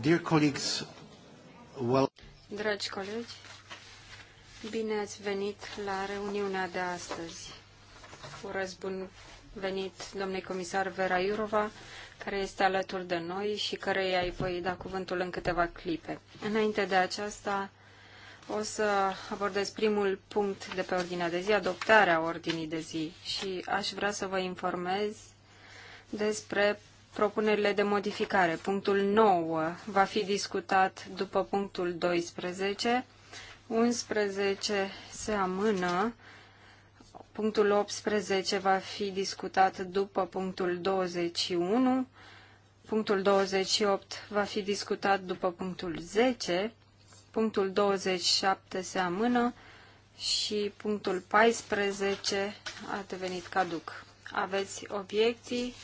Dear colleagues, well... Dragi colegi, bine ați venit la reuniunea de astăzi. Urez bun venit domnului comisar Vera Iurova, care este alături de noi și care îi voi da cuvântul în câteva clipe. Înainte de aceasta, o să abordez primul punct de pe ordinea de zi, adoptarea ordinii de zi. Și aș vrea să vă informez despre propunerile de modificare. Punctul 9 va fi discutat după punctul 12. 11 se amână. Punctul 18 va fi discutat după punctul 21. Punctul 28 va fi discutat după punctul 10. Punctul 27 se amână și punctul 14 a devenit caduc. Aveți obiecții?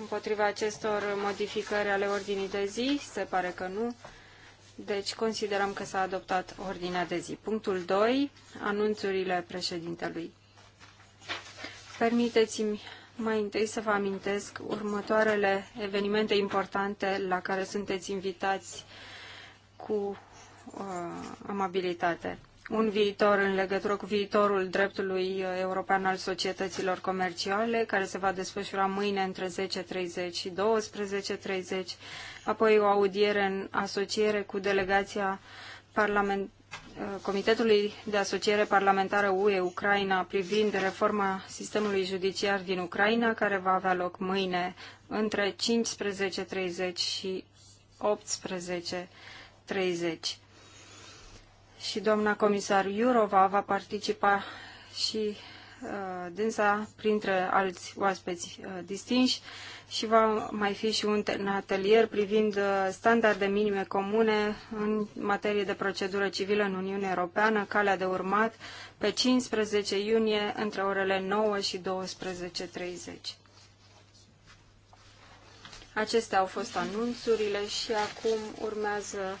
împotriva acestor modificări ale ordinii de zi? Se pare că nu. Deci considerăm că s-a adoptat ordinea de zi. Punctul 2. Anunțurile președintelui. Permiteți-mi mai întâi să vă amintesc următoarele evenimente importante la care sunteți invitați cu uh, amabilitate un viitor în legătură cu viitorul dreptului european al societăților comerciale, care se va desfășura mâine între 10.30 și 12.30, apoi o audiere în asociere cu delegația parlament, Comitetului de Asociere Parlamentară UE-Ucraina privind reforma sistemului judiciar din Ucraina, care va avea loc mâine între 15.30 și 18.30 și doamna comisar Iurova va participa și uh, dânsa printre alți oaspeți uh, distinși și va mai fi și un atelier privind uh, standarde minime comune în materie de procedură civilă în Uniunea Europeană, calea de urmat, pe 15 iunie între orele 9 și 12.30. Acestea au fost anunțurile și acum urmează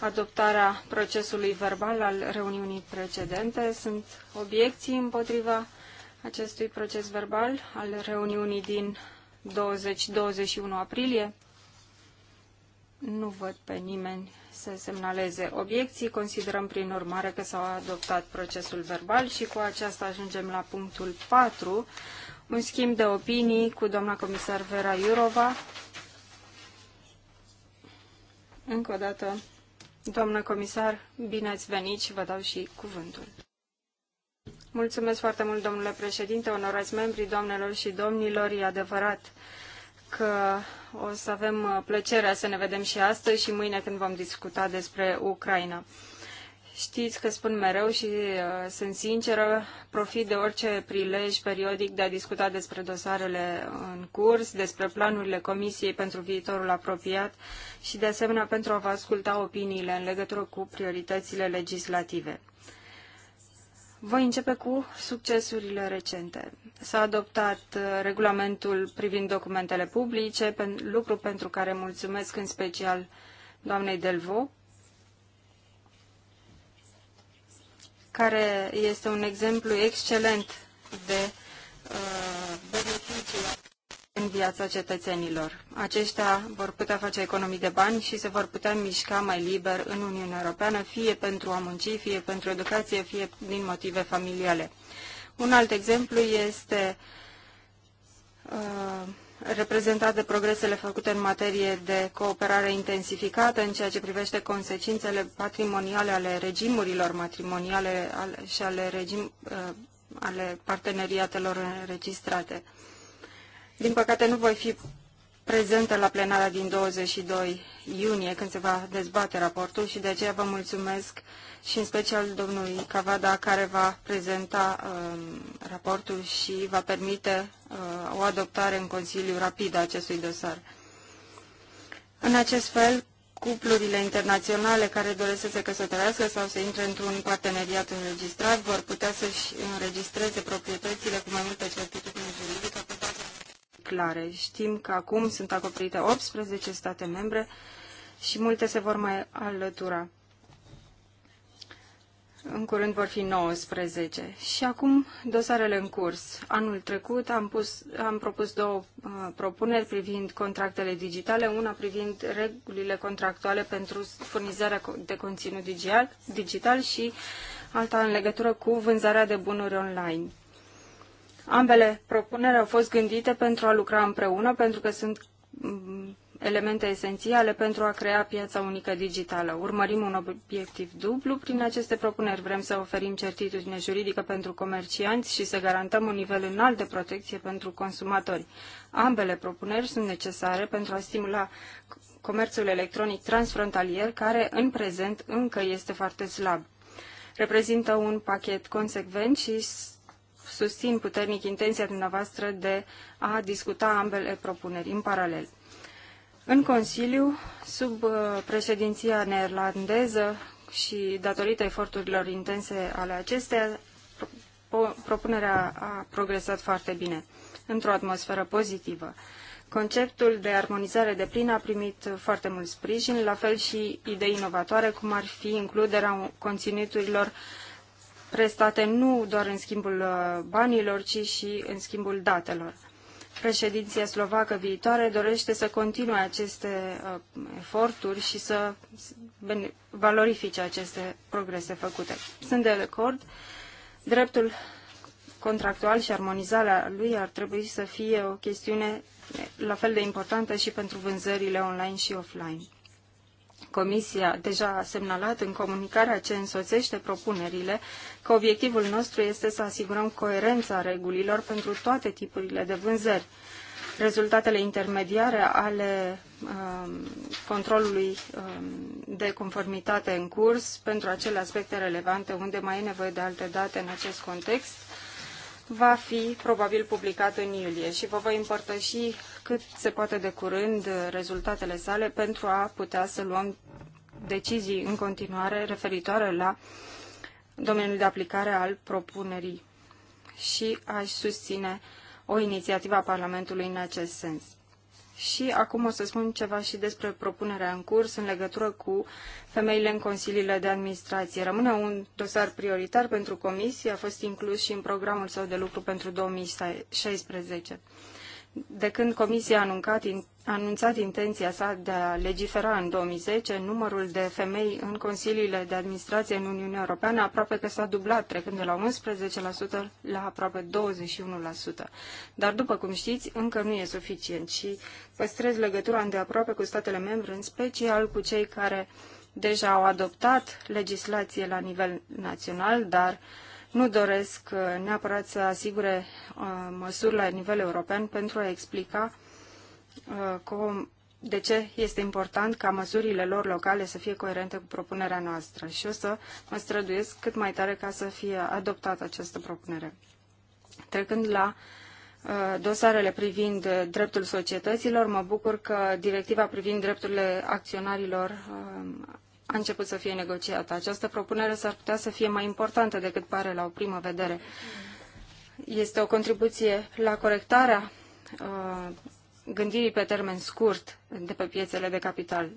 adoptarea procesului verbal al reuniunii precedente. Sunt obiecții împotriva acestui proces verbal al reuniunii din 20-21 aprilie. Nu văd pe nimeni să semnaleze obiecții. Considerăm prin urmare că s-a adoptat procesul verbal și cu aceasta ajungem la punctul 4, un schimb de opinii cu doamna comisar Vera Iurova. Încă o dată Doamnă comisar, bine ați venit și vă dau și cuvântul. Mulțumesc foarte mult, domnule președinte, onorați membri, doamnelor și domnilor, e adevărat că o să avem plăcerea să ne vedem și astăzi și mâine când vom discuta despre Ucraina. Știți că spun mereu și uh, sunt sinceră, profit de orice prilej periodic de a discuta despre dosarele în curs, despre planurile Comisiei pentru viitorul apropiat și, de asemenea, pentru a vă asculta opiniile în legătură cu prioritățile legislative. Voi începe cu succesurile recente. S-a adoptat uh, regulamentul privind documentele publice, lucru pentru care mulțumesc în special doamnei Delvaux, care este un exemplu excelent de uh, beneficii în viața cetățenilor. Aceștia vor putea face economii de bani și se vor putea mișca mai liber în Uniunea Europeană, fie pentru a munci, fie pentru educație, fie din motive familiale. Un alt exemplu este uh, reprezentat de progresele făcute în materie de cooperare intensificată în ceea ce privește consecințele patrimoniale ale regimurilor matrimoniale și ale, regim, uh, ale parteneriatelor înregistrate. Din păcate nu voi fi prezentă la plenara din 22 iunie, când se va dezbate raportul și de aceea vă mulțumesc și în special domnului Cavada, care va prezenta uh, raportul și va permite uh, o adoptare în Consiliu rapidă a acestui dosar. În acest fel, cuplurile internaționale care doresc să se căsătorească sau să intre într-un parteneriat înregistrat vor putea să-și înregistreze proprietățile cu mai multe certitudine juridică clare. Știm că acum sunt acoperite 18 state membre și multe se vor mai alătura. În curând vor fi 19. Și acum dosarele în curs. Anul trecut am, pus, am propus două uh, propuneri privind contractele digitale, una privind regulile contractuale pentru furnizarea de conținut digital, digital și alta în legătură cu vânzarea de bunuri online. Ambele propuneri au fost gândite pentru a lucra împreună, pentru că sunt mm, elemente esențiale pentru a crea piața unică digitală. Urmărim un obiectiv dublu. Prin aceste propuneri vrem să oferim certitudine juridică pentru comercianți și să garantăm un nivel înalt de protecție pentru consumatori. Ambele propuneri sunt necesare pentru a stimula comerțul electronic transfrontalier, care în prezent încă este foarte slab. Reprezintă un pachet consecvent și susțin puternic intenția dumneavoastră de a discuta ambele propuneri în paralel. În Consiliu, sub uh, președinția neerlandeză și datorită eforturilor intense ale acesteia, propunerea a progresat foarte bine, într-o atmosferă pozitivă. Conceptul de armonizare de plin a primit foarte mult sprijin, la fel și idei inovatoare, cum ar fi includerea conținuturilor uh, prestate nu doar în schimbul uh, banilor, ci și în schimbul datelor. Președinția slovacă viitoare dorește să continue aceste uh, eforturi și să valorifice aceste progrese făcute. Sunt de acord, dreptul contractual și armonizarea lui ar trebui să fie o chestiune la fel de importantă și pentru vânzările online și offline. Comisia deja a semnalat în comunicarea ce însoțește propunerile că obiectivul nostru este să asigurăm coerența regulilor pentru toate tipurile de vânzări. Rezultatele intermediare ale um, controlului um, de conformitate în curs pentru acele aspecte relevante unde mai e nevoie de alte date în acest context va fi probabil publicat în iulie și vă voi împărtăși cât se poate de curând rezultatele sale pentru a putea să luăm decizii în continuare referitoare la domeniul de aplicare al propunerii și aș susține o inițiativă a Parlamentului în acest sens. Și acum o să spun ceva și despre propunerea în curs în legătură cu femeile în consiliile de administrație. Rămâne un dosar prioritar pentru comisie, a fost inclus și în programul său de lucru pentru 2016 de când Comisia a anuncat, anunțat intenția sa de a legifera în 2010, numărul de femei în consiliile de administrație în Uniunea Europeană aproape că s-a dublat, trecând de la 11% la aproape 21%. Dar, după cum știți, încă nu e suficient și păstrez legătura îndeaproape cu statele membre, în special cu cei care deja au adoptat legislație la nivel național, dar uh, nu doresc uh, neapărat să asigure uh, măsuri la nivel european pentru a explica uh, cum, de ce este important ca măsurile lor locale să fie coerente cu propunerea noastră și o să mă străduiesc cât mai tare ca să fie adoptată această propunere. Trecând la dosarele privind dreptul societăților, mă bucur că directiva privind drepturile acționarilor a început să fie negociată. Această propunere s-ar putea să fie mai importantă decât pare la o primă vedere. Este o contribuție la corectarea uh, gândirii pe termen scurt de pe piețele de capital.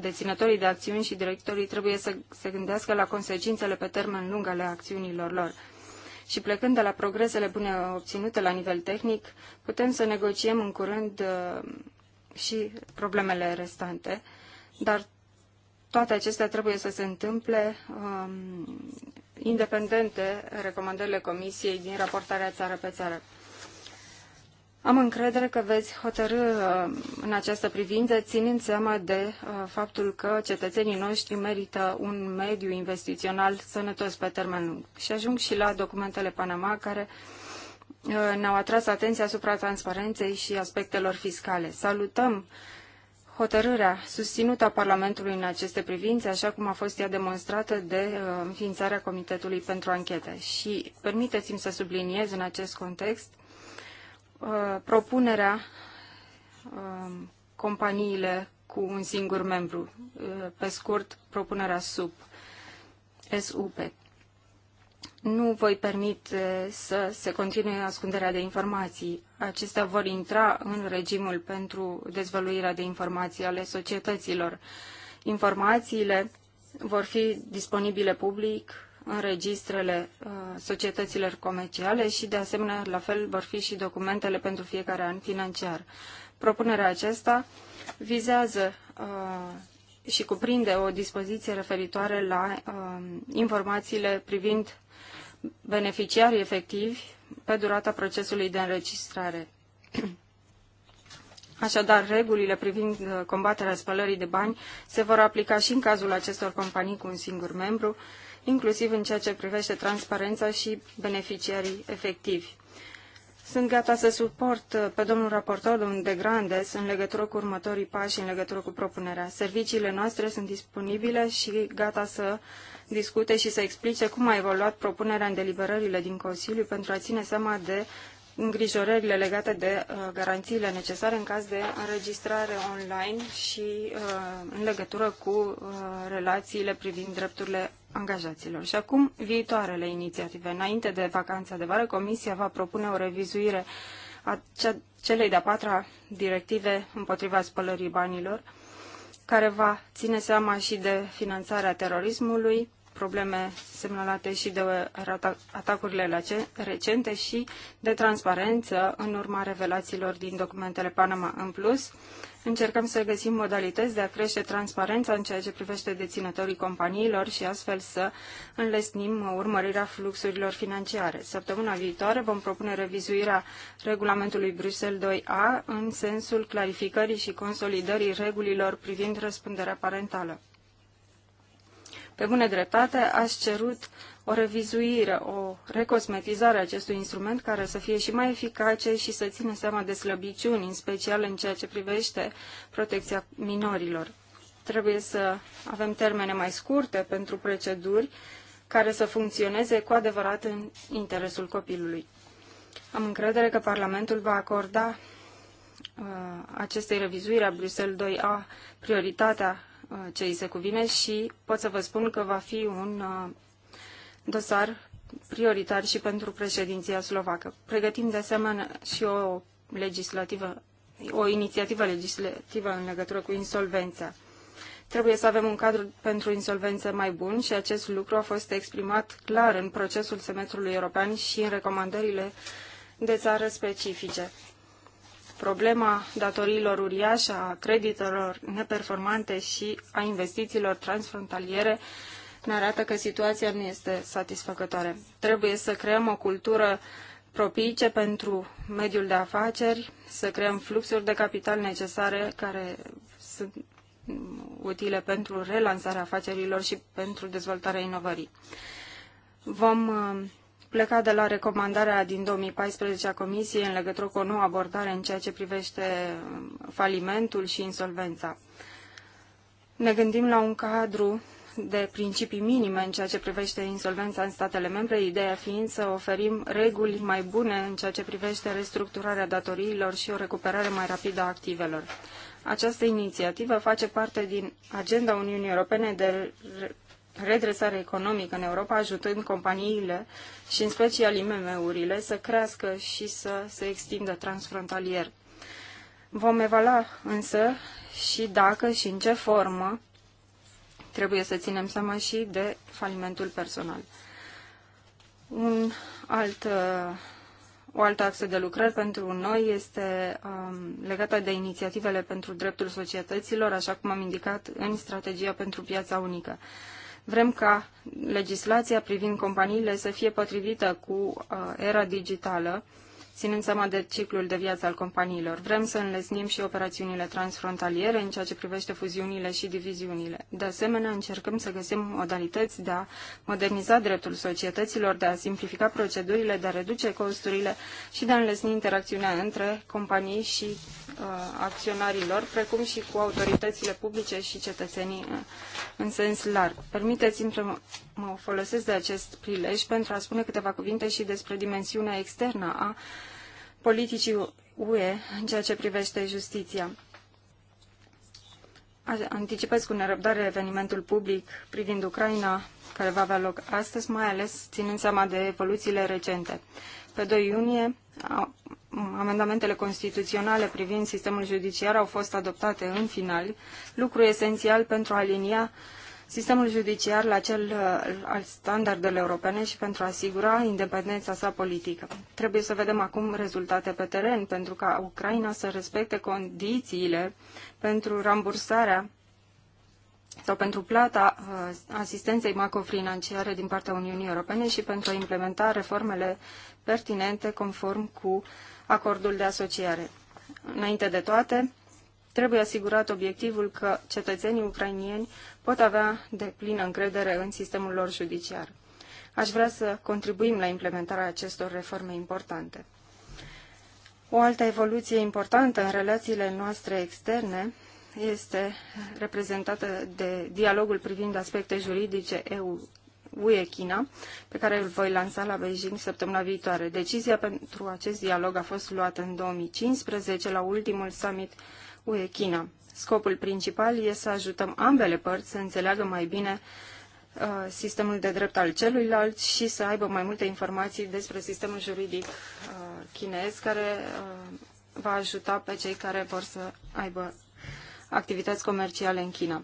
Deținătorii de acțiuni și directorii trebuie să se gândească la consecințele pe termen lung ale acțiunilor lor. Și plecând de la progresele bune obținute la nivel tehnic, putem să negociem în curând uh, și problemele restante, dar toate acestea trebuie să se întâmple um, independente recomandările Comisiei din raportarea țară pe țară. Am încredere că veți hotărâ um, în această privință, ținând seama de uh, faptul că cetățenii noștri merită un mediu investițional sănătos pe termen lung. Și ajung și la documentele Panama, care uh, ne-au atras atenția asupra transparenței și aspectelor fiscale. Salutăm uh, Hotărârea susținută a Parlamentului în aceste privințe, așa cum a fost ea demonstrată de uh, înființarea Comitetului pentru Anchete. Și permiteți-mi să subliniez în acest context uh, propunerea um, companiile cu un singur membru, uh, pe scurt propunerea SUP, SUP, nu voi permite să se continue ascunderea de informații. Acestea vor intra în regimul pentru dezvăluirea de informații ale societăților. Informațiile vor fi disponibile public în registrele uh, societăților comerciale și, de asemenea, la fel vor fi și documentele pentru fiecare an financiar. Propunerea aceasta vizează uh, și cuprinde o dispoziție referitoare la uh, informațiile privind beneficiarii efectivi pe durata procesului de înregistrare. Așadar, regulile privind uh, combaterea spălării de bani se vor aplica și în cazul acestor companii cu un singur membru, inclusiv în ceea ce privește transparența și beneficiarii efectivi. Sunt gata să suport uh, pe domnul raportor, domnul De Grandes, în legătură cu următorii pași, în legătură cu propunerea. Serviciile noastre sunt disponibile și gata să discute și să explice cum a evoluat propunerea în deliberările din Consiliu pentru a ține seama de îngrijorările legate de uh, garanțiile necesare în caz de înregistrare online și uh, în legătură cu uh, relațiile privind drepturile angajaților. Și acum, viitoarele inițiative. Înainte de vacanța de vară, Comisia va propune o revizuire a celei de-a patra directive împotriva spălării banilor, care va ține seama și de finanțarea terorismului, probleme semnalate și de atacurile recente și de transparență în urma revelațiilor din documentele Panama în plus. Încercăm să găsim modalități de a crește transparența în ceea ce privește deținătorii companiilor și astfel să înlesnim urmărirea fluxurilor financiare. Săptămâna viitoare vom propune revizuirea regulamentului Bruxelles 2A în sensul clarificării și consolidării regulilor privind răspunderea parentală. Pe bună dreptate, aș cerut uh, o revizuire, o recosmetizare a acestui instrument care să fie și mai eficace și să țină seama de slăbiciuni, în special în ceea ce privește protecția minorilor. Trebuie să avem termene mai scurte pentru proceduri care să funcționeze cu adevărat în interesul copilului. Am încredere că Parlamentul va acorda uh, acestei revizuiri a Bruxelles 2A prioritatea uh, ce îi se cuvine și pot să vă spun că va fi un uh, dosar prioritar și pentru președinția slovacă. Pregătim de asemenea și o legislativă, o inițiativă legislativă în legătură cu insolvența. Trebuie să avem un cadru pentru insolvență mai bun și acest lucru a fost exprimat clar în procesul semestrului european și în recomandările de țară specifice. Problema datoriilor uriașe, a creditelor neperformante și a investițiilor transfrontaliere ne arată că situația nu este satisfăcătoare. Trebuie să creăm o cultură propice pentru mediul de afaceri, să creăm fluxuri de capital necesare care sunt utile pentru relansarea afacerilor și pentru dezvoltarea inovării. Vom uh, pleca de la recomandarea din 2014 a Comisiei în legătură cu o nouă abordare în ceea ce privește uh, falimentul și insolvența. Ne gândim la un cadru de principii minime în ceea ce privește insolvența în statele membre, ideea fiind să oferim reguli mai bune în ceea ce privește restructurarea datoriilor și o recuperare mai rapidă a activelor. Această inițiativă face parte din agenda Uniunii Europene de redresare economică în Europa, ajutând companiile și în special IMM-urile să crească și să se extindă transfrontalier. Vom evalua însă și dacă și în ce formă trebuie să ținem seama și de falimentul personal. Un alt, uh, o altă axă de lucrări pentru noi este um, legată de inițiativele pentru dreptul societăților, așa cum am indicat în strategia pentru piața unică. Vrem ca legislația privind companiile să fie potrivită cu uh, era digitală, ținând seama de ciclul de viață al companiilor. Vrem să înlesnim și operațiunile transfrontaliere în ceea ce privește fuziunile și diviziunile. De asemenea, încercăm să găsim modalități de a moderniza dreptul societăților, de a simplifica procedurile, de a reduce costurile și de a înlesni interacțiunea între companii și Uh, acționarilor, precum și cu autoritățile publice și cetățenii uh, în sens larg. Permiteți-mi să mă folosesc de acest prilej pentru a spune câteva cuvinte și despre dimensiunea externă a politicii UE în ceea ce privește justiția. Anticipez cu nerăbdare evenimentul public privind Ucraina, care va avea loc astăzi, mai ales ținând seama de evoluțiile recente. Pe 2 iunie amendamentele constituționale privind sistemul judiciar au fost adoptate în final, lucru esențial pentru a alinia sistemul judiciar la cel uh, al standardelor europene și pentru a asigura independența sa politică. Trebuie să vedem acum rezultate pe teren pentru ca Ucraina să respecte condițiile pentru rambursarea sau pentru plata uh, asistenței macrofinanciare din partea Uniunii Europene și pentru a implementa reformele pertinente conform cu uh, acordul de asociere. Înainte de toate, trebuie asigurat obiectivul că cetățenii ucrainieni pot avea de plină încredere în sistemul lor judiciar. Aș vrea să contribuim la implementarea acestor reforme importante. O altă evoluție importantă în relațiile noastre externe este reprezentată de dialogul privind aspecte juridice EU UE-China, pe care îl voi lansa la Beijing săptămâna viitoare. Decizia pentru acest dialog a fost luată în 2015 la ultimul summit UE-China. Scopul principal este să ajutăm ambele părți să înțeleagă mai bine uh, sistemul de drept al celuilalt și să aibă mai multe informații despre sistemul juridic uh, chinez care uh, va ajuta pe cei care vor să aibă activități comerciale în China.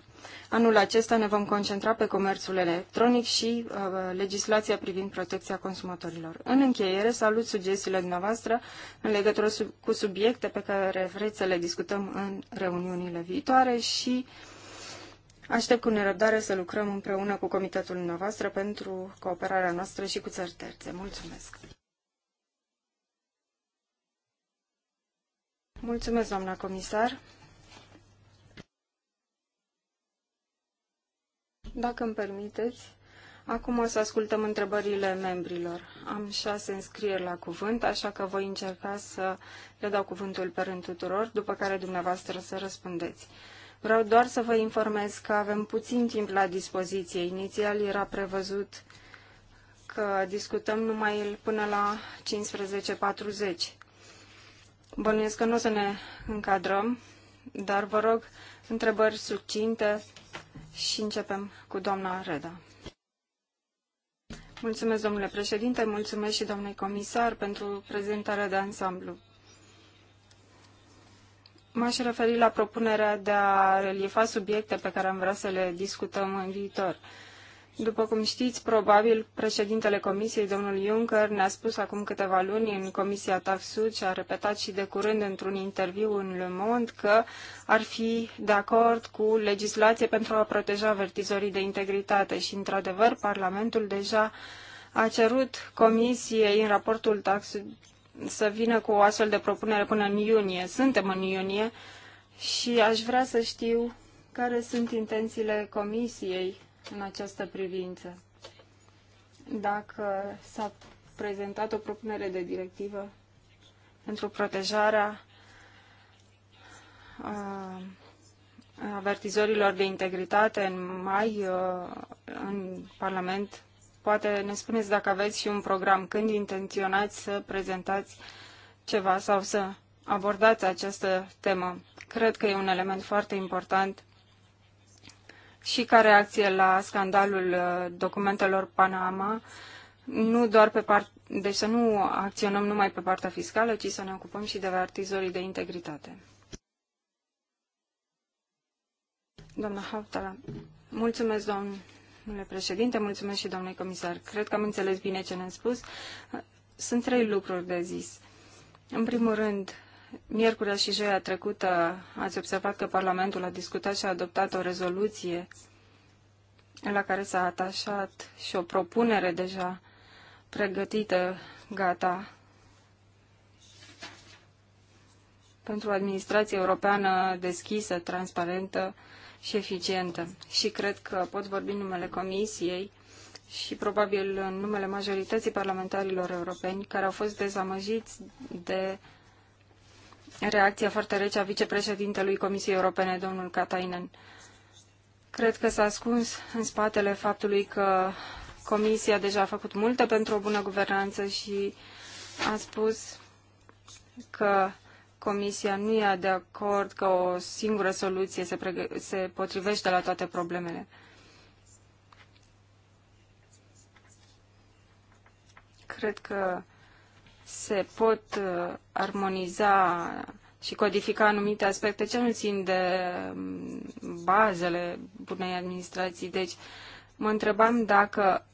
Anul acesta ne vom concentra pe comerțul electronic și uh, legislația privind protecția consumatorilor. În încheiere, salut sugestiile dumneavoastră în legătură sub, cu subiecte pe care vreți să le discutăm în reuniunile viitoare și aștept cu nerăbdare să lucrăm împreună cu comitetul dumneavoastră pentru cooperarea noastră și cu țări terțe. Mulțumesc! Mulțumesc, doamna comisar! Dacă îmi permiteți, acum o să ascultăm întrebările membrilor. Am șase înscrieri la cuvânt, așa că voi încerca să le dau cuvântul pe rând tuturor, după care dumneavoastră să răspundeți. Vreau doar să vă informez că avem puțin timp la dispoziție. Inițial era prevăzut că discutăm numai până la 15.40. Bănuiesc că nu o să ne încadrăm, dar vă rog întrebări succinte și începem cu doamna Reda. Mulțumesc, domnule președinte, mulțumesc și doamnei comisar pentru prezentarea de ansamblu. M-aș referi la propunerea de a reliefa subiecte pe care am vrea să le discutăm în viitor. După cum știți, probabil președintele Comisiei, domnul Juncker, ne-a spus acum câteva luni în Comisia TAFSUD și a repetat și de curând într-un interviu în Le Monde că ar fi de acord cu legislație pentru a proteja vertizorii de integritate și, într-adevăr, Parlamentul deja a cerut Comisiei în raportul TAFSUD să vină cu o astfel de propunere până în iunie. Suntem în iunie și aș vrea să știu care sunt intențiile Comisiei în această privință. Dacă s-a prezentat o propunere de directivă pentru protejarea uh, avertizorilor de integritate în mai în Parlament, poate ne spuneți dacă aveți și un program, când intenționați să prezentați ceva sau să abordați această temă. Cred că e un element foarte important și ca reacție la scandalul uh, documentelor Panama, nu doar pe part, deci să nu acționăm numai pe partea fiscală, ci să ne ocupăm și de artizorii de integritate. Doamna Hautala, mulțumesc, domnule președinte, mulțumesc și domnului comisar. Cred că am înțeles bine ce ne-am spus. Sunt trei lucruri de zis. În primul rând, miercurea și joia trecută ați observat că Parlamentul a discutat și a adoptat o rezoluție la care s-a atașat și o propunere deja pregătită, gata, pentru o administrație europeană deschisă, transparentă și eficientă. Și cred că pot vorbi în numele Comisiei și probabil în numele majorității parlamentarilor europeni care au fost dezamăjiți de reacția foarte rece a vicepreședintelui Comisiei Europene, domnul Katainen. Cred că s-a ascuns în spatele faptului că Comisia deja a făcut multe pentru o bună guvernanță și a spus că Comisia nu e de acord că o singură soluție se, se potrivește la toate problemele. Cred că se pot uh, armoniza și codifica anumite aspecte ce nu țin de um, bazele bunei administrații. Deci, mă întrebam dacă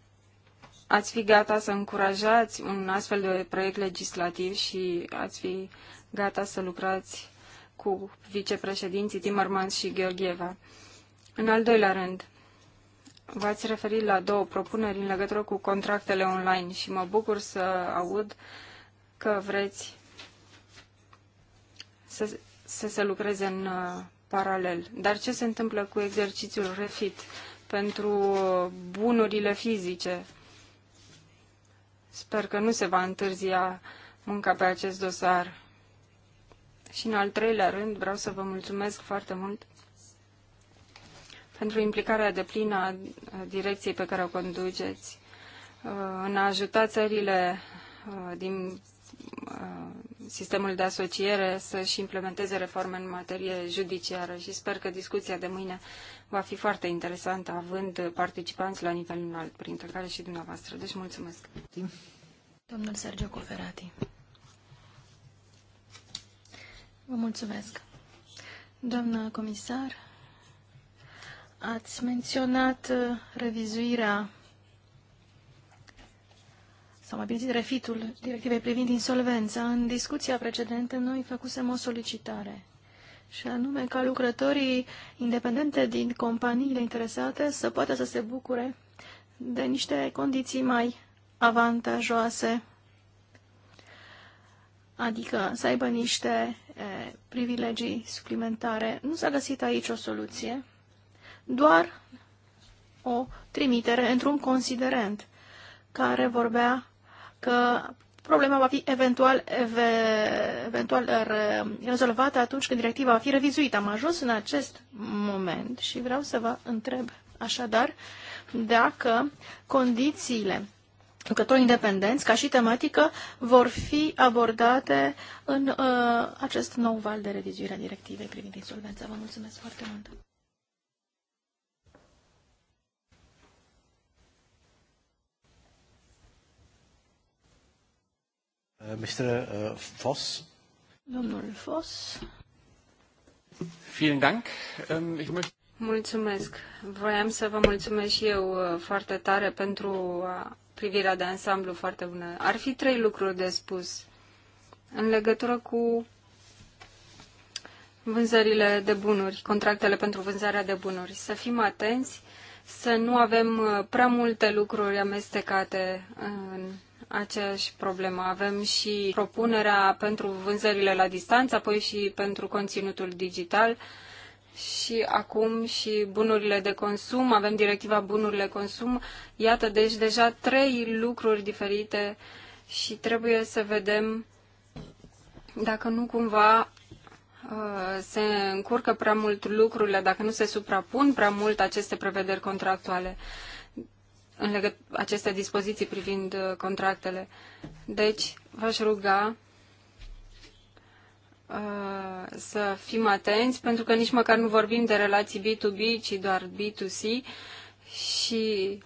ați fi gata să încurajați un astfel de proiect legislativ și ați fi gata să lucrați cu vicepreședinții Timmermans și Gheorgheva. În al doilea rând, v-ați referit la două propuneri în legătură cu contractele online și mă bucur să aud uh, că vreți să, să se lucreze în uh, paralel. Dar ce se întâmplă cu exercițiul refit pentru uh, bunurile fizice? Sper că nu se va întârzia munca pe acest dosar. Și în al treilea rând vreau să vă mulțumesc foarte mult pentru implicarea deplină a direcției pe care o conduceți uh, în a ajuta țările din Uh, sistemul de asociere să-și implementeze reforme în materie judiciară și sper că discuția de mâine va fi foarte interesantă, având participanți la nivel înalt, printre care și dumneavoastră. Deci mulțumesc! Domnul Sergio Coferati. Vă mulțumesc. Doamnă comisar, ați menționat uh, revizuirea sau mai bine zis, refitul directivei privind insolvența. În discuția precedentă, noi făcusem o solicitare și anume ca lucrătorii independente din companiile interesate să poată să se bucure de niște condiții mai avantajoase, adică să aibă niște e, privilegii suplimentare. Nu s-a găsit aici o soluție, doar o trimitere într-un considerent care vorbea că problema va fi eventual, eventual rezolvată atunci când directiva va fi revizuită. Am ajuns în acest moment și vreau să vă întreb așadar dacă condițiile lucrători independenți, ca și tematică, vor fi abordate în uh, acest nou val de revizuire a directivei privind insolvența. Vă mulțumesc foarte mult! Eh, Mr. Eh, Voss. Domnul Voss. Vielen Dank. Ähm, ich möchte... Mulțumesc. Voiam să vă mulțumesc și eu eh, foarte tare pentru privirea de ansamblu foarte bună. Ar fi trei lucruri de spus în legătură cu vânzările de bunuri, contractele pentru vânzarea de bunuri. Să fim atenți să nu avem prea multe lucruri amestecate în aceeași problemă. Avem și propunerea pentru vânzările la distanță, apoi și pentru conținutul digital și acum și bunurile de consum, avem directiva bunurile consum. Iată, deci deja trei lucruri diferite și trebuie să vedem dacă nu cumva uh, se încurcă prea mult lucrurile, dacă nu se suprapun prea mult aceste prevederi contractuale în legăt aceste dispoziții privind uh, contractele. Deci, v-aș ruga uh, să fim atenți, pentru că nici măcar nu vorbim de relații B2B, ci doar B2C și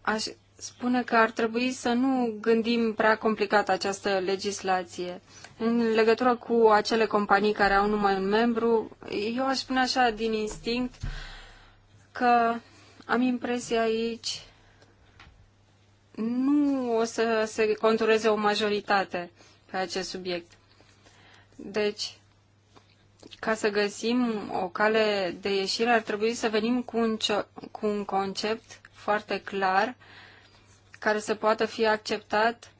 aș spune că ar trebui să nu gândim prea complicat această legislație. În legătură cu acele companii care au numai un membru, eu aș spune așa din instinct că am impresia aici nu o să se contureze o majoritate pe acest subiect. Deci, ca să găsim o cale de ieșire, ar trebui să venim cu un, cu un concept foarte clar care să poată fi acceptat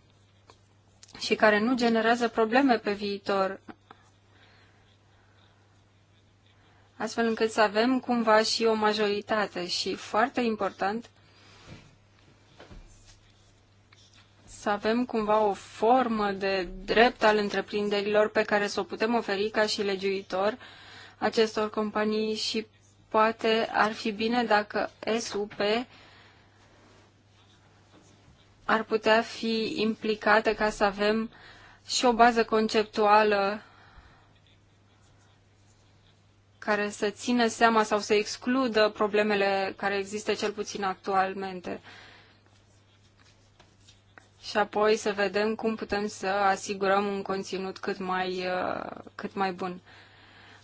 și care nu generează probleme pe viitor astfel încât să avem cumva și o majoritate și, foarte important, să avem cumva o formă de drept al întreprinderilor pe care să o putem oferi ca și legiuitor acestor companii și poate ar fi bine dacă SUP ar putea fi implicată ca să avem și o bază conceptuală care să țină seama sau să excludă problemele care există cel puțin actualmente. Și apoi să vedem cum putem să asigurăm un conținut cât mai, uh, cât mai bun.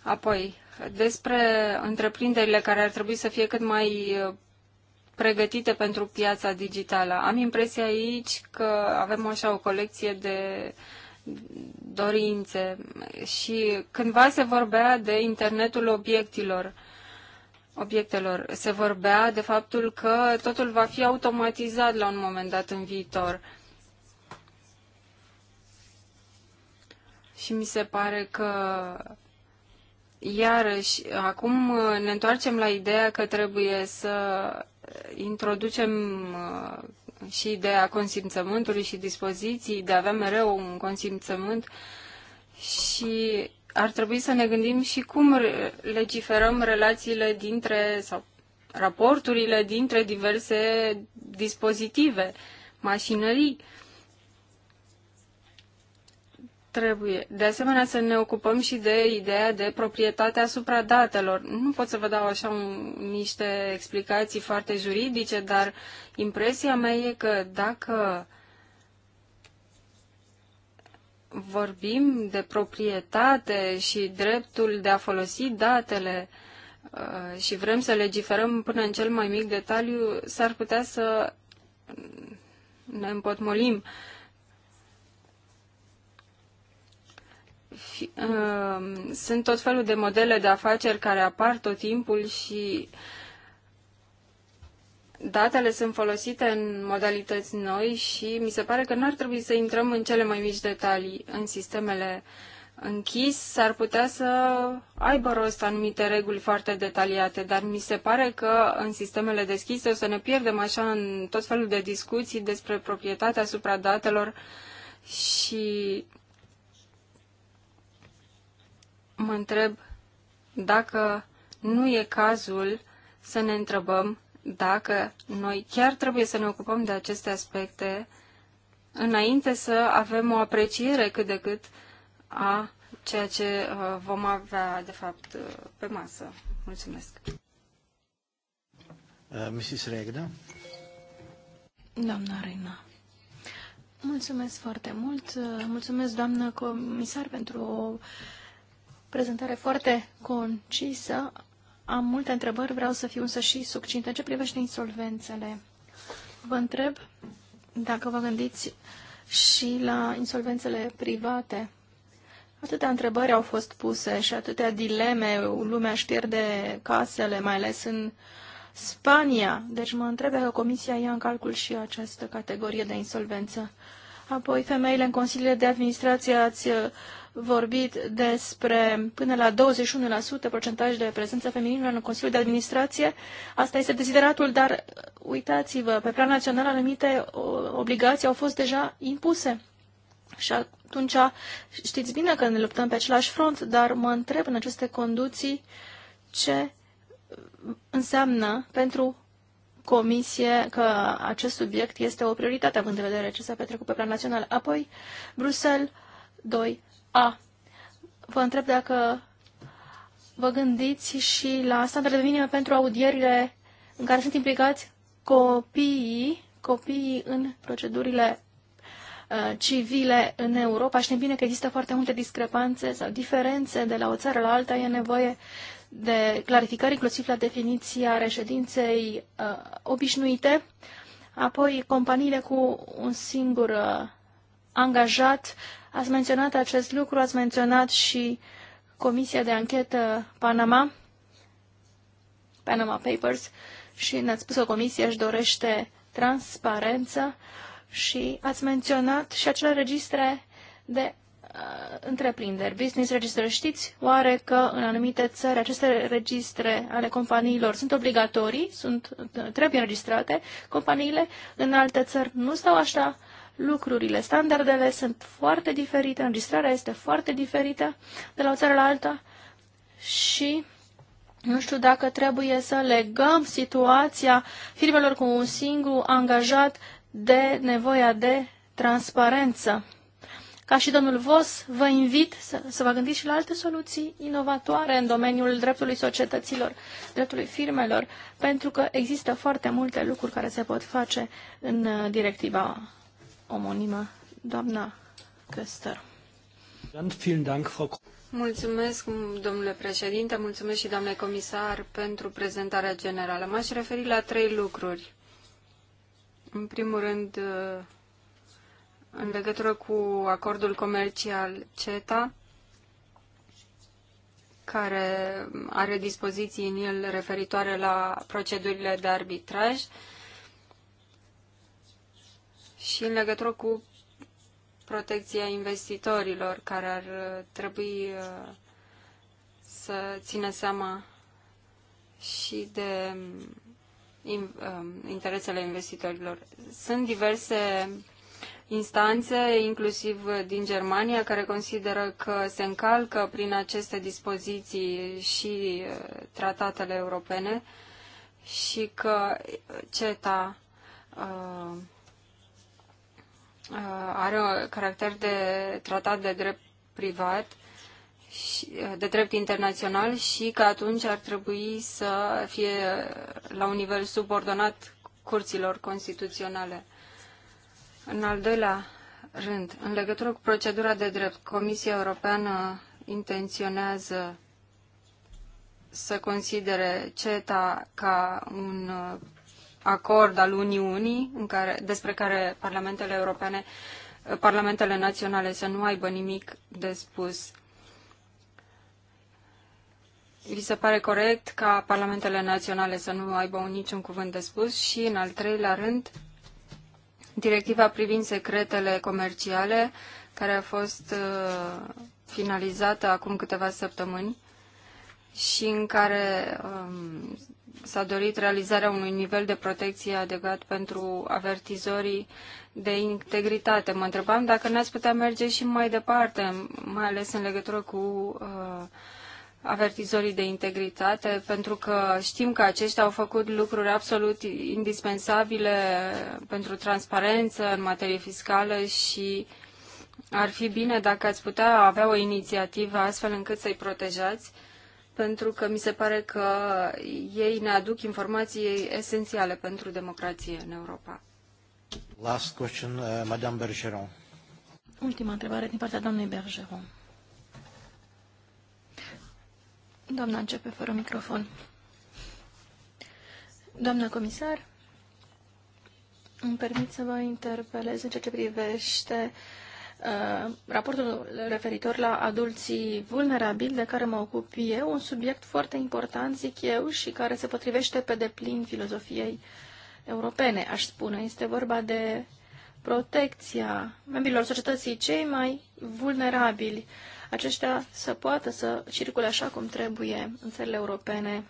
Apoi, despre întreprinderile care ar trebui să fie cât mai uh, pregătite pentru piața digitală. Am impresia aici că avem așa o colecție de uh, dorințe și cândva se vorbea de internetul obiectilor, obiectelor, se vorbea de faptul că totul va fi automatizat la un moment dat în viitor. Și mi se pare că iarăși, acum ne întoarcem la ideea că trebuie să introducem uh, și ideea consimțământului și dispoziții, de a avea mereu un consimțământ și ar trebui să ne gândim și cum legiferăm relațiile dintre sau raporturile dintre diverse dispozitive, mașinării Trebuie. De asemenea, să ne ocupăm și de ideea de proprietate asupra datelor. Nu pot să vă dau așa un, niște explicații foarte juridice, dar impresia mea e că dacă vorbim de proprietate și dreptul de a folosi datele uh, și vrem să legiferăm până în cel mai mic detaliu, s-ar putea să ne împotmolim. Uh, uh, sunt tot felul de modele de afaceri care apar tot timpul și datele sunt folosite în modalități noi și mi se pare că nu ar trebui să intrăm în cele mai mici detalii în sistemele închis, s-ar putea să aibă rost anumite reguli foarte detaliate, dar mi se pare că în sistemele deschise o să ne pierdem așa în tot felul de discuții despre proprietatea asupra datelor și mă întreb dacă nu e cazul să ne întrebăm dacă noi chiar trebuie să ne ocupăm de aceste aspecte înainte să avem o apreciere cât de cât a ceea ce uh, vom avea, de fapt, uh, pe masă. Mulțumesc. Uh, Mrs. Regna. Doamna Regna. Mulțumesc foarte mult. Mulțumesc, doamnă comisar, pentru prezentare foarte concisă. Am multe întrebări, vreau să fiu însă și succintă. În ce privește insolvențele? Vă întreb dacă vă gândiți și la insolvențele private. Atâtea întrebări au fost puse și atâtea dileme, lumea își pierde casele, mai ales în Spania. Deci mă întreb dacă Comisia ia în calcul și această categorie de insolvență. Apoi, femeile în consiliile de administrație ați vorbit despre până la 21% procentaj de prezență feminină în Consiliul de Administrație. Asta este desideratul, dar uitați-vă, pe plan național anumite obligații au fost deja impuse. Și atunci știți bine că ne luptăm pe același front, dar mă întreb în aceste conduții ce înseamnă pentru comisie că acest subiect este o prioritate având în vedere ce s-a petrecut pe plan național. Apoi, Bruxelles 2 a. Vă întreb dacă vă gândiți și la standarde minime pentru audierile în care sunt implicați copiii, copiii în procedurile uh, civile în Europa. Știm bine că există foarte multe discrepanțe sau diferențe de la o țară la alta. E nevoie de clarificări, inclusiv la definiția reședinței uh, obișnuite. Apoi, companiile cu un singur uh, angajat. Ați menționat acest lucru, ați menționat și Comisia de Anchetă Panama, Panama Papers, și ne-ați spus că Comisia își dorește transparență și ați menționat și acele registre de uh, întreprinderi, business registre. Știți oare că în anumite țări aceste registre ale companiilor sunt obligatorii, sunt, uh, trebuie înregistrate companiile, în alte țări nu stau așa lucrurile. Standardele sunt foarte diferite, înregistrarea este foarte diferită de la o țară la alta și nu știu dacă trebuie să legăm situația firmelor cu un singur angajat de nevoia de transparență. Ca și domnul Vos, vă invit să, să vă gândiți și la alte soluții inovatoare în domeniul dreptului societăților, dreptului firmelor, pentru că există foarte multe lucruri care se pot face în directiva omonimă, doamna Mulțumesc, domnule președinte, mulțumesc și doamne comisar pentru prezentarea generală. M-aș referi la trei lucruri. În primul rând, în legătură cu acordul comercial CETA, care are dispoziții în el referitoare la procedurile de arbitraj, uh, și în legătură cu protecția investitorilor care ar uh, trebui uh, să țină seama și de um, um, interesele investitorilor. Sunt diverse instanțe, inclusiv din Germania, care consideră că se încalcă prin aceste dispoziții și uh, tratatele europene și că CETA uh, Uh, are un caracter de tratat de drept privat, uh, de drept internațional și că atunci ar trebui să fie la un nivel subordonat curților constituționale. În al doilea rând, în legătură cu procedura de drept, Comisia Europeană intenționează să considere CETA ca un uh, acord al Uniunii în care, despre care parlamentele europene, parlamentele naționale să nu aibă nimic de spus. Vi se pare corect ca parlamentele naționale să nu aibă niciun cuvânt de spus și, în al treilea rând, directiva privind secretele comerciale, care a fost uh, finalizată acum câteva săptămâni și în care um, s-a dorit realizarea unui nivel de protecție adecvat pentru avertizorii de integritate. Mă întrebam dacă n-ați putea merge și mai departe, mai ales în legătură cu uh, avertizorii de integritate, pentru că știm că aceștia au făcut lucruri absolut indispensabile pentru transparență în materie fiscală și ar fi bine dacă ați putea avea o inițiativă astfel încât să-i protejați pentru că mi se pare că ei ne aduc informații esențiale pentru democrație în Europa. Last question, uh, Madame Bergeron. Ultima întrebare din partea doamnei Bergeron. Doamna începe fără microfon. Doamna comisar, îmi permit să vă interpelez în ceea ce privește uh, Uh, raportul referitor la adulții vulnerabili de care mă ocup eu, un subiect foarte important, zic eu, și care se potrivește pe deplin filozofiei europene, aș spune. Este vorba de protecția membrilor societății cei mai vulnerabili. Aceștia să poată să circule așa cum trebuie în țările europene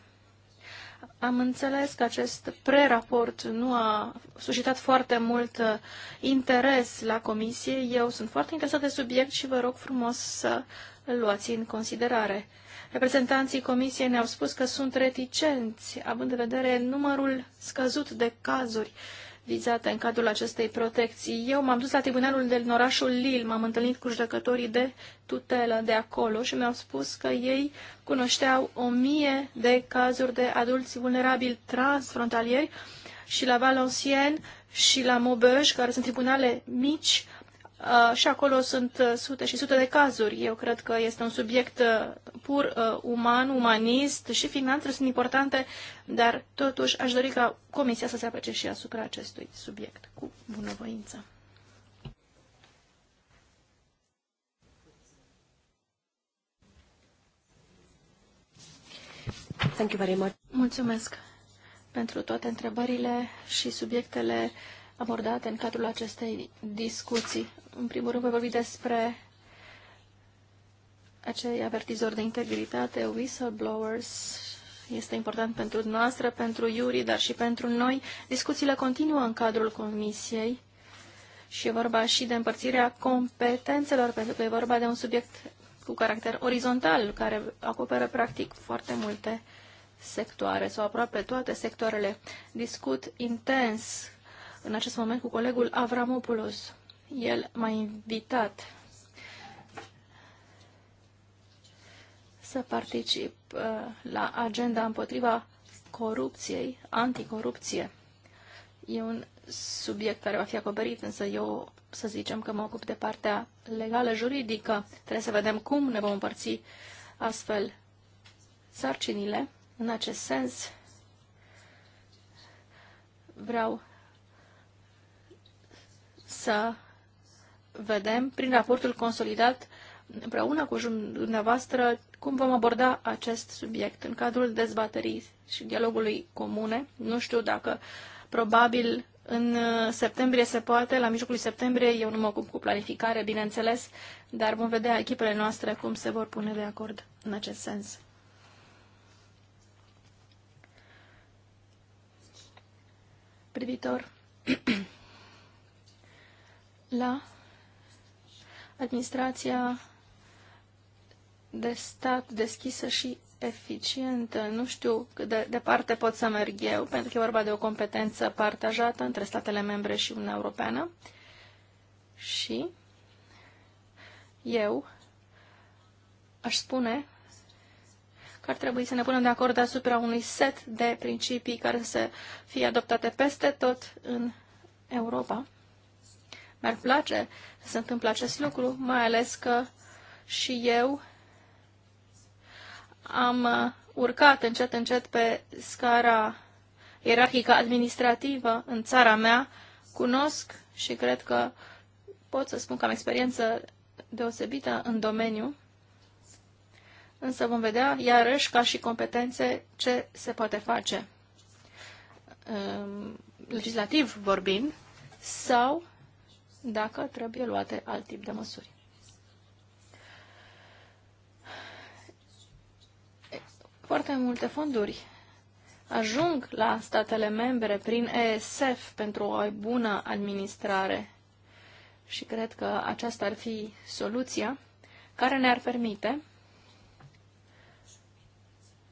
am înțeles că acest preraport nu a suscitat foarte mult uh, interes la comisie. Eu sunt foarte interesat de subiect și vă rog frumos să îl luați în considerare. Reprezentanții comisiei ne-au spus că sunt reticenți, având în vedere numărul scăzut de cazuri uh, vizate în cadrul acestei protecții. Eu m-am dus la tribunalul din orașul Lille, m-am întâlnit cu judecătorii de tutelă de acolo și mi-au spus că ei cunoșteau o mie de cazuri de adulți vulnerabili transfrontalieri și la Valenciennes și la Maubeuge, care sunt tribunale mici, Uh, și acolo sunt uh, sute și sute de cazuri. Eu cred că este un subiect uh, pur uman, umanist și finanțele sunt importante, dar totuși aș dori ca Comisia să se apece și asupra acestui subiect cu bunăvoință. Thank you very much. Mulțumesc pentru toate întrebările și subiectele uh, abordate în cadrul acestei discuții. În primul rând, voi vorbi despre acei avertizori de integritate, whistleblowers, este important pentru noastră, pentru Iuri, dar și pentru noi. Discuțiile continuă în cadrul comisiei și e vorba și de împărțirea competențelor, pentru că e vorba de un subiect cu caracter orizontal, care acoperă practic foarte multe sectoare sau aproape toate sectoarele. Discut intens în acest moment cu colegul Avramopoulos. El m-a invitat să particip uh, la agenda împotriva corupției, anticorupție. E un subiect care va fi acoperit, însă eu să zicem că mă ocup de partea legală, juridică. Trebuie să vedem cum ne vom împărți astfel sarcinile. În acest sens, vreau să vedem prin raportul consolidat împreună cu dumneavoastră cum vom aborda acest subiect în cadrul dezbaterii și dialogului comune. Nu știu dacă probabil în uh, septembrie se poate, la mijlocul septembrie, eu nu mă ocup cu planificare, bineînțeles, dar vom vedea echipele noastre cum se vor pune de acord în acest sens. Privitor la administrația de stat deschisă și eficientă. Nu știu cât de departe pot să merg eu, pentru că e vorba de o competență partajată între statele membre și Uniunea Europeană. Și eu aș spune că ar trebui să ne punem de acord asupra unui set de principii care să fie adoptate peste tot în Europa mi-ar place să se întâmple acest lucru, mai ales că și eu am uh, urcat încet, încet pe scara ierarhică administrativă în țara mea, cunosc și cred că pot să spun că am experiență deosebită în domeniu, însă vom vedea iarăși ca și competențe ce se poate face ehm, legislativ vorbind sau dacă trebuie luate alt tip de măsuri. Foarte multe fonduri ajung la statele membre prin ESF pentru o bună administrare și cred că aceasta ar fi soluția care ne-ar permite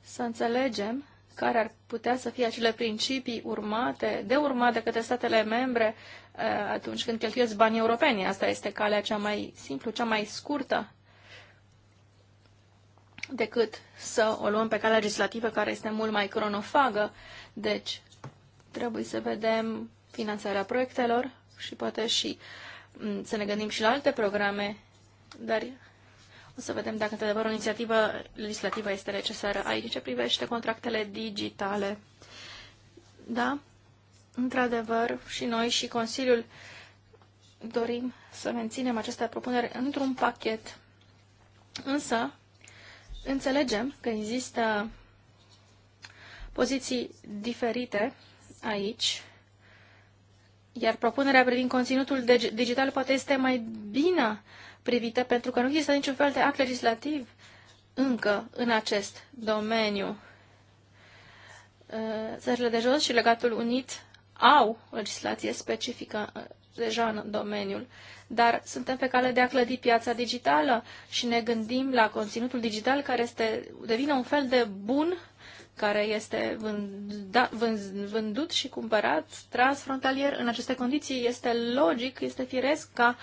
să înțelegem care ar putea să fie acele principii urmate, de urmat de către statele membre eh, atunci când cheltuiesc banii europeni. Asta este calea cea mai simplu, cea mai scurtă decât să o luăm pe calea legislativă care este mult mai cronofagă. Deci, trebuie să vedem finanțarea proiectelor și poate și mm, să ne gândim și la alte programe, dar să vedem dacă, într-adevăr, o inițiativă legislativă este necesară aici ce privește contractele digitale. Da, într-adevăr, și noi și Consiliul dorim să menținem aceste propuneri într-un pachet. Însă, înțelegem că există poziții diferite aici, iar propunerea privind conținutul digital poate este mai bine uh, privită, pentru că nu există niciun fel de act legislativ încă în acest domeniu. Uh, țările de jos și Legatul Unit au legislație specifică uh, deja în domeniul, dar suntem pe cale de a clădi piața digitală și ne gândim la conținutul digital care este, devine un fel de bun care este vânda, vând, vândut și cumpărat transfrontalier în aceste condiții. Este logic, este firesc ca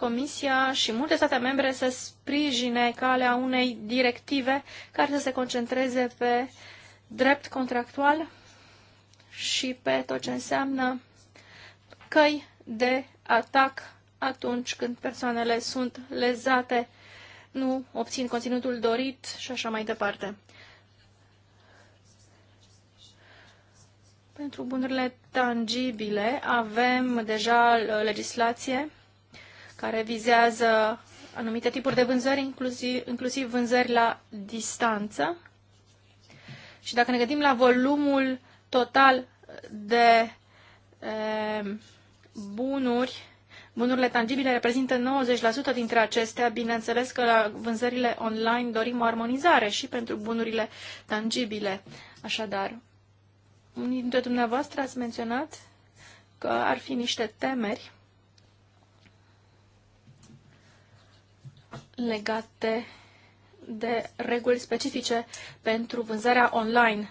Comisia și multe state membre să sprijine calea unei directive care să se concentreze pe drept contractual și pe tot ce înseamnă căi de atac atunci când persoanele sunt lezate, nu obțin conținutul dorit și așa mai departe. Pentru bunurile tangibile avem deja legislație care vizează anumite tipuri de vânzări, inclusiv, inclusiv vânzări la distanță. Și dacă ne gândim la volumul total de e, eh, bunuri, bunurile tangibile reprezintă 90% dintre acestea. Bineînțeles că la vânzările online dorim o armonizare și pentru bunurile tangibile. Așadar, unii dintre dumneavoastră ați menționat că ar fi niște temeri legate de reguli specifice pentru vânzarea online.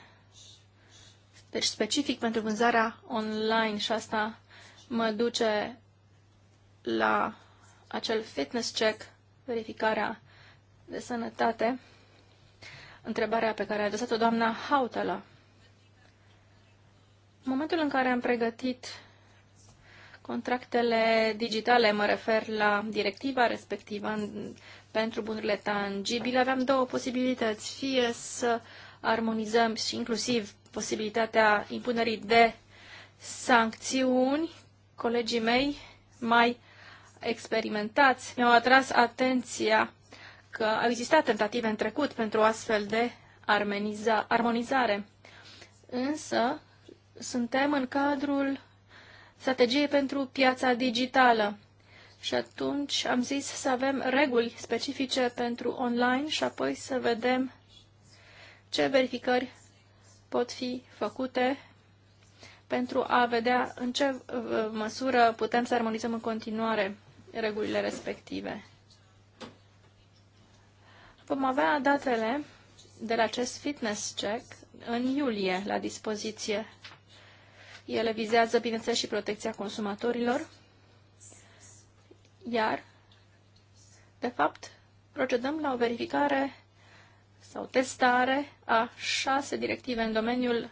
Deci specific pentru vânzarea online și asta mă duce la acel fitness check, verificarea de sănătate, întrebarea pe care a adresat-o doamna Hautala. În momentul în care am pregătit Contractele digitale, mă refer la directiva respectivă în, pentru bunurile tangibile, aveam două posibilități. Fie să armonizăm și inclusiv posibilitatea impunerii de sancțiuni. Colegii mei mai experimentați mi-au atras atenția că au existat tentative în trecut pentru astfel de armoniza armonizare. Însă, suntem în cadrul strategie pentru piața digitală. Și atunci am zis să avem reguli specifice pentru online și apoi să vedem ce verificări pot fi făcute pentru a vedea în ce uh, măsură putem să armonizăm în continuare regulile respective. Vom avea datele de la acest fitness check în iulie la dispoziție ele vizează, bineînțeles, și protecția consumatorilor, iar, de fapt, procedăm la o verificare sau testare a șase directive în domeniul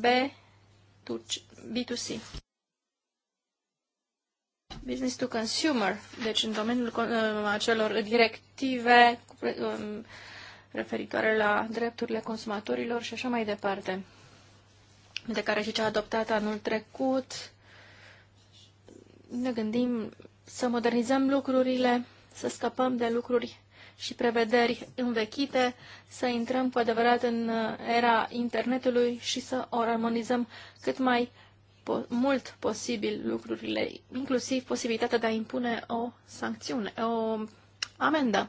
B2C. Business to Consumer, deci în domeniul uh, acelor directive um, referitoare la drepturile consumatorilor și așa mai departe de care și cea adoptată anul trecut, ne gândim să modernizăm lucrurile, să scăpăm de lucruri și prevederi învechite, să intrăm cu adevărat în era internetului și să o armonizăm cât mai po- mult posibil lucrurile, inclusiv posibilitatea de a impune o sancțiune, o amendă.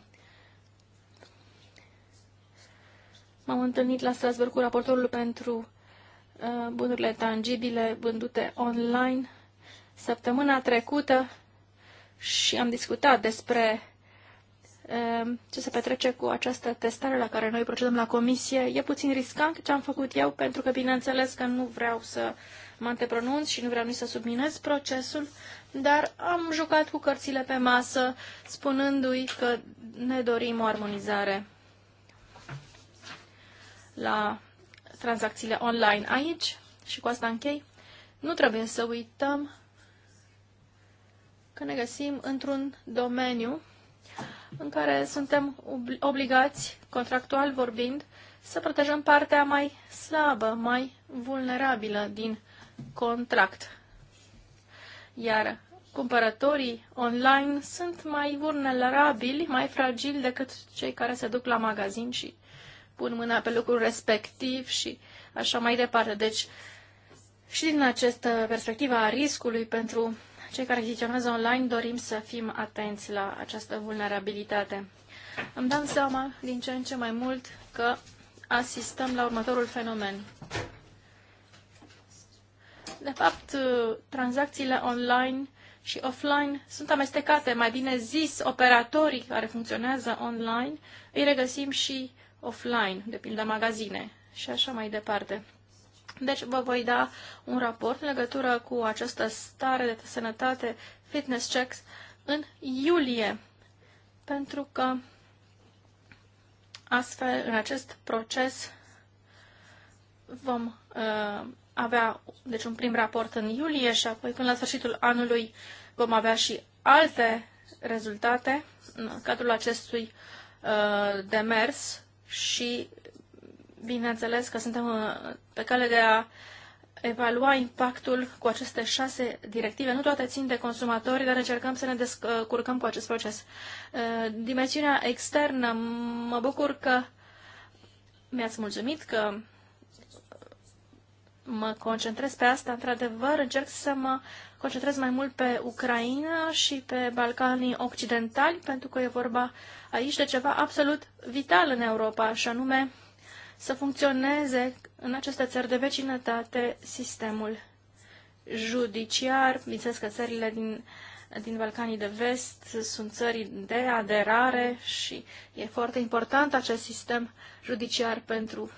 M-am întâlnit la Strasburg cu raportorul pentru Uh, bunurile tangibile vândute online săptămâna trecută și am discutat despre uh, ce se petrece cu această testare la care noi procedăm la comisie. E puțin riscant ce am făcut eu, pentru că, bineînțeles, că nu vreau să mă antepronunț și nu vreau nici să subminez procesul, dar am jucat cu cărțile pe masă, spunându-i că ne dorim o armonizare la tranzacțiile online aici și cu asta închei. Nu trebuie să uităm că ne găsim într-un domeniu în care suntem obligați, contractual vorbind, să protejăm partea mai slabă, mai vulnerabilă din contract. Iar cumpărătorii online sunt mai vulnerabili, mai fragili decât cei care se duc la magazin și pun mâna pe lucrul respectiv și așa mai departe. Deci, și din această perspectivă a riscului pentru cei care achiziționează online, dorim să fim atenți la această vulnerabilitate. Îmi dau seama din ce în ce mai mult că asistăm la următorul fenomen. De fapt, tranzacțiile online și offline sunt amestecate. Mai bine zis, operatorii care funcționează online îi regăsim și offline, de pildă magazine și așa mai departe. Deci vă voi da un raport în legătură cu această stare de sănătate, fitness checks, în iulie, pentru că astfel, în acest proces, vom uh, avea deci un prim raport în iulie și apoi până la sfârșitul anului vom avea și alte rezultate în cadrul acestui uh, demers și bineînțeles că suntem uh, pe cale de a evalua impactul cu aceste șase directive. Nu toate țin de consumatori, dar încercăm să ne descurcăm cu acest proces. Uh, dimensiunea externă, mă bucur că mi-ați mulțumit că mă concentrez pe asta, într-adevăr, încerc să mă concentrez mai mult pe Ucraina și pe Balcanii Occidentali, pentru că e vorba aici de ceva absolut vital în Europa, și anume să funcționeze în aceste țări de vecinătate sistemul judiciar. Bineînțeles că țările din, din Balcanii de Vest sunt țări de aderare și e foarte important acest sistem judiciar pentru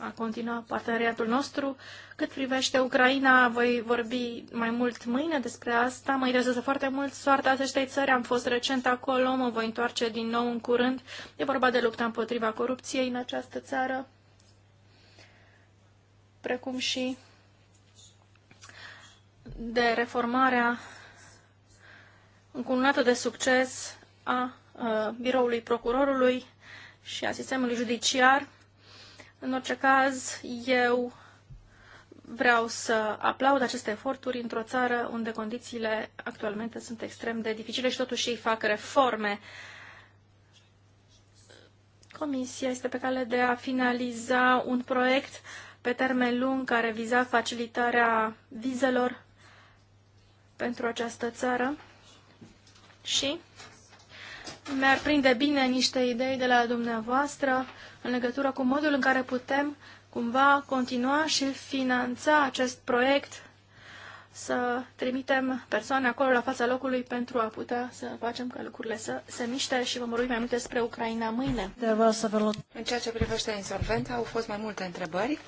a continua parteneriatul nostru. Cât privește Ucraina, voi vorbi mai mult mâine despre asta. Mă interesează foarte mult soarta acestei țări. Am fost recent acolo, mă voi întoarce din nou în curând. E vorba de lupta împotriva corupției în această țară, precum și de reformarea încununată de succes a, a uh, biroului procurorului și a sistemului judiciar în orice caz, eu vreau să aplaud aceste eforturi într-o țară unde condițiile actualmente sunt extrem de dificile și totuși ei fac reforme. Comisia este pe cale de a finaliza un proiect pe termen lung care viza facilitarea vizelor pentru această țară și mi-ar prinde bine niște idei de la dumneavoastră în legătură cu modul în care putem cumva continua și finanța acest proiect, să trimitem persoane acolo la fața locului pentru a putea să facem ca lucrurile să se miște și vom vorbi mai multe despre Ucraina mâine. În ceea ce privește insolventa, au fost mai multe întrebări.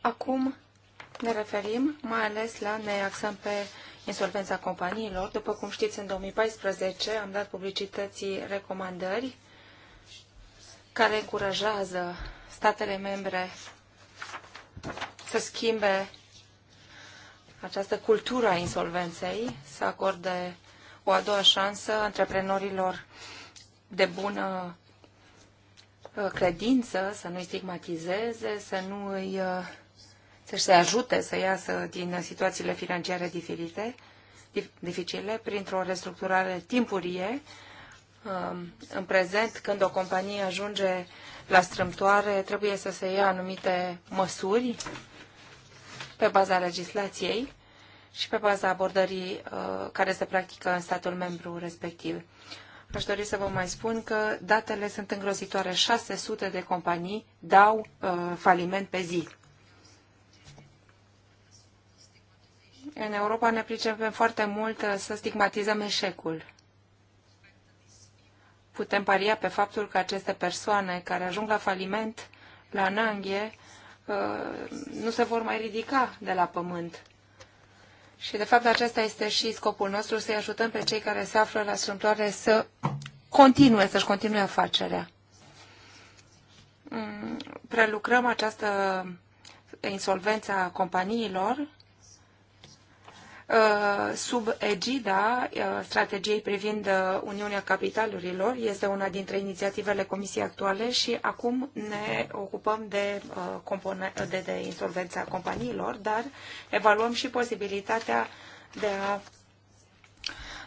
Acum ne referim mai ales la ne axăm pe insolvența companiilor. După cum știți, în 2014 am dat publicității recomandări care încurajează statele membre să schimbe această cultură a insolvenței, să acorde o a doua șansă antreprenorilor de bună uh, credință, să nu-i stigmatizeze, să nu îi uh, să se ajute să iasă din situațiile financiare diferite, dificile printr-o restructurare timpurie. Um, în prezent, când o companie ajunge la strâmtoare, trebuie să se ia anumite măsuri pe baza legislației și pe baza abordării uh, care se practică în statul membru respectiv. Aș dori să vă mai spun că datele sunt îngrozitoare. 600 de companii dau uh, faliment pe zi. în Europa ne pricepem foarte mult uh, să stigmatizăm eșecul. Putem paria pe faptul că aceste persoane care ajung la faliment, la nanghe, uh, nu se vor mai ridica de la pământ. Și, de fapt, acesta este și scopul nostru, să-i ajutăm pe cei care se află la strâmtoare să continue, să-și continue afacerea. Mm, prelucrăm această insolvență a companiilor Uh, sub egida uh, strategiei privind uh, Uniunea Capitalurilor. Este una dintre inițiativele Comisiei actuale și acum ne ocupăm de, de, de insolvența companiilor, dar evaluăm și posibilitatea de a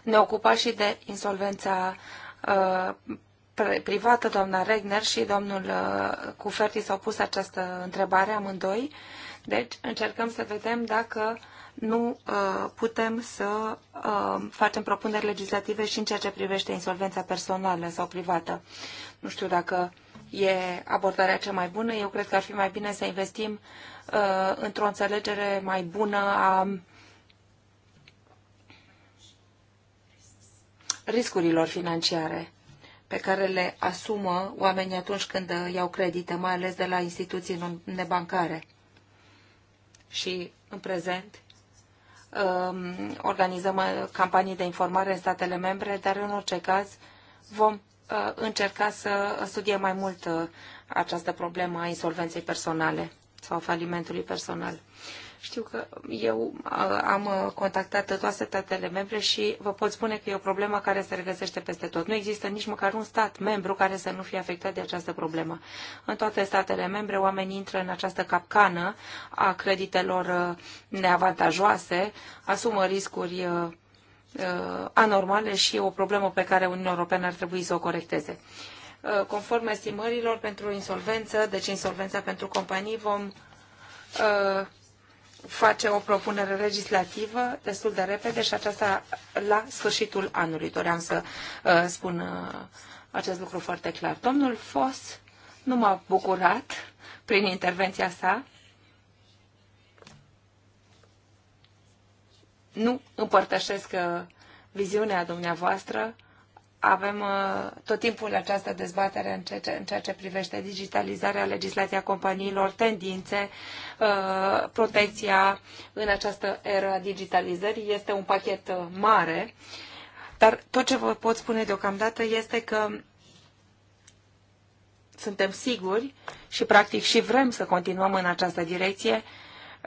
ne ocupa și de insolvența privată, doamna Regner și domnul Cuferti s-au pus această întrebare amândoi. Deci încercăm să vedem dacă uh, nu uh, putem să uh, facem propuneri legislative și în ceea ce privește insolvența personală sau privată. Nu știu dacă e abordarea cea mai bună. Eu cred că ar fi mai bine să investim uh, într-o înțelegere mai bună a riscurilor financiare pe care le asumă oamenii atunci când iau credite, mai ales de la instituții nebancare. Și, în prezent, Um, organizăm uh, campanii de informare în statele membre, dar în orice caz vom uh, încerca să studiem mai mult uh, această problemă a insolvenței personale sau a falimentului personal. Știu că eu am contactat toate statele membre și vă pot spune că e o problemă care se regăsește peste tot. Nu există nici măcar un stat membru care să nu fie afectat de această problemă. În toate statele membre, oamenii intră în această capcană a creditelor neavantajoase, asumă riscuri anormale și o problemă pe care Uniunea Europeană ar trebui să o corecteze. Conform estimărilor pentru insolvență, deci insolvența pentru companii, vom face o propunere legislativă destul de repede și aceasta la sfârșitul anului. Doream să uh, spun uh, acest lucru foarte clar. Domnul Fos nu m-a bucurat prin intervenția sa. Nu împărtășesc uh, viziunea dumneavoastră avem uh, tot timpul această dezbatere în ceea, ce, în ceea ce privește digitalizarea, legislația companiilor, tendințe, uh, protecția în această era digitalizării. Este un pachet uh, mare, dar tot ce vă pot spune deocamdată este că suntem siguri și practic și vrem să continuăm în această direcție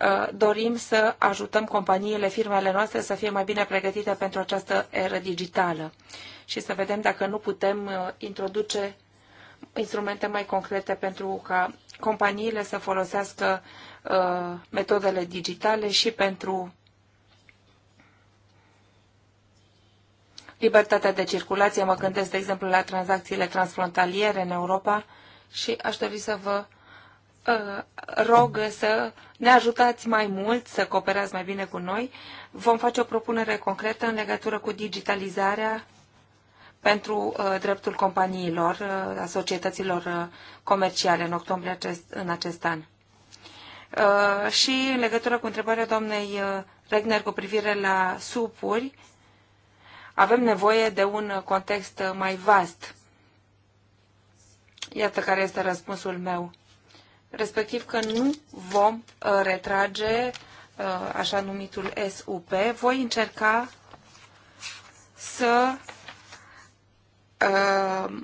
Uh, dorim să ajutăm companiile, firmele noastre să fie mai bine pregătite pentru această eră digitală și să vedem dacă nu putem uh, introduce instrumente mai concrete pentru ca companiile să folosească uh, metodele digitale și pentru libertatea de circulație. Mă gândesc, de exemplu, la tranzacțiile transfrontaliere în Europa și aș dori să vă Uh, rog să ne ajutați mai mult, să cooperați mai bine cu noi. Vom face o propunere concretă în legătură cu digitalizarea pentru uh, dreptul companiilor, uh, a societăților comerciale în octombrie acest, în acest an. Și în legătură cu întrebarea doamnei Regner cu privire la supuri, avem nevoie de un context mai vast. Iată care este răspunsul meu respectiv că nu vom uh, retrage uh, așa numitul SUP. Voi încerca să uh,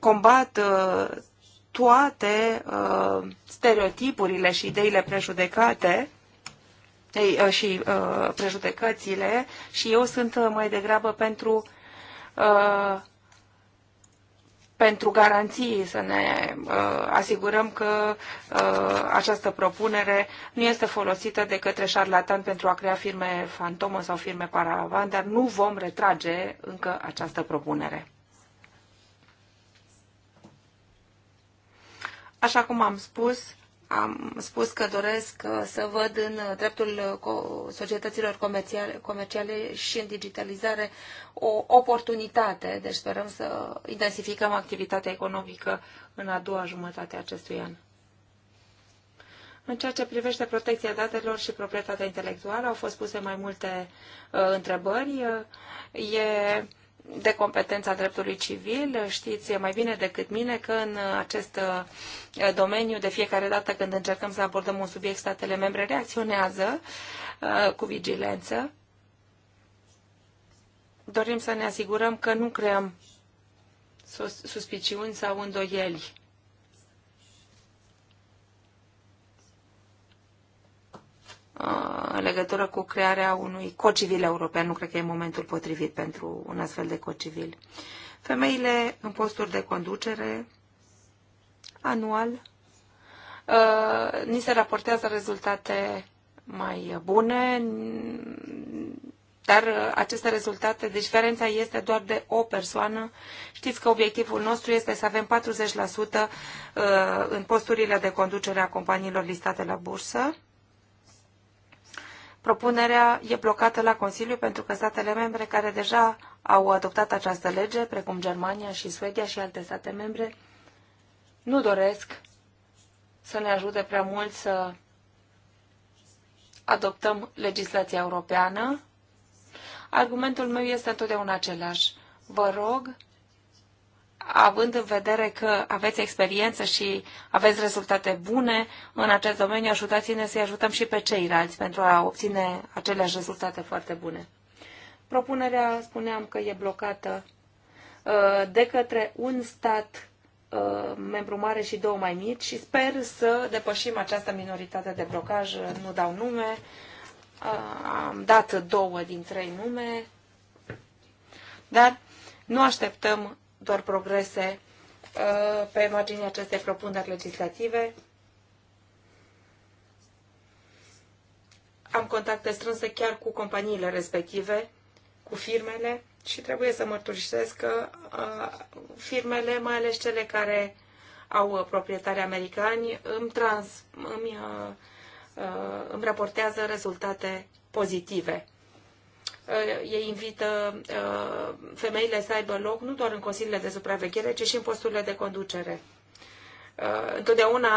combat toate stereotipurile și ideile prejudecate și prejudecățile și eu sunt mai degrabă pentru pentru garanții, să ne uh, asigurăm că uh, această propunere nu este folosită de către șarlatan pentru a crea firme fantomă sau firme paravan, dar nu vom retrage încă această propunere. Așa cum am spus, am spus că doresc uh, să văd în uh, dreptul uh, societăților comerciale, comerciale și în digitalizare o oportunitate, deci sperăm să intensificăm activitatea economică în a doua jumătate a acestui an. În ceea ce privește protecția datelor și proprietatea intelectuală, au fost puse mai multe uh, întrebări. E de competența dreptului civil. Știți mai bine decât mine că în acest uh, domeniu, de fiecare dată când încercăm să abordăm un subiect, statele membre reacționează uh, cu vigilență. Dorim să ne asigurăm că nu creăm suspiciuni sau îndoieli în legătură cu crearea unui cod civil european. Nu cred că e momentul potrivit pentru un astfel de cod civil. Femeile în posturi de conducere anual uh, ni se raportează rezultate mai bune, dar aceste rezultate, diferența este doar de o persoană. Știți că obiectivul nostru este să avem 40% uh, în posturile de conducere a companiilor listate la bursă Propunerea e blocată la Consiliu pentru că statele membre care deja au adoptat această lege, precum Germania și Suedia și alte state membre, nu doresc să ne ajute prea mult să adoptăm legislația europeană. Argumentul meu este întotdeauna același. Vă rog având în vedere că aveți experiență și aveți rezultate bune în acest domeniu, ajutați-ne să-i ajutăm și pe ceilalți pentru a obține aceleași rezultate foarte bune. Propunerea, spuneam că e blocată uh, de către un stat uh, membru mare și două mai mici și sper să depășim această minoritate de blocaj. Uh, nu dau nume, am dat două din trei nume, dar nu așteptăm doar progrese uh, pe marginea acestei propuneri legislative. Am contacte strânse chiar cu companiile respective, cu firmele și trebuie să mărturisesc că uh, firmele, mai ales cele care au uh, proprietari americani, îmi, trans, îmi, îmi raportează rezultate pozitive Uh, ei invită uh, femeile să aibă loc nu doar în consiliile de supraveghere, ci și în posturile de conducere. Uh, întotdeauna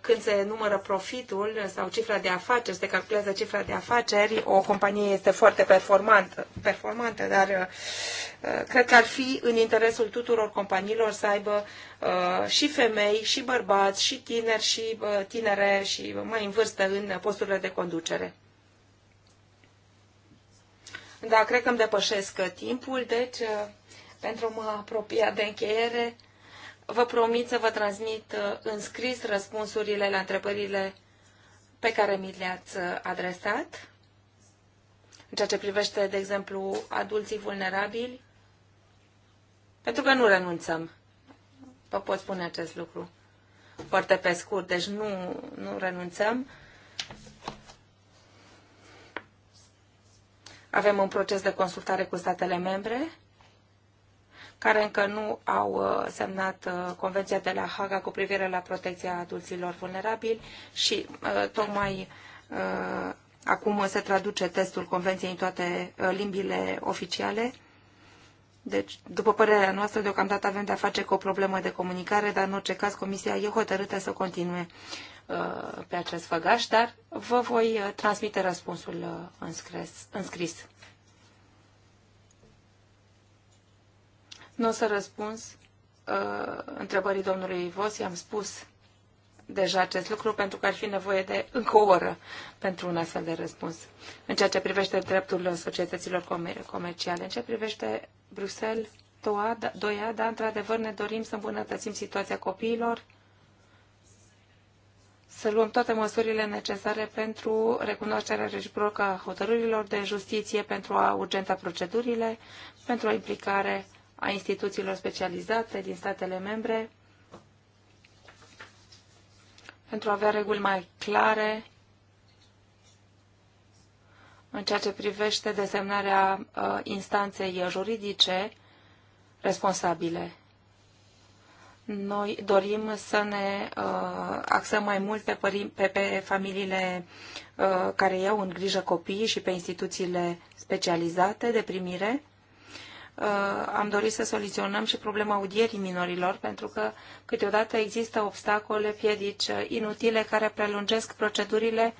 când se numără profitul sau cifra de afaceri, se calculează cifra de afaceri, o companie este foarte performantă, performantă dar cred că ar fi în interesul tuturor companiilor să aibă și femei, și bărbați, și tineri, și tinere, și mai în vârstă în posturile de conducere. Da, cred că îmi depășesc uh, timpul, deci uh, pentru a mă apropia de încheiere, vă promit să vă transmit uh, în scris răspunsurile la întrebările pe care mi le-ați adresat, în ceea ce privește, de exemplu, adulții vulnerabili, pentru că nu renunțăm. Vă pot spune acest lucru foarte pe scurt, deci nu, nu renunțăm. Avem un proces de consultare cu statele membre care încă nu au uh, semnat uh, Convenția de la Haga cu privire la protecția adulților vulnerabili și uh, tocmai acum se traduce testul Convenției în toate limbile oficiale. Deci, după părerea noastră, deocamdată avem de-a face cu o problemă de comunicare, dar în orice caz Comisia e hotărâtă să continue Uh, pe acest făgaș, dar vă voi uh, transmite răspunsul uh, înscris. înscris. Nu o să răspuns întrebării domnului Vos, i-am spus deja acest lucru pentru că ar fi nevoie de încă o oră pentru un astfel de răspuns. În ceea ce privește dreptul societăților comerciale, în ceea ce privește Bruxelles, Doia, da, într-adevăr ne dorim să îmbunătățim situația copiilor, să luăm toate măsurile necesare pentru recunoașterea reciprocă a hotărârilor de justiție, pentru a urgenta procedurile, pentru o implicare a instituțiilor specializate din statele membre, pentru a avea reguli mai clare în ceea ce privește desemnarea uh, instanței juridice responsabile. Noi dorim să ne uh, axăm mai mult pe, părim, pe, pe familiile uh, care iau în grijă copiii și pe instituțiile specializate de primire. Uh, am dorit să soluționăm și problema audierii minorilor, pentru că câteodată există obstacole, piedici uh, inutile care prelungesc procedurile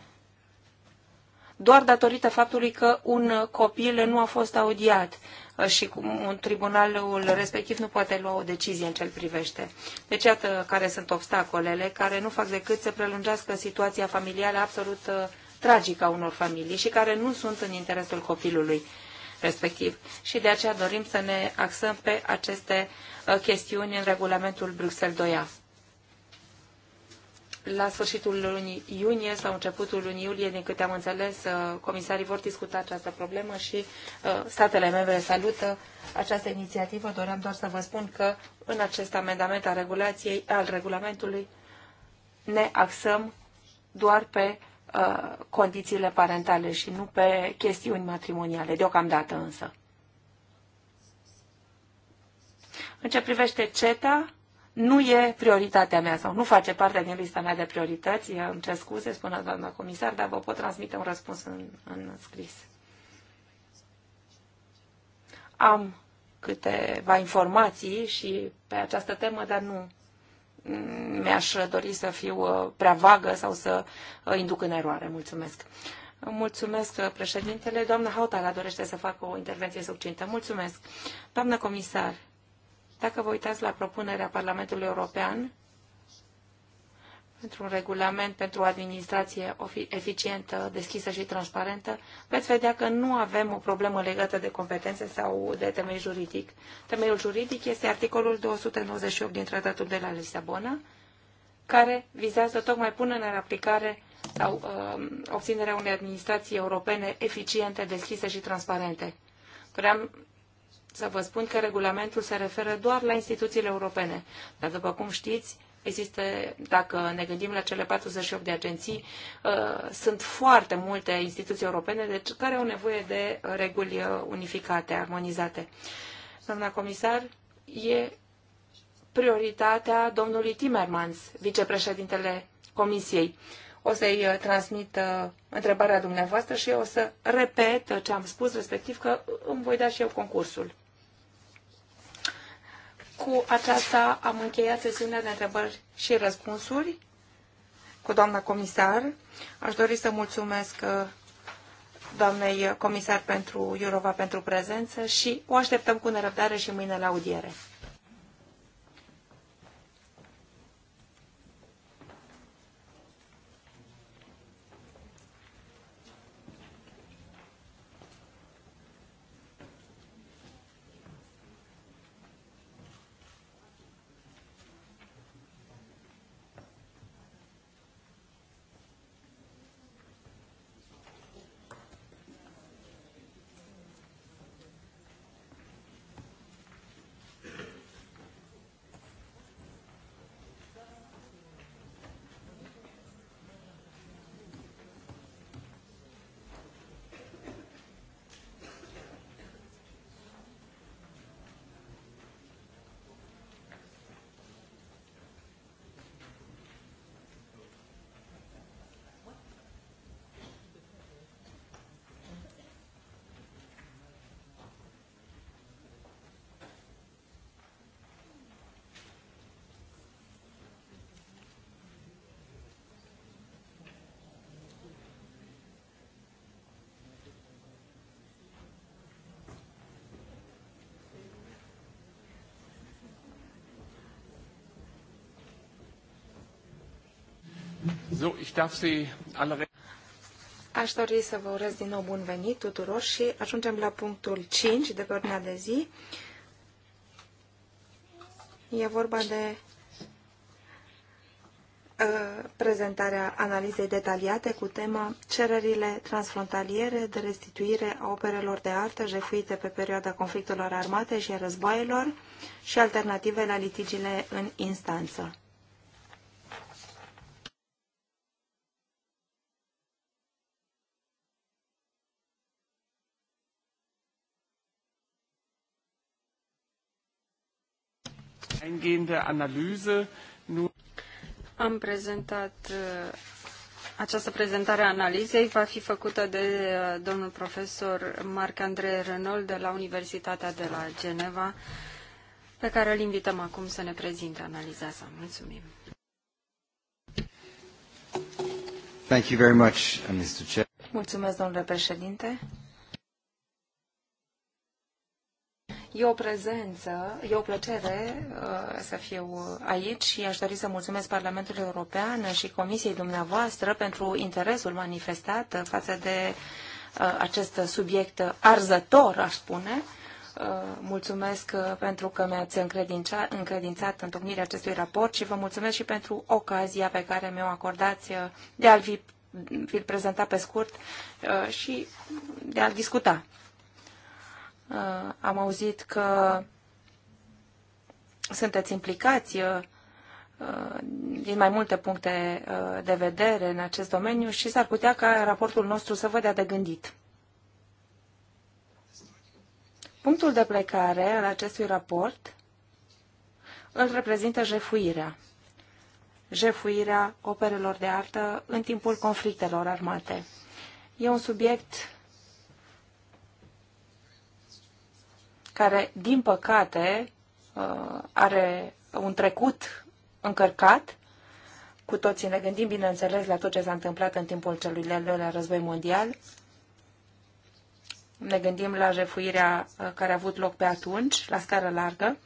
doar datorită faptului că un copil nu a fost audiat și cum un tribunalul respectiv nu poate lua o decizie în îl privește. Deci iată care sunt obstacolele care nu fac decât să prelungească situația familială absolut uh, tragică a unor familii și care nu sunt în interesul copilului respectiv. Și de aceea dorim să ne axăm pe aceste uh, chestiuni în regulamentul Bruxelles 2A la sfârșitul lunii iunie sau începutul lunii iulie, din câte am înțeles, uh, comisarii vor discuta această problemă și uh, statele membre salută această inițiativă. Doream doar să vă spun că în acest amendament al, regulației, al regulamentului ne axăm doar pe uh, condițiile parentale și nu pe chestiuni matrimoniale, deocamdată însă. În ce privește CETA, nu e prioritatea mea sau nu face parte din lista mea de priorități. Eu îmi cer scuze, spune doamna comisar, dar vă pot transmite un răspuns în, în scris. Am câteva informații și pe această temă, dar nu mi-aș dori să fiu uh, prea vagă sau să uh, induc în eroare. Mulțumesc. Mulțumesc, uh, președintele. Doamna Hautala dorește să facă o intervenție succintă. Mulțumesc. Doamna comisar, dacă vă uitați la propunerea Parlamentului European pentru un regulament pentru o administrație eficientă, deschisă și transparentă, veți vedea că nu avem o problemă legată de competențe sau de temei juridic. Temeiul juridic este articolul 298 din Tratatul de la Lisabona, care vizează tocmai punerea în aplicare sau uh, obținerea unei administrații europene eficiente, deschise și transparente. Vreau să vă spun că regulamentul se referă doar la instituțiile europene. Dar, după cum știți, există, dacă ne gândim la cele 48 de agenții, uh, sunt foarte multe instituții europene deci care au nevoie de reguli uh, unificate, armonizate. Doamna comisar, e prioritatea domnului Timmermans, vicepreședintele Comisiei. O să-i uh, transmit întrebarea dumneavoastră și eu o să repet ce am spus, respectiv că îmi voi da și eu concursul. Cu aceasta am încheiat sesiunea de întrebări și răspunsuri cu doamna comisar. Aș dori să mulțumesc uh, doamnei comisar pentru Iurova pentru prezență și o așteptăm cu nerăbdare și mâine la audiere. So, ich darf Sie alle... Aș dori să vă urez din nou bun venit tuturor și ajungem la punctul 5 de pe ordinea de zi. E vorba de ă, prezentarea analizei detaliate cu tema Cererile transfrontaliere de restituire a operelor de artă jefuite pe perioada conflictelor armate și a războaielor și alternative la litigiile în instanță. eingehende Analyse Am prezentat uh, această prezentare a analizei va fi făcută de uh, domnul profesor Marc-André Renault de la Universitatea de la Geneva, pe care îl invităm acum să ne prezinte analiza sa. Mulțumim. Thank you very much, uh, Mr. Chair. Mulțumesc, domnule președinte. E o prezență, e o plăcere uh, să fiu aici și aș dori să mulțumesc Parlamentului European și Comisiei dumneavoastră pentru interesul manifestat față de uh, acest subiect arzător, aș spune. Uh, mulțumesc pentru că mi-ați încredințat, încredințat întocmirea acestui raport și vă mulțumesc și pentru ocazia pe care mi-o acordați de a-l fi, fi prezentat pe scurt și de a-l discuta Uh, am auzit că sunteți implicați uh, uh, din mai multe puncte de vedere în acest domeniu și s-ar putea ca raportul nostru să vă dea de gândit. Punctul de plecare al acestui raport îl reprezintă jefuirea. Jefuirea operelor de artă în timpul conflictelor armate. E un subiect care, din păcate, uh, are un trecut încărcat. Cu toții ne gândim, bineînțeles, la tot ce s-a întâmplat în timpul celui de-al război mondial. Ne gândim la jefuirea uh, care a avut loc pe atunci, la scară largă.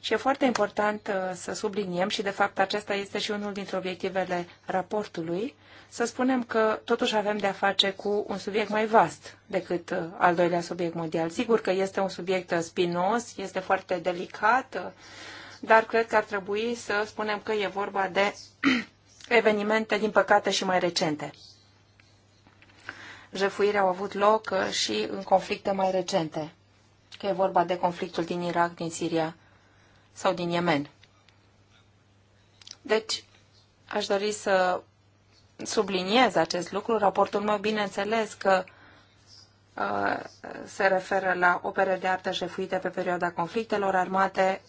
Și e foarte important uh, să subliniem, și de fapt acesta este și unul dintre obiectivele raportului, să spunem că totuși avem de-a face cu un subiect mai vast decât uh, al doilea subiect mondial. Sigur că este un subiect uh, spinos, este foarte delicat, uh, dar cred că ar trebui să spunem că e vorba de evenimente, din păcate, și mai recente. Jefuirea au avut loc și în conflicte mai recente, că e vorba de conflictul din Irak, din Siria sau din Yemen. Deci, aș dori să subliniez acest lucru. Raportul meu, bineînțeles că uh, se referă la opere de artă jefuite pe perioada conflictelor armate,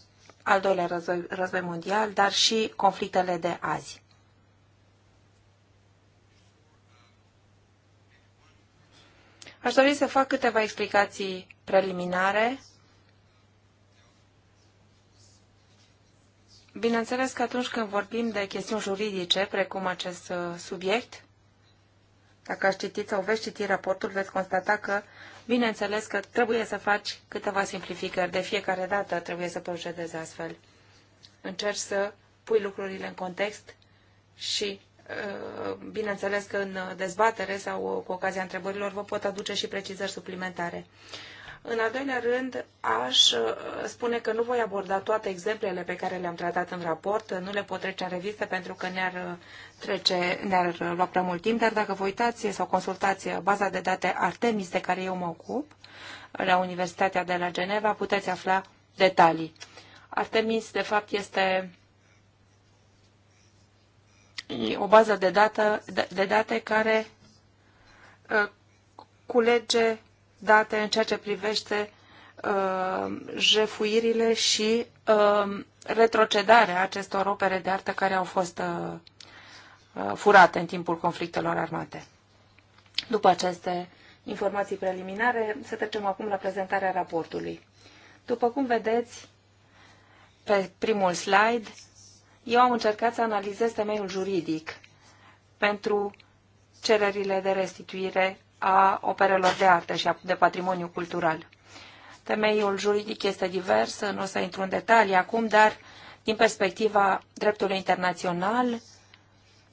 al doilea război, război mondial, dar și conflictele de azi. Aș dori să fac câteva explicații preliminare Bineînțeles că atunci când vorbim de chestiuni juridice, precum acest uh, subiect, dacă aș citi sau veți citi raportul, veți constata că, bineînțeles, că trebuie să faci câteva simplificări. De fiecare dată trebuie să procedezi astfel. Încerci să pui lucrurile în context și, uh, bineînțeles, că în dezbatere sau cu ocazia întrebărilor vă pot aduce și precizări suplimentare. În al doilea rând, aș uh, spune că nu voi aborda toate exemplele pe care le-am tratat în raport, nu le pot trece în revistă pentru că ne-ar uh, trece, ne-ar uh, lua prea mult timp, dar dacă vă uitați sau consultați baza de date Artemis de care eu mă ocup la Universitatea de la Geneva, puteți afla detalii. Artemis, de fapt, este o bază de, dată, de date care culege date în ceea ce privește uh, jefuirile și uh, retrocedarea acestor opere de artă care au fost uh, uh, furate în timpul conflictelor armate. După aceste informații preliminare, să trecem acum la prezentarea raportului. După cum vedeți, pe primul slide, eu am încercat să analizez temeiul juridic pentru cererile de restituire a operelor de artă și de patrimoniu cultural. Temeiul juridic este divers, nu o să intru în detalii acum, dar din perspectiva dreptului internațional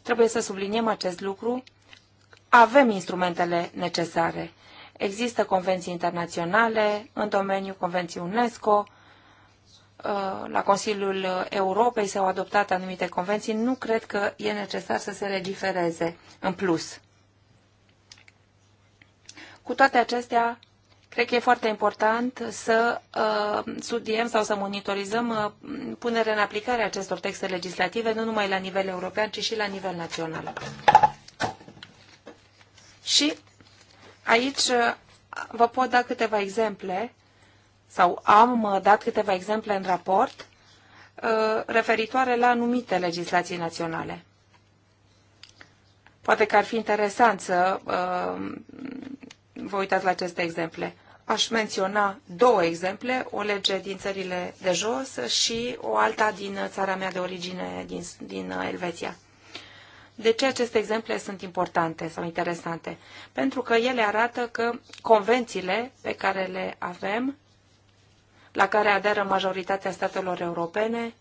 trebuie să subliniem acest lucru. Avem instrumentele necesare. Există convenții internaționale în domeniul convenții UNESCO, uh, la Consiliul Europei s-au adoptat anumite convenții, nu cred că e necesar să se legifereze în plus. Cu toate acestea, cred că e foarte important să uh, studiem sau să monitorizăm uh, punerea în aplicare acestor texte legislative, nu numai la nivel european, ci și la nivel național. Și aici uh, vă pot da câteva exemple, sau am uh, dat câteva exemple în raport, uh, referitoare la anumite legislații naționale. Poate că ar fi interesant să uh, vă uitați la aceste exemple. Aș menționa două exemple, o lege din țările de jos și o alta din țara mea de origine, din, din Elveția. De ce aceste exemple sunt importante sau interesante? Pentru că ele arată că convențiile pe care le avem, la care aderă majoritatea statelor europene,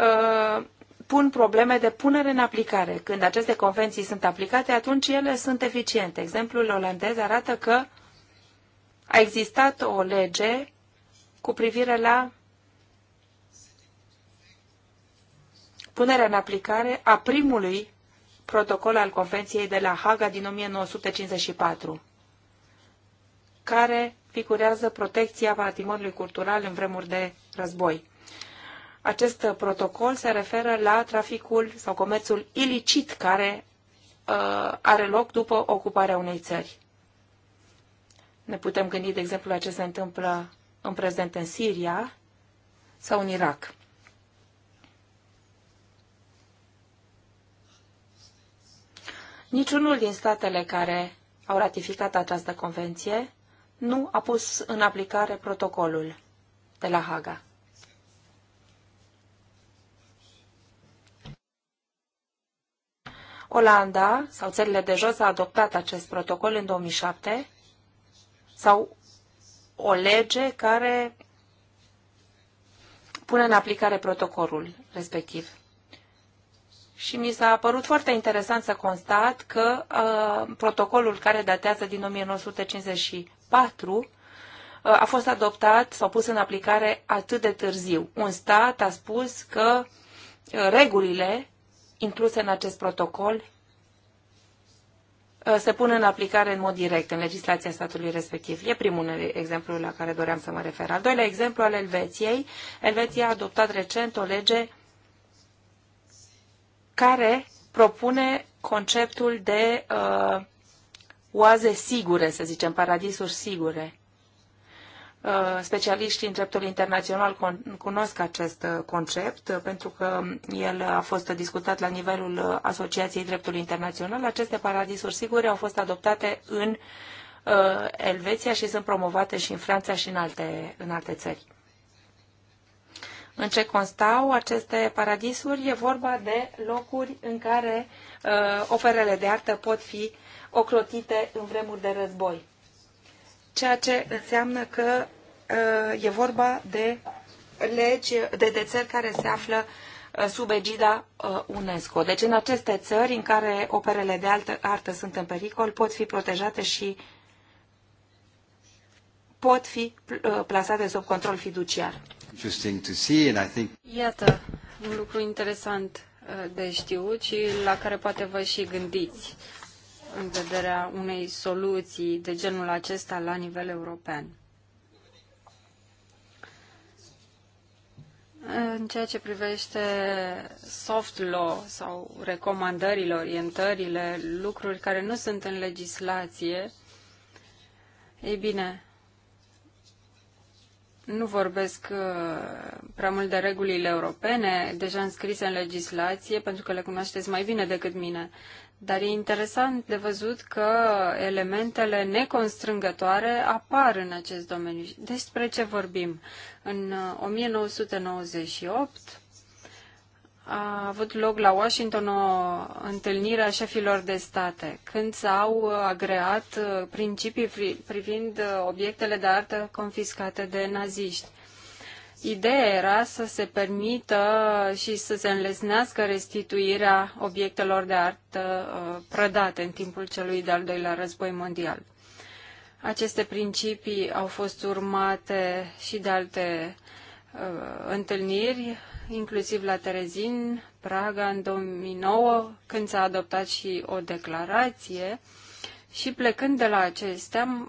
uh, pun probleme de punere în aplicare. Când aceste convenții sunt aplicate, atunci ele sunt eficiente. Exemplul olandez arată că a existat o lege cu privire la punerea în aplicare a primului protocol al Convenției de la Haga din 1954, care figurează protecția patrimoniului cultural în vremuri de război. Acest protocol se referă la traficul sau comerțul ilicit care uh, are loc după ocuparea unei țări. Ne putem gândi, de exemplu, la ce se întâmplă în prezent în Siria sau în Irak. Niciunul din statele care au ratificat această convenție nu a pus în aplicare protocolul de la Haga. Olanda sau țările de jos a adoptat acest protocol în 2007 sau o lege care pune în aplicare protocolul respectiv. Și mi s-a părut foarte interesant să constat că uh, protocolul care datează din 1954 uh, a fost adoptat sau pus în aplicare atât de târziu. Un stat a spus că uh, regulile incluse în acest protocol uh, se pun în aplicare în mod direct în legislația statului respectiv. E primul exemplu la care doream să mă refer. Al doilea exemplu al Elveției. Elveția a adoptat recent o lege care propune conceptul de uh, oaze sigure, să zicem, paradisuri sigure. Uh, specialiștii în dreptul internațional cunosc acest uh, concept uh, pentru că el a fost discutat la nivelul Asociației Dreptului Internațional. Aceste paradisuri sigure au fost adoptate în Elveția și sunt promovate și în Franța și în alte, în alte țări. În ce constau aceste paradisuri? E vorba de locuri în care uh, operele de artă pot fi ocrotite în vremuri de război ceea ce înseamnă că uh, e vorba de legi, de, de țări care se află uh, sub egida uh, UNESCO. Deci în aceste țări în care operele de altă artă sunt în pericol, pot fi protejate și pot fi plasate sub control fiduciar. Iată, un lucru interesant de știut și la care poate vă și gândiți în vederea unei soluții de genul acesta la nivel european. În ceea ce privește soft law sau recomandările, orientările, lucruri care nu sunt în legislație, ei bine, nu vorbesc uh, prea mult de regulile europene, deja înscrise în legislație, pentru că le cunoașteți mai bine decât mine. Dar e interesant de văzut că elementele neconstrângătoare apar în acest domeniu. Despre ce vorbim? În 1998 uh, a avut loc la Washington o întâlnire a șefilor de state, când s-au uh, agreat uh, principii privind obiectele de artă confiscate de naziști. Ideea era să se permită și să se înlesnească restituirea obiectelor de artă uh, prădate în timpul celui de-al doilea război mondial. Aceste principii au fost urmate și de alte uh, întâlniri, inclusiv la Terezin, Praga, în 2009, când s-a adoptat și o declarație. Și plecând de la acestea,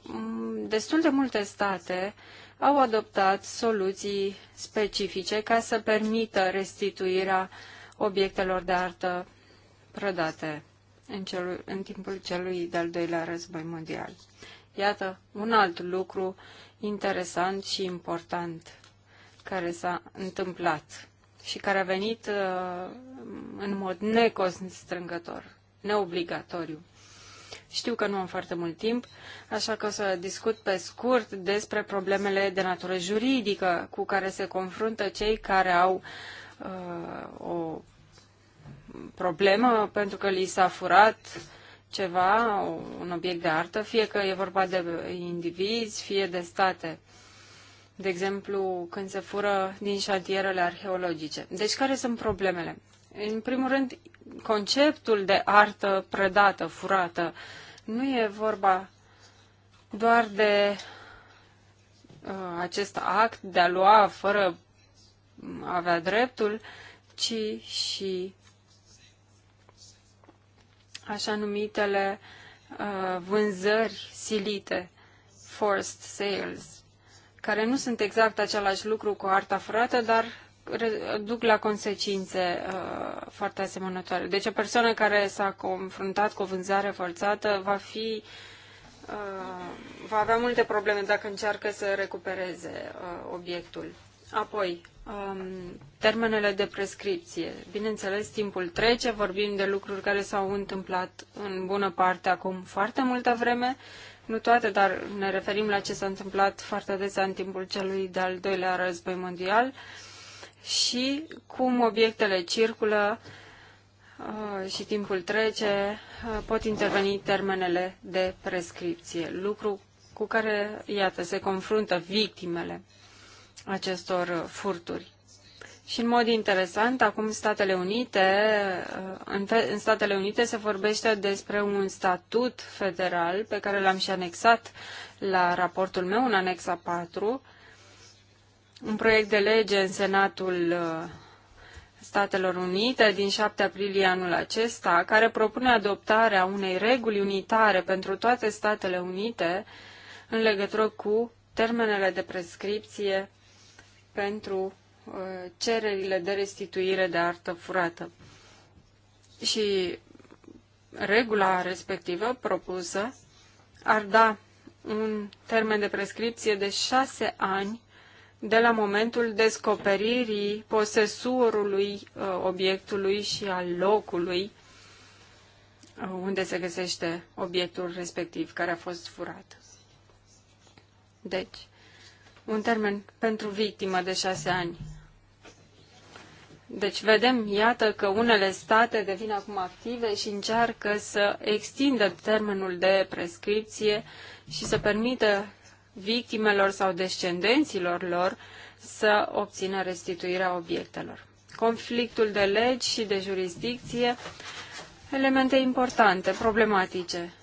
destul de multe state uh, au adoptat soluții specifice ca să permită restituirea obiectelor de artă prădate în, celui, în timpul celui de-al doilea război mondial. Iată un alt lucru interesant și important care s-a întâmplat și care a venit uh, în mod neconstrângător, neobligatoriu. Știu că nu am foarte mult timp, așa că o să discut pe scurt despre problemele de natură juridică cu care se confruntă cei care au uh, o problemă pentru că li s-a furat ceva, un obiect de artă, fie că e vorba de indivizi, fie de state. De exemplu, când se fură din șantierele arheologice. Deci, care sunt problemele? În primul rând, conceptul de artă predată, furată, uh, nu e vorba doar de uh, acest act de a lua fără a avea dreptul, ci și așa numitele uh, vânzări silite, forced sales, care nu sunt exact același lucru cu arta furată, dar duc la consecințe uh, foarte asemănătoare. Deci o persoană care s-a confruntat cu o vânzare forțată va fi uh, va avea multe probleme dacă încearcă să recupereze uh, obiectul. Apoi, um, termenele de prescripție. Bineînțeles, timpul trece, vorbim de lucruri care s-au întâmplat în bună parte acum foarte multă vreme, nu toate, dar ne referim la ce s-a întâmplat foarte des în timpul celui de-al doilea război mondial. Uh, și cum obiectele circulă uh, și timpul trece, uh, pot interveni termenele de prescripție, lucru cu care, iată, se confruntă victimele acestor uh, furturi. Și în mod interesant, acum Statele Unite, în, Statele Unite se vorbește despre un statut federal pe care l-am și anexat la raportul meu, în anexa 4, un proiect de lege în Senatul uh, Statelor Unite din 7 aprilie anul acesta, care propune adoptarea unei reguli unitare pentru toate Statele Unite în legătură cu termenele de prescripție pentru uh, cererile de restituire de artă furată. Și regula respectivă propusă ar da un termen de prescripție de șase ani de la momentul descoperirii posesorului uh, obiectului și al locului uh, unde se găsește obiectul respectiv care a fost furat. Deci, un termen pentru victimă de șase ani. Deci vedem, iată, că unele state devin acum active și încearcă să extindă termenul de prescripție și să permită victimelor sau descendenților lor să obțină restituirea obiectelor. Conflictul de legi și de jurisdicție, elemente importante, problematice.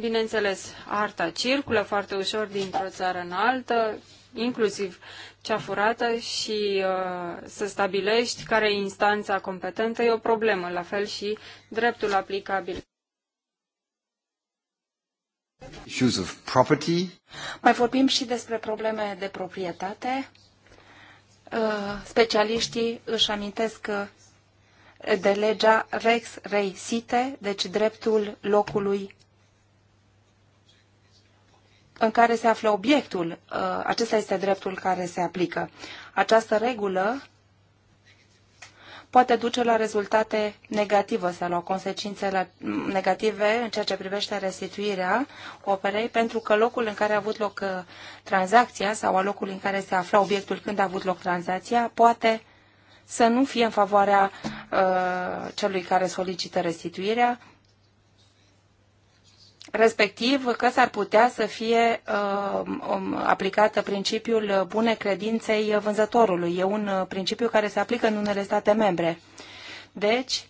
Bineînțeles, arta circulă foarte ușor dintr-o țară în altă, inclusiv cea furată și uh, să stabilești care e instanța competentă e o problemă, la fel și dreptul aplicabil. Issues of property. Mai vorbim și despre probleme de proprietate. Uh, specialiștii își amintesc uh, de legea Rex Rei Site, deci dreptul locului în care se află obiectul. Uh, acesta este dreptul care se aplică. Această regulă poate duce la rezultate negative sau la consecințe negative în ceea ce privește restituirea operei, pentru că locul în care a avut loc uh, tranzacția sau a locul în care se afla obiectul când a avut loc tranzacția poate să nu fie în favoarea uh, celui care solicită restituirea, respectiv că s-ar putea să fie uh, um, aplicată principiul bune credinței vânzătorului. E un uh, principiu care se aplică în unele state membre. Deci,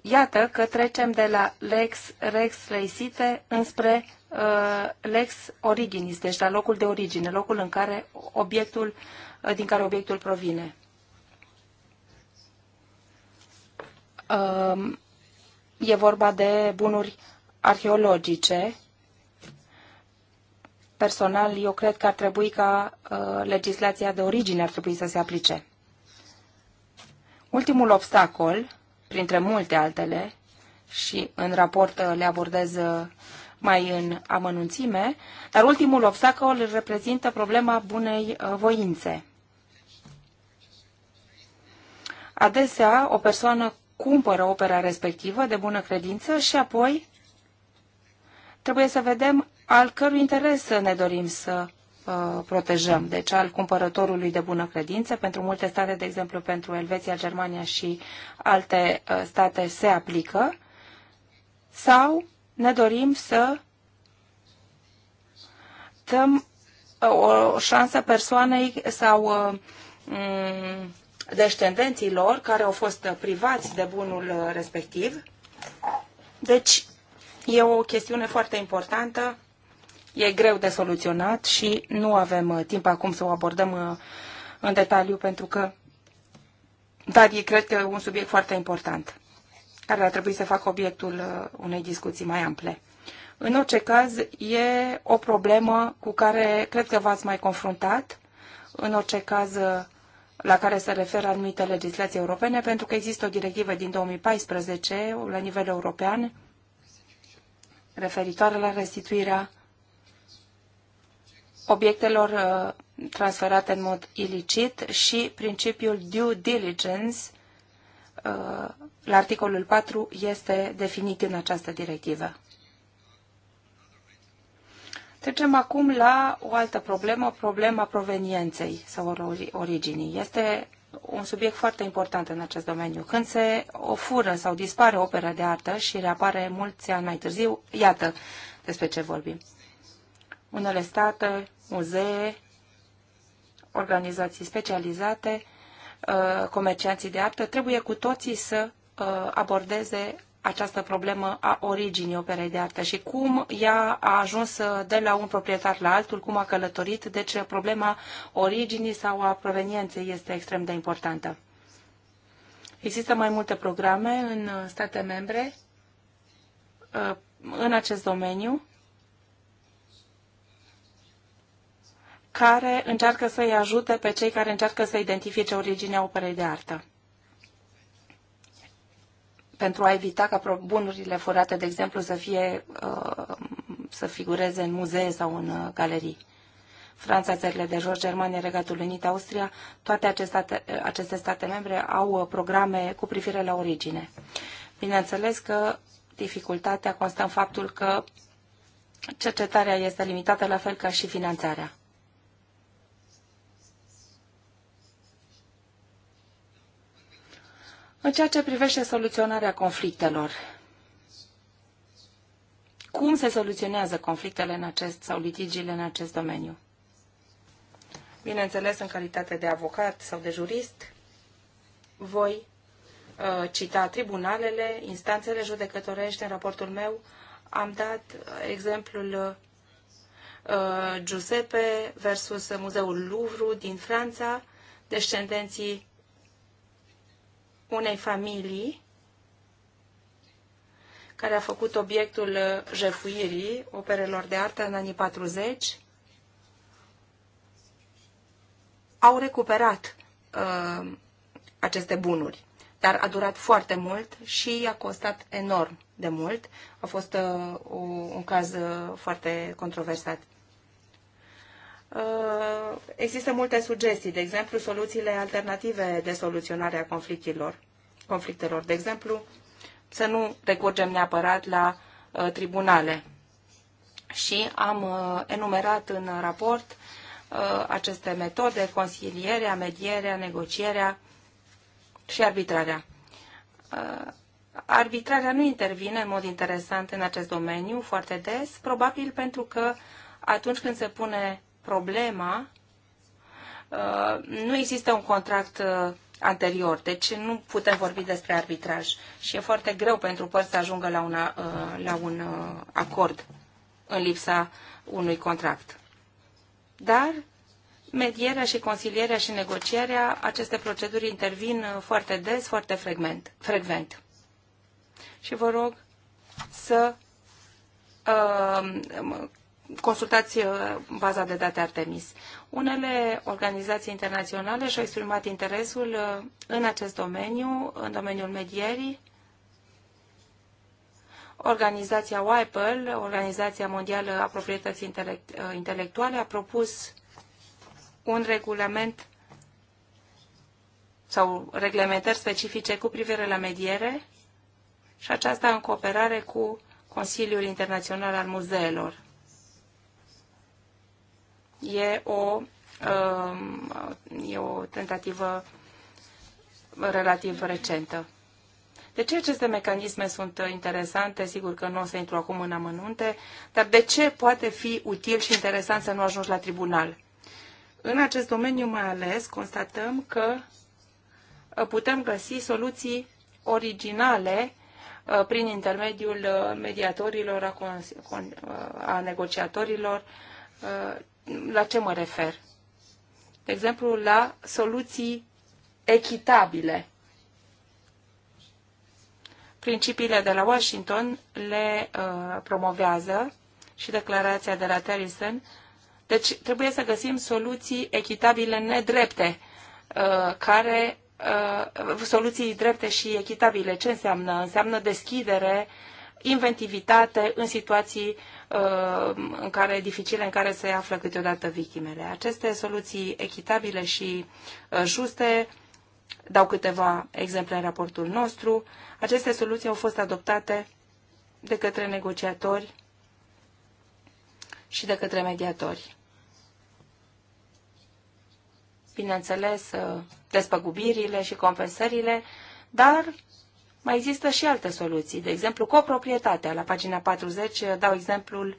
iată că trecem de la lex rex reisite înspre uh, lex originis, deci la locul de origine, locul în care obiectul, uh, din care obiectul provine. Uh, E vorba de bunuri arheologice. Personal, eu cred că ar trebui ca uh, legislația de origine ar trebui să se aplice. Ultimul obstacol, printre multe altele, și în raport uh, le abordez uh, mai în amănunțime, dar ultimul obstacol îl reprezintă problema bunei uh, voințe. Adesea, o persoană cumpără opera respectivă de bună credință și apoi trebuie să vedem al cărui interes ne dorim să uh, protejăm, deci al cumpărătorului de bună credință. Pentru multe state, de exemplu pentru Elveția, Germania și alte uh, state, se aplică. Sau ne dorim să dăm uh, o șansă persoanei sau mm, descendenții lor care au fost privați de bunul respectiv. Deci, e o chestiune foarte importantă, e greu de soluționat și nu avem uh, timp acum să o abordăm uh, în detaliu pentru că, dar e, cred că, un subiect foarte important care ar trebui să facă obiectul uh, unei discuții mai ample. În orice caz, e o problemă cu care cred că v-ați mai confruntat. În orice caz, la care se referă anumite legislații europene, pentru că există o directivă din 2014 la nivel european referitoare la restituirea obiectelor uh, transferate în mod ilicit și principiul due diligence uh, la articolul 4 este definit în această directivă. Trecem acum la o altă problemă, problema provenienței sau originii. Este un subiect foarte important în acest domeniu. Când se ofură sau dispare o operă de artă și reapare mulți ani mai târziu, iată despre ce vorbim. Unele state, muzee, organizații specializate, uh, comercianții de artă, trebuie cu toții să uh, abordeze această problemă a originii operei de artă și cum ea a ajuns uh, de la un proprietar la altul, cum a călătorit, deci uh, problema originii sau a provenienței este extrem de importantă. Există mai multe programe în uh, state membre în acest domeniu care încearcă să-i ajute pe cei care încearcă să identifice originea operei de artă pentru a evita ca bunurile furate, de exemplu, să, fie, uh, să figureze în muzee sau în uh, galerii. Franța, țările de jos, Germania, Regatul Unit, Austria, toate aceste state, aceste state membre au uh, programe cu privire la origine. Bineînțeles că dificultatea constă în faptul că cercetarea este limitată la fel ca și finanțarea. În ceea ce privește soluționarea conflictelor, cum se soluționează conflictele în acest, sau litigiile în acest domeniu? Bineînțeles, în calitate de avocat sau de jurist, voi uh, cita tribunalele, instanțele judecătorești în raportul meu. Am dat exemplul uh, Giuseppe versus Muzeul Louvre din Franța, descendenții unei familii care a făcut obiectul jefuirii operelor de artă în anii 40, au recuperat uh, aceste bunuri. Dar a durat foarte mult și a costat enorm de mult. A fost uh, un caz uh, foarte controversat. Uh, există multe sugestii, de exemplu soluțiile alternative de soluționare a conflictelor. conflictelor. De exemplu, să nu recurgem neapărat la uh, tribunale. Și am uh, enumerat în raport aceste metode, consilierea, medierea, negocierea și arbitrarea. Arbitrarea nu intervine în mod interesant în acest domeniu foarte des, probabil pentru că atunci când se pune problema, uh, nu există un contract uh, anterior, deci nu putem vorbi despre arbitraj și e foarte greu pentru părți să ajungă la, una, uh, la un acord în lipsa unui contract. Dar medierea și consilierea și negocierea, aceste proceduri intervin foarte des, foarte frecvent. frecvent. Și vă rog să consultați uh, baza de date Artemis. Unele organizații internaționale și-au exprimat interesul uh, în acest domeniu, în domeniul medierii. Organizația WIPEL, Organizația Mondială a Proprietății uh, Intelectuale, a propus un regulament sau reglementări specifice cu privire la mediere și aceasta în cooperare cu Consiliul Internațional al Muzeelor e o, um, e o tentativă relativ recentă. De ce aceste mecanisme sunt interesante? Sigur că nu o să intru acum în amănunte, dar de ce poate fi util și interesant să nu ajungi la tribunal? În acest domeniu mai ales constatăm că putem găsi soluții originale uh, prin intermediul uh, mediatorilor, a, uh, a negociatorilor, la ce mă refer? De exemplu, la soluții echitabile. Principiile de la Washington le uh, promovează și declarația de la Tillerson. Deci trebuie să găsim soluții echitabile nedrepte, uh, care uh, soluții drepte și echitabile. Ce înseamnă? Înseamnă deschidere, inventivitate în situații uh, Uh, în care, dificile în care se află câteodată victimele. Aceste soluții echitabile și uh, juste dau câteva exemple în raportul nostru. Aceste soluții au fost adoptate de către negociatori și de către mediatori. Bineînțeles, uh, despăgubirile și compensările, dar mai există și alte soluții, de exemplu coproprietatea. La pagina 40 eh, dau exemplul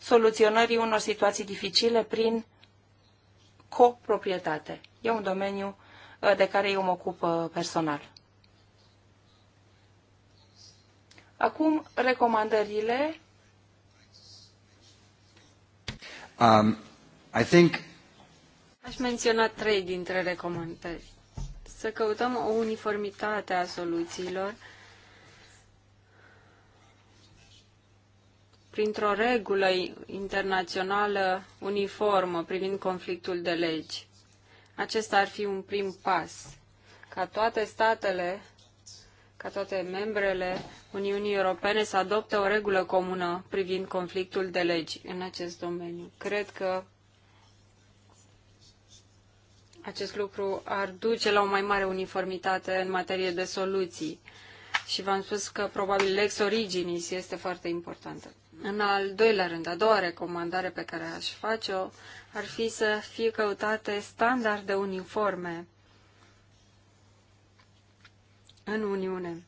soluționării unor situații dificile prin coproprietate. E un domeniu eh, de care eu mă ocup eh, personal. Acum, recomandările. Um, I think... Aș menționa trei dintre recomandări să căutăm o uniformitate a soluțiilor printr-o regulă internațională uniformă privind conflictul de legi. Acesta ar fi un prim pas, ca toate statele, ca toate membrele Uniunii Europene să adopte o regulă comună privind conflictul de legi în acest domeniu. Cred că acest lucru ar duce la o mai mare uniformitate în materie de soluții. Și v-am spus că probabil lex originis este foarte importantă. În al doilea rând, a doua recomandare pe care aș face-o ar fi să fie căutate standarde uniforme în Uniune.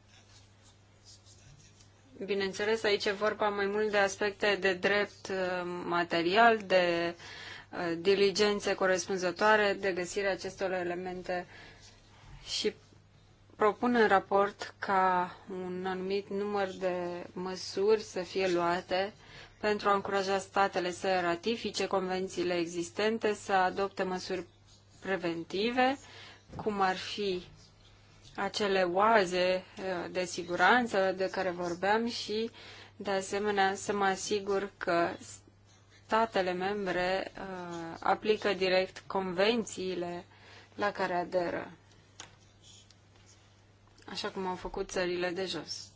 Bineînțeles, aici e vorba mai mult de aspecte de drept uh, material, de uh, diligențe corespunzătoare de găsirea acestor elemente și propun în raport ca un anumit număr de măsuri să fie luate pentru a încuraja statele să ratifice convențiile existente, să adopte măsuri preventive, cum ar fi acele oaze eh, de siguranță de care vorbeam și, de asemenea, să mă asigur că statele membre uh, aplică direct convențiile la care aderă, așa cum au făcut țările de jos.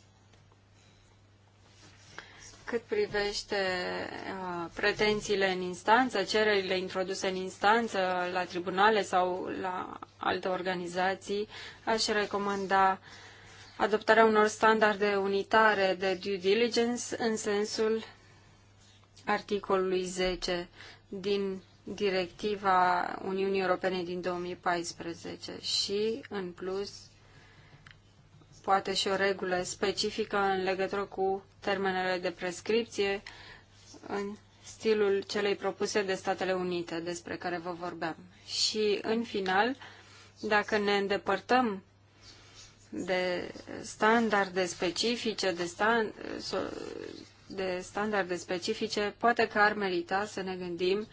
Cât privește uh, pretențiile în instanță, cererile introduse în instanță la tribunale sau la alte organizații, aș recomanda adoptarea unor standarde unitare de due diligence în sensul articolului 10 din directiva Uniunii Europene din 2014 și, în plus, poate și o regulă specifică în legătură cu termenele de prescripție în stilul celei propuse de Statele Unite, despre care vă vorbeam. Și, în final, dacă ne îndepărtăm de standarde specifice, de stand, de standarde specifice, poate că ar merita să ne gândim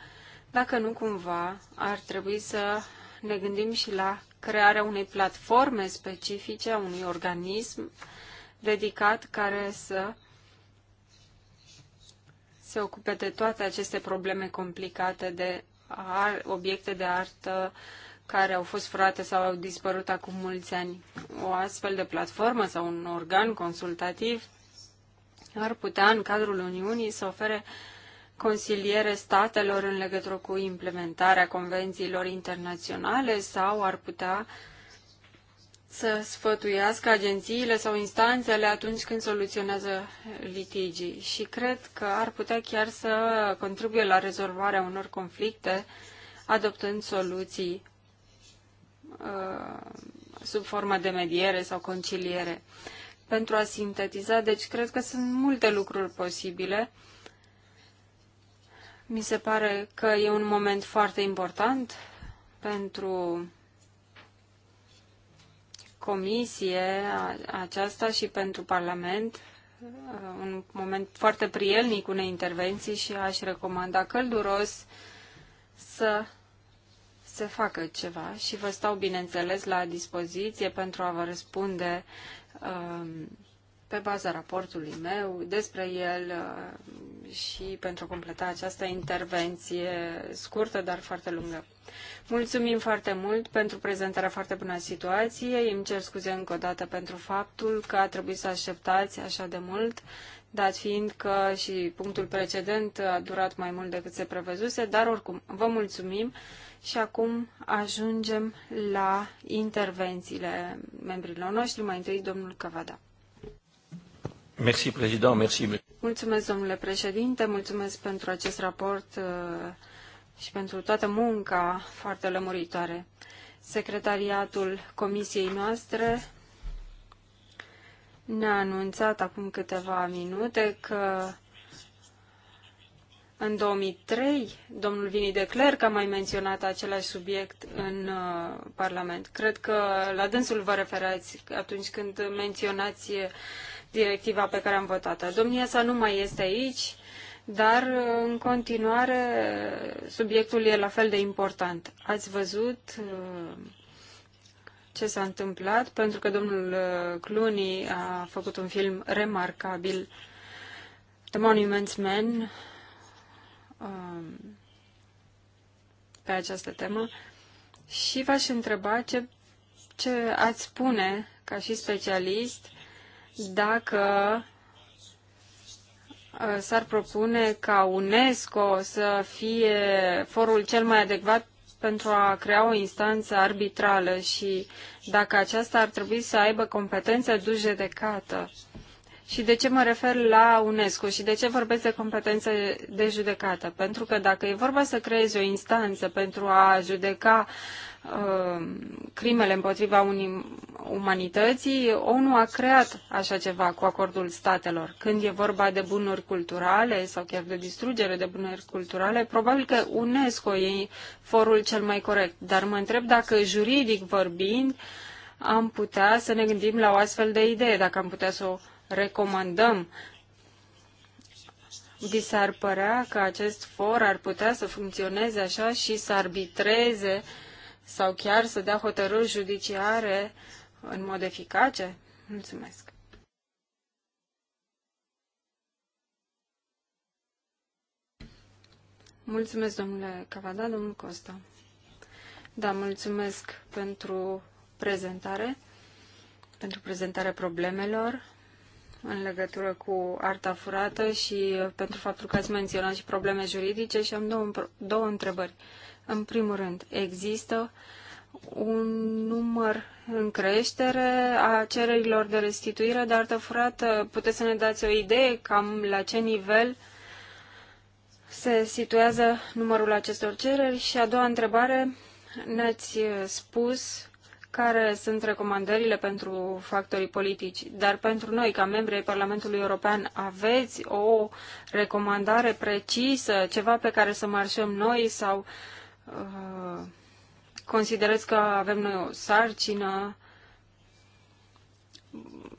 dacă nu cumva ar trebui să ne gândim și la crearea unei platforme specifice, a unui organism dedicat care să se ocupe de toate aceste probleme complicate de ar, obiecte de artă care au fost furate sau au dispărut acum mulți ani. O astfel de platformă sau un organ consultativ ar putea în cadrul Uniunii să ofere consiliere statelor în legătură cu implementarea convențiilor internaționale sau ar putea să sfătuiască agențiile sau instanțele atunci când soluționează litigii și cred că ar putea chiar să contribuie la rezolvarea unor conflicte adoptând soluții uh, sub formă de mediere sau conciliere pentru a sintetiza, deci cred că sunt multe lucruri posibile. Mi se pare că e un moment foarte important pentru comisie aceasta și pentru Parlament, uh, un moment foarte prielnic unei intervenții și aș recomanda călduros să se facă ceva și vă stau, bineînțeles, la dispoziție pentru a vă răspunde Um, pe baza raportului meu despre el uh, și pentru a completa această intervenție scurtă, dar foarte lungă. Mulțumim foarte mult pentru prezentarea foarte bună a situației. Îmi cer scuze încă o dată pentru faptul că a trebuit să așteptați așa de mult, dat fiind că și punctul precedent a durat mai mult decât se prevăzuse, dar oricum vă mulțumim și acum ajungem la intervențiile membrilor noștri. Mai întâi, domnul Cavada. Merci, président, merci. Mulțumesc, domnule președinte, mulțumesc pentru acest raport uh, și pentru toată munca foarte lămuritoare. Secretariatul comisiei noastre ne-a anunțat acum câteva minute că în 2003, domnul Vini de Clerc a mai menționat același subiect în uh, Parlament. Cred că la dânsul vă referați atunci când menționați directiva pe care am votat-o. Domnia sa nu mai este aici, dar uh, în continuare subiectul e la fel de important. Ați văzut uh, ce s-a întâmplat, pentru că domnul uh, Clooney a făcut un film remarcabil, The Monuments Men. Um, pe această temă și v-aș întreba ce, ce ați spune ca și specialist dacă uh, s-ar propune ca UNESCO să fie forul cel mai adecvat pentru a crea o instanță arbitrală și dacă aceasta ar trebui să aibă competențe de judecată. Și de ce mă refer la UNESCO și de ce vorbesc de competențe de judecată? Pentru că dacă e vorba să creezi o instanță pentru a judeca uh, crimele împotriva unii umanității, ONU a creat așa ceva cu acordul statelor. Când e vorba de bunuri culturale sau chiar de distrugere de bunuri culturale, probabil că UNESCO e forul cel mai corect. Dar mă întreb dacă juridic vorbind am putea să ne gândim la o astfel de idee, dacă am putea să o recomandăm vi s-ar părea că acest for ar putea să funcționeze așa și să arbitreze sau chiar să dea hotărâri judiciare în mod eficace? Mulțumesc. Mulțumesc, domnule Cavada, domnul Costa. Da, mulțumesc pentru prezentare, pentru prezentarea problemelor în legătură cu arta furată și pentru faptul că ați menționat și probleme juridice și am două, două întrebări. În primul rând, există un număr în creștere a cererilor de restituire de artă furată? Puteți să ne dați o idee cam la ce nivel se situează numărul acestor cereri? Și a doua întrebare, ne-ați spus care sunt recomandările pentru factorii politici, dar pentru noi, ca membri ai Parlamentului European, aveți o recomandare precisă, ceva pe care să marșăm noi sau uh, considerați că avem noi o sarcină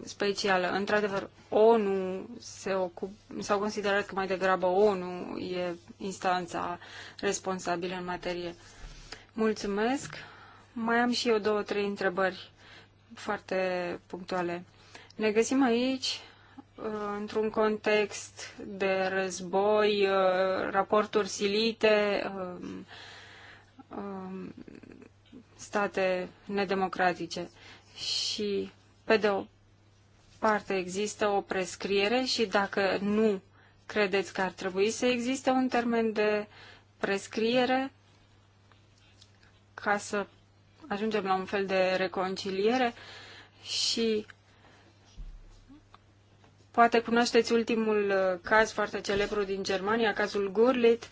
specială. Într-adevăr, ONU se ocupă sau au considerat că mai degrabă ONU e instanța responsabilă în materie. Mulțumesc! Mai am și eu două, trei întrebări foarte punctuale. Ne găsim aici uh, într-un context de război, uh, raporturi silite, um, um, state nedemocratice. Și, pe de o parte, există o prescriere și dacă nu credeți că ar trebui să existe un termen de prescriere ca să ajungem la un fel de reconciliere și poate cunoașteți ultimul uh, caz foarte celebru din Germania, cazul Gurlit.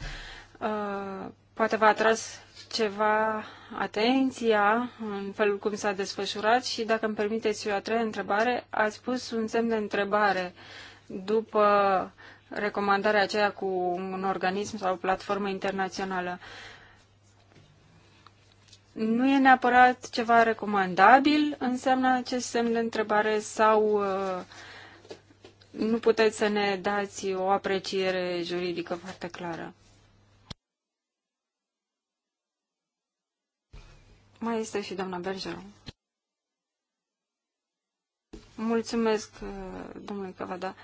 Uh, poate v-a atras ceva atenția în felul cum s-a desfășurat și, dacă îmi permiteți o a treia întrebare, ați pus un semn de întrebare după recomandarea aceea cu un organism sau o platformă internațională. Nu e neapărat ceva recomandabil, înseamnă acest semn de întrebare sau uh, nu puteți să ne dați o apreciere juridică foarte clară? Mai este și doamna Bergeron. Mulțumesc, uh, domnule Cavada,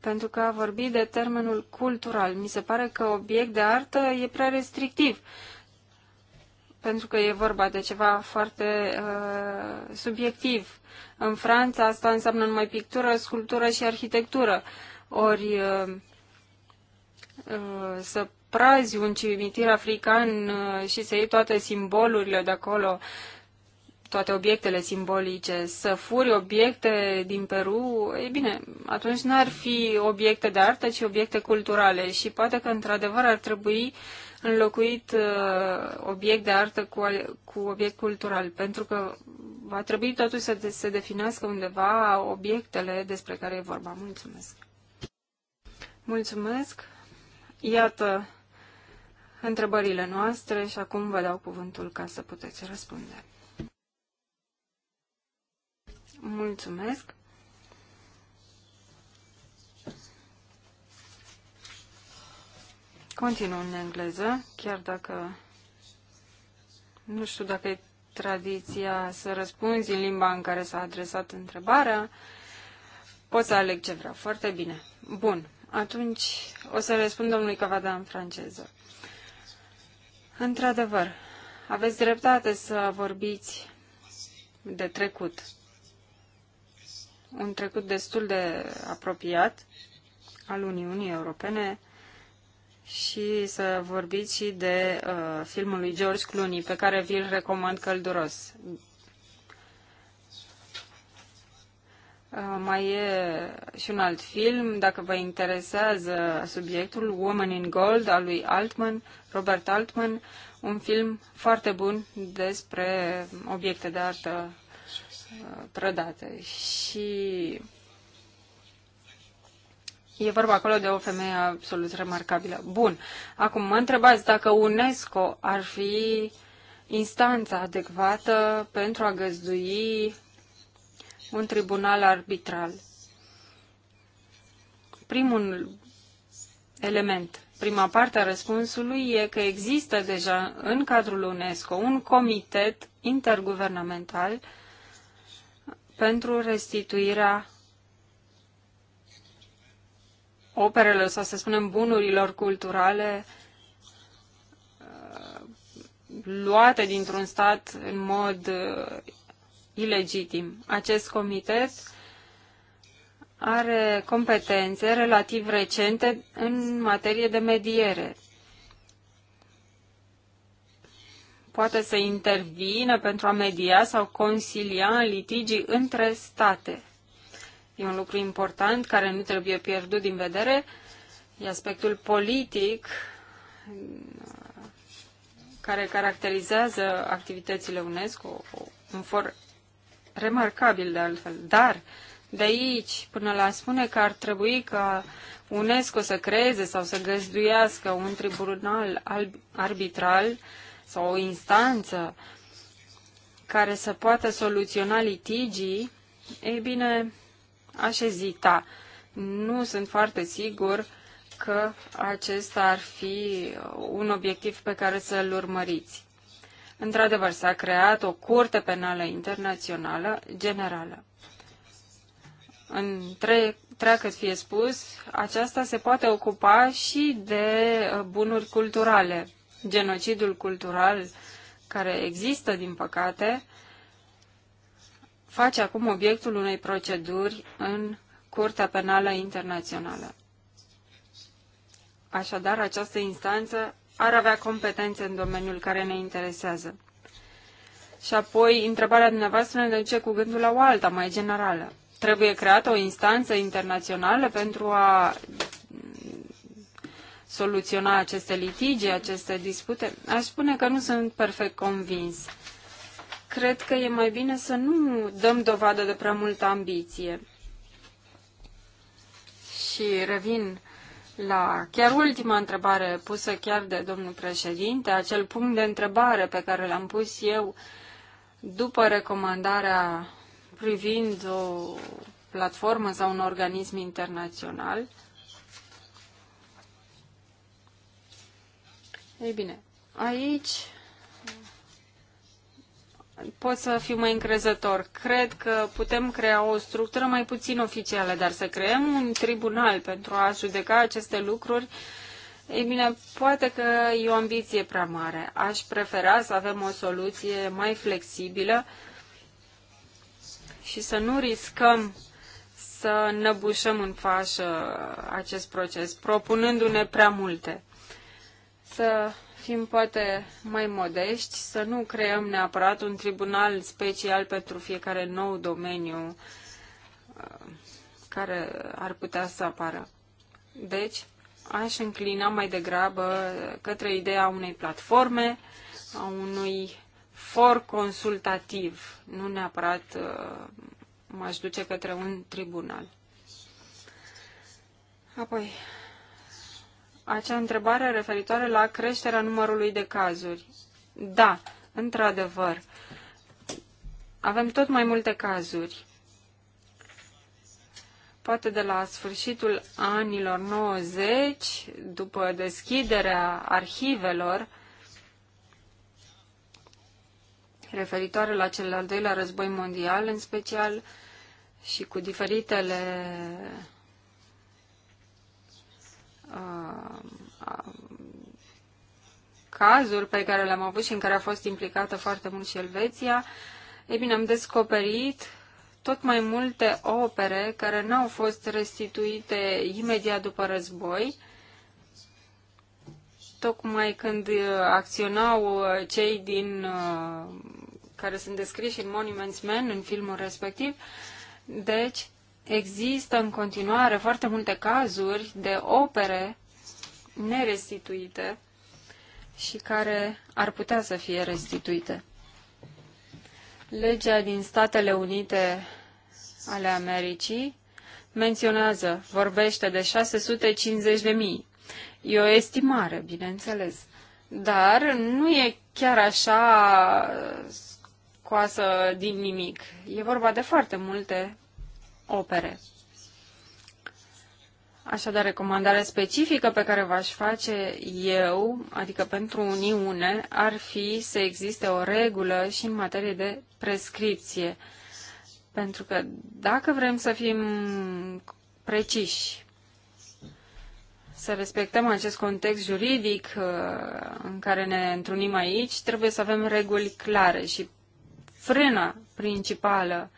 pentru că a vorbit de termenul cultural. Mi se pare că obiect de artă e prea restrictiv. Uh, pentru că e vorba de ceva foarte uh, subiectiv. În Franța asta înseamnă numai pictură, sculptură și arhitectură. Ori uh, uh, să prazi un cimitir african uh, și să iei toate simbolurile de acolo, toate obiectele simbolice, să furi obiecte din Peru, e bine, atunci n-ar fi obiecte de artă, ci obiecte culturale. Și poate că, într-adevăr, ar trebui uh, înlocuit uh, obiect de artă cu, cu obiect cultural, pentru că va trebui totuși să de, se definească undeva obiectele despre care e vorba. Mulțumesc! Mulțumesc! Iată întrebările noastre și acum vă dau cuvântul ca să puteți răspunde. Mulțumesc! Continuu în engleză, chiar dacă nu știu dacă e tradiția să răspunzi în limba în care s-a adresat întrebarea. Pot să aleg ce vreau. Foarte bine. Bun. Atunci o să răspund domnului Cavada în franceză. Într-adevăr, aveți dreptate să vorbiți de trecut. Un trecut destul de apropiat al Uniunii Europene, și să vorbiți și de uh, filmul lui George Clooney, pe care vi-l recomand călduros. Uh, mai e și un alt film, dacă vă interesează subiectul, Woman in Gold, al lui Altman, Robert Altman, un film foarte bun despre obiecte de artă uh, prădate. Și E vorba acolo de o femeie absolut remarcabilă. Bun. Acum, mă întrebați dacă UNESCO ar fi instanța adecvată pentru a găzdui un tribunal arbitral. Primul element, prima parte a răspunsului e că există deja în cadrul UNESCO un comitet interguvernamental pentru restituirea operelor sau, să spunem, bunurilor culturale uh, luate dintr-un stat în mod uh, ilegitim. Acest comitet are competențe relativ recente în materie de mediere. Poate să intervină pentru a media sau consilia în litigii între state. E un lucru important care nu trebuie pierdut din vedere. E aspectul politic uh, care caracterizează activitățile UNESCO, un for remarcabil de altfel. Dar de aici până la spune că ar trebui ca UNESCO să creeze sau să găzduiască un tribunal arbitral sau o instanță care să poată soluționa litigii, ei bine, aș ezita. Nu sunt foarte sigur că acesta ar fi un obiectiv pe care să-l urmăriți. Într-adevăr, s-a creat o curte penală internațională generală. Între treacă fie spus, aceasta se poate ocupa și de uh, bunuri culturale. Genocidul cultural care există, din păcate, face acum obiectul unei proceduri în Curtea Penală Internațională. Așadar, această instanță ar avea competențe în domeniul care ne interesează. Și apoi, întrebarea dumneavoastră ne duce cu gândul la o alta, mai generală. Trebuie creată o instanță internațională pentru a soluționa aceste litigi, aceste dispute? Aș spune că nu sunt perfect convins cred că e mai bine să nu dăm dovadă de prea multă ambiție. Și revin la chiar ultima întrebare pusă chiar de domnul președinte, acel punct de întrebare pe care l-am pus eu după recomandarea privind o platformă sau un organism internațional. Ei bine, aici pot să fiu mai încrezător. Cred că putem crea o structură mai puțin oficială, dar să creăm un tribunal pentru a judeca aceste lucruri, ei bine, poate că e o ambiție prea mare. Aș prefera să avem o soluție mai flexibilă și să nu riscăm să năbușăm în fașă acest proces, propunându-ne prea multe. Să fim poate mai modești, să nu creăm neapărat un tribunal special pentru fiecare nou domeniu uh, care ar putea să apară. Deci, aș înclina mai degrabă către ideea unei platforme, a unui for consultativ, nu neapărat uh, m-aș duce către un tribunal. Apoi, acea întrebare referitoare la creșterea numărului de cazuri. Da, într-adevăr, avem tot mai multe cazuri. Poate de la sfârșitul anilor 90, după deschiderea arhivelor, referitoare la cel al doilea război mondial, în special, și cu diferitele cazul pe care l am avut și în care a fost implicată foarte mult și Elveția, e bine, am descoperit tot mai multe opere care n-au fost restituite imediat după război, tocmai când acționau uh, cei din uh, care sunt descriși în Monuments Men, în filmul respectiv. Deci, există în continuare foarte multe cazuri de opere nerestituite și care ar putea să fie restituite. Legea din Statele Unite ale Americii menționează, vorbește de 650.000. E o estimare, bineînțeles, dar nu e chiar așa scoasă din nimic. E vorba de foarte multe opere. Așadar, recomandarea specifică pe care v-aș face eu, adică pentru Uniune, ar fi să existe o regulă și în materie de prescripție. Pentru că dacă vrem să fim preciși, să respectăm acest context juridic uh, în care ne întrunim aici, trebuie să avem reguli clare și frâna principală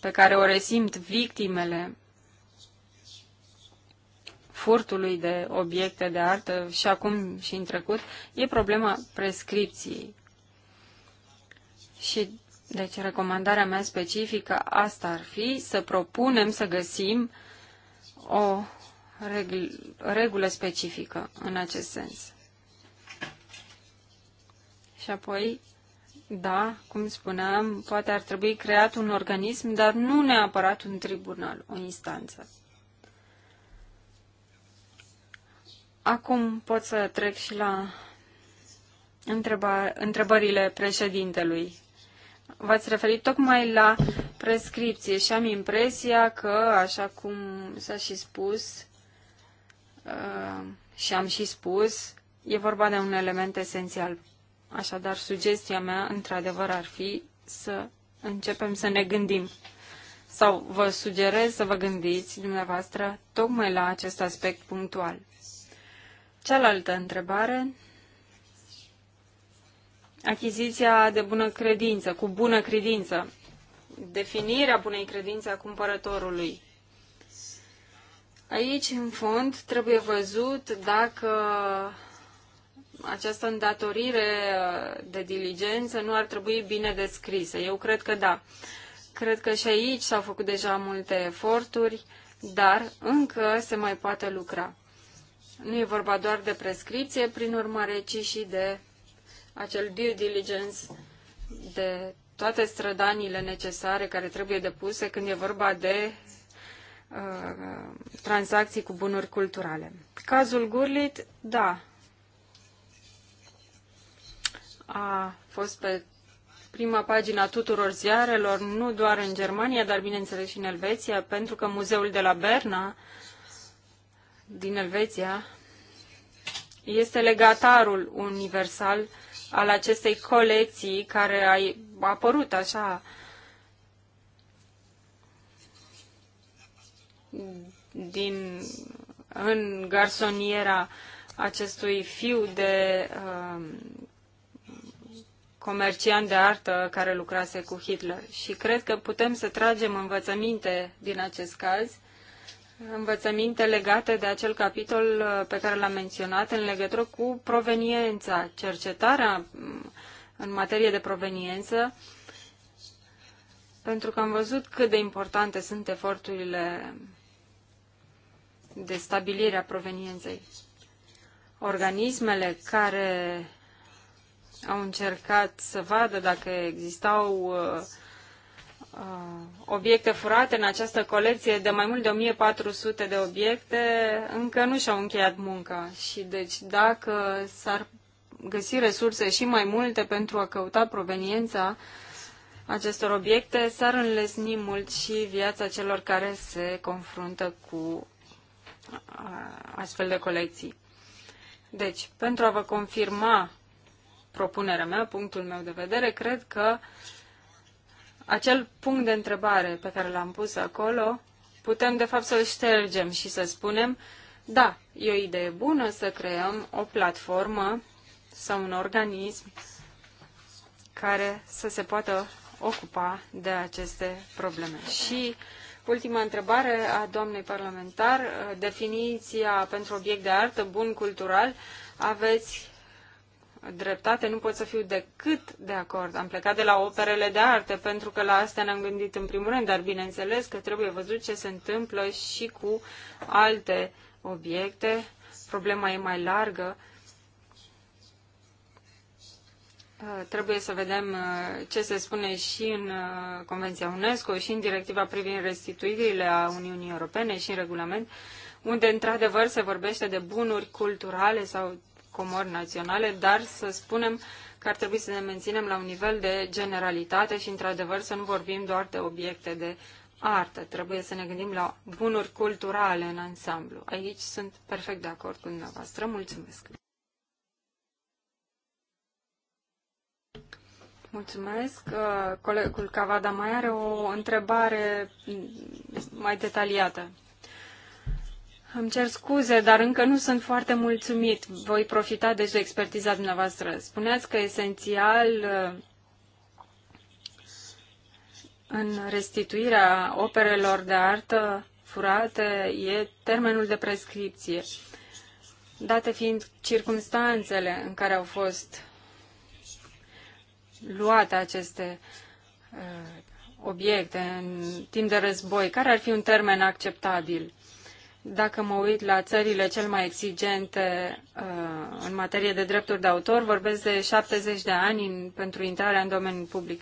pe care o resimt victimele furtului de obiecte de artă și acum și în trecut, e problema prescripției. Și deci recomandarea mea specifică asta ar fi să propunem să găsim o regl- regulă specifică în acest sens. Și apoi da, cum spuneam, poate ar trebui creat un organism, dar nu neapărat un tribunal, o instanță. Acum pot să trec și la întreba, întrebările președintelui. V-ați referit tocmai la prescripție și am impresia că, așa cum s-a și spus uh, și am și spus, e vorba de un element esențial Așadar, sugestia mea, într-adevăr, ar fi să începem să ne gândim sau vă sugerez să vă gândiți dumneavoastră tocmai la acest aspect punctual. Cealaltă întrebare, achiziția de bună credință, cu bună credință, definirea bunei credințe a cumpărătorului. Aici, în fond, trebuie văzut dacă această îndatorire uh, de diligență nu ar trebui bine descrisă. Eu cred că da. Cred că și aici s-au făcut deja multe eforturi, dar încă se mai poate lucra. Nu e vorba doar de prescripție, prin urmare, ci și de acel due diligence, de toate strădanile necesare care trebuie depuse când e vorba de uh, tranzacții cu bunuri culturale. Cazul Gurlit, da, a fost pe prima pagina tuturor ziarelor, nu doar în Germania, dar bineînțeles și în Elveția, pentru că muzeul de la Berna din Elveția este legatarul universal al acestei colecții care a apărut așa din, în garsoniera acestui fiu de uh, comerciant de artă care lucrase cu Hitler. Și cred că putem să tragem învățăminte din acest caz, învățăminte legate de acel capitol uh, pe care l-am menționat în legătură cu proveniența, cercetarea mm, în materie de proveniență, pentru că am văzut cât de importante sunt eforturile de stabilire a provenienței. Organismele care au încercat să vadă dacă existau uh, uh, obiecte furate în această colecție de mai mult de 1400 de obiecte, încă nu și-au încheiat munca. Și deci dacă s-ar găsi resurse și mai multe pentru a căuta proveniența acestor obiecte, s-ar înlesni mult și viața celor care se confruntă cu uh, astfel de colecții. Deci, pentru a vă confirma propunerea mea, punctul meu de vedere, cred că acel punct de întrebare pe care l-am pus acolo, putem de fapt să-l ștergem și să spunem, da, e o idee bună să creăm o platformă sau un organism care să se poată ocupa de aceste probleme. Și ultima întrebare a doamnei parlamentar, definiția pentru obiect de artă, bun cultural, aveți dreptate, nu pot să fiu decât de acord. Am plecat de la operele de arte, pentru că la astea ne-am gândit în primul rând, dar bineînțeles că trebuie văzut ce se întâmplă și cu alte obiecte. Problema e mai largă. Uh, trebuie să vedem uh, ce se spune și în uh, Convenția UNESCO, și în directiva privind restituirile a Uniunii Europene, și în regulament, unde într-adevăr se vorbește de bunuri culturale sau comori naționale, dar să spunem că ar trebui să ne menținem la un nivel de generalitate și, într-adevăr, să nu vorbim doar de obiecte de artă. Trebuie să ne gândim la bunuri culturale în ansamblu. Aici sunt perfect de acord cu dumneavoastră. Mulțumesc! Mulțumesc. Uh, colegul Cavada mai are o întrebare mai detaliată. Îmi cer scuze, dar încă nu sunt foarte mulțumit. Voi profita deci de expertiza dumneavoastră. Spuneați că esențial uh, în restituirea operelor de artă furate e termenul de prescripție. Date fiind circumstanțele în care au fost luate aceste uh, obiecte în timp de război, care ar fi un termen acceptabil? Dacă mă uit la țările cel mai exigente uh, în materie de drepturi de autor, vorbesc de 70 de ani în, pentru intrarea în domeniul public.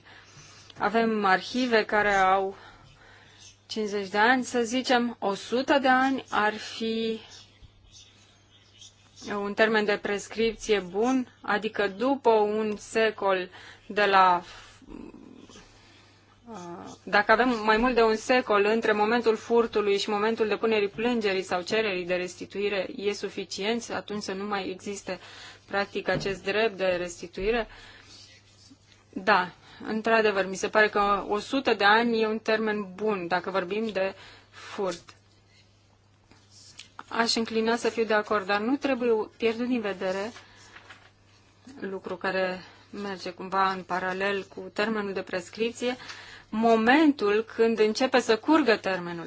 Avem arhive care au 50 de ani, să zicem 100 de ani ar fi un termen de prescripție bun, adică după un secol de la Uh, dacă avem mai mult de un secol între momentul furtului și momentul depunerii plângerii sau cererii de restituire e suficient, atunci să nu mai existe practic acest drept de restituire? Da, într-adevăr, mi se pare că 100 de ani e un termen bun dacă vorbim de furt. Aș înclina să fiu de acord, dar nu trebuie pierdut din vedere lucru care merge cumva în paralel cu termenul de prescripție, uh, momentul când începe să curgă termenul.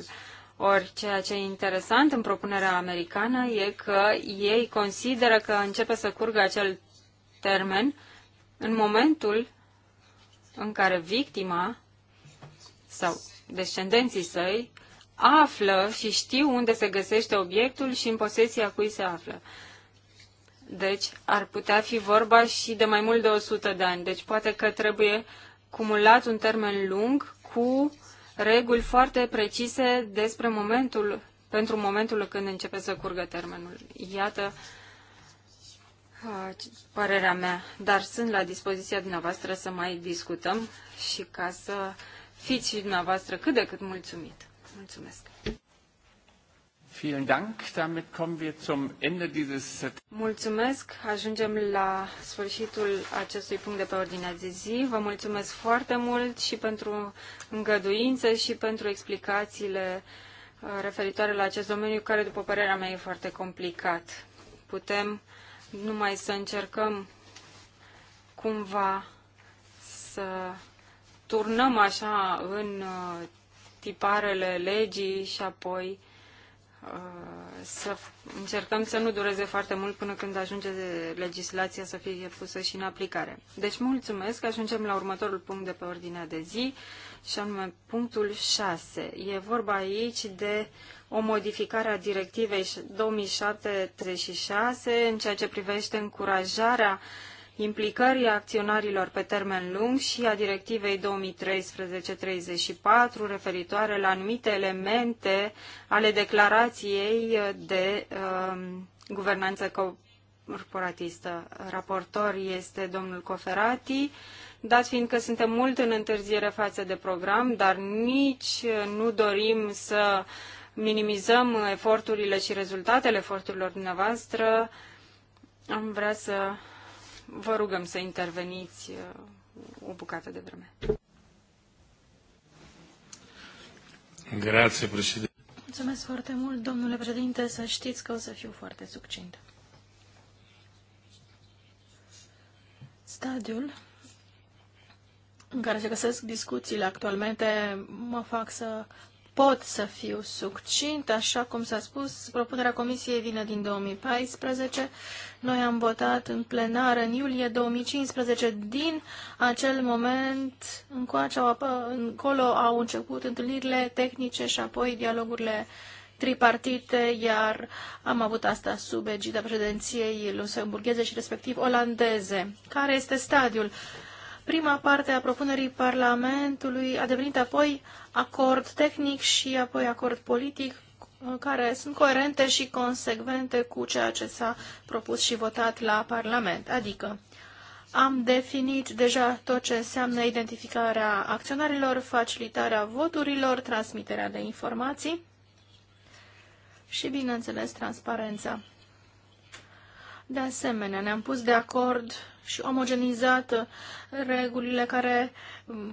Ori ceea ce e interesant în propunerea americană e că ei consideră că începe să curgă acel termen în momentul în care victima sau descendenții săi află și știu unde se găsește obiectul și în posesia cui se află. Deci ar putea fi vorba și de mai mult de 100 de ani. Deci poate că trebuie cumulat un termen lung cu reguli foarte precise despre momentul, pentru momentul când începe să curgă termenul. Iată uh, părerea mea, dar sunt la dispoziția dumneavoastră să mai discutăm și ca să fiți și dumneavoastră cât de cât mulțumit. Mulțumesc! Mulțumesc. Ajungem la sfârșitul acestui punct de pe ordinea de zi. Vă mulțumesc foarte mult și pentru îngăduință și pentru explicațiile uh, referitoare la acest domeniu, care, după părerea mea, e foarte complicat. Putem numai să încercăm cumva să turnăm așa în uh, tiparele legii și apoi Uh, să încercăm să nu dureze foarte mult până când ajunge legislația să fie pusă și în aplicare. Deci mulțumesc, ajungem la următorul punct de pe ordinea de zi, și anume punctul 6. E vorba aici de o modificare a directivei 2007-36 în ceea ce privește încurajarea uh, implicării acționarilor pe termen lung și a directivei 2013-34 referitoare la anumite elemente ale declarației de uh, guvernanță corporatistă. Raportor este domnul Coferati, dat fiindcă suntem mult în întârziere față de program, dar nici nu dorim să minimizăm eforturile și rezultatele eforturilor dumneavoastră. Am vrea să vă rugăm să interveniți uh, o bucată de vreme. Grazie, președinte. Mulțumesc foarte mult, domnule președinte, să știți că o să fiu foarte succint. Stadiul în care se găsesc discuțiile actualmente mă fac să pot să fiu succint. Așa cum s-a spus, propunerea comisiei vine din 2014. Noi am votat în plenară în iulie 2015. Din acel moment încoace, încolo au început întâlnirile tehnice și apoi dialogurile tripartite, iar am avut asta sub egida președinției luxemburgheze și respectiv olandeze. Care este stadiul? Uh, Prima parte a propunerii Parlamentului a devenit apoi acord tehnic și apoi acord politic uh, care sunt coerente și consecvente cu ceea ce s-a propus și votat la Parlament. Adică am definit deja tot ce înseamnă identificarea acționarilor, facilitarea voturilor, transmiterea de informații și, bineînțeles, transparența. De asemenea, ne-am pus de acord și omogenizat regulile care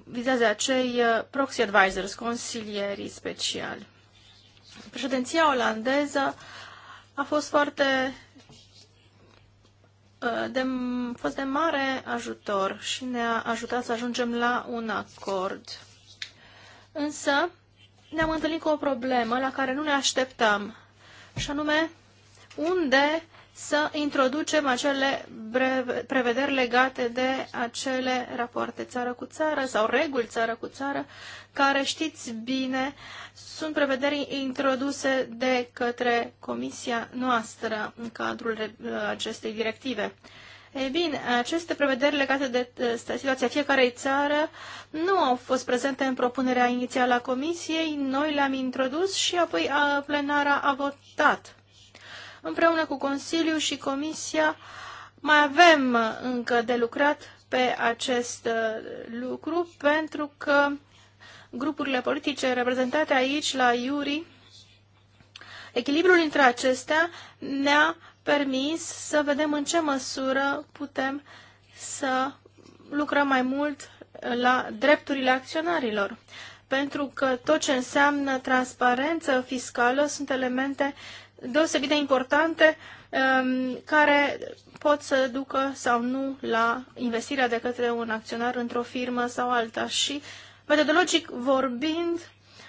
vizează acei uh, proxy advisors, consilierii speciali. Președinția olandeză a fost foarte uh, de, a fost de mare ajutor și ne-a ajutat să ajungem la un acord. Însă ne-am întâlnit cu o problemă la care nu ne așteptam, și anume unde să introducem acele prevederi legate de acele rapoarte țară cu țară sau reguli țară cu țară, care știți bine sunt prevederi introduse de către comisia noastră în cadrul acestei directive. Ei bine, aceste prevederi legate de situația fiecarei țară nu au fost prezente în propunerea inițială a Comisiei, noi le-am introdus și apoi plenara a votat Împreună cu Consiliul și Comisia mai avem încă de lucrat pe acest uh, lucru pentru că grupurile politice reprezentate aici la Iuri, echilibrul între acestea ne-a permis să vedem în ce măsură putem să lucrăm mai mult la drepturile acționarilor. Pentru că tot ce înseamnă transparență fiscală sunt elemente deosebit de importante um, care pot să ducă sau nu la investirea de către un acționar într-o firmă sau alta. Și, metodologic vorbind,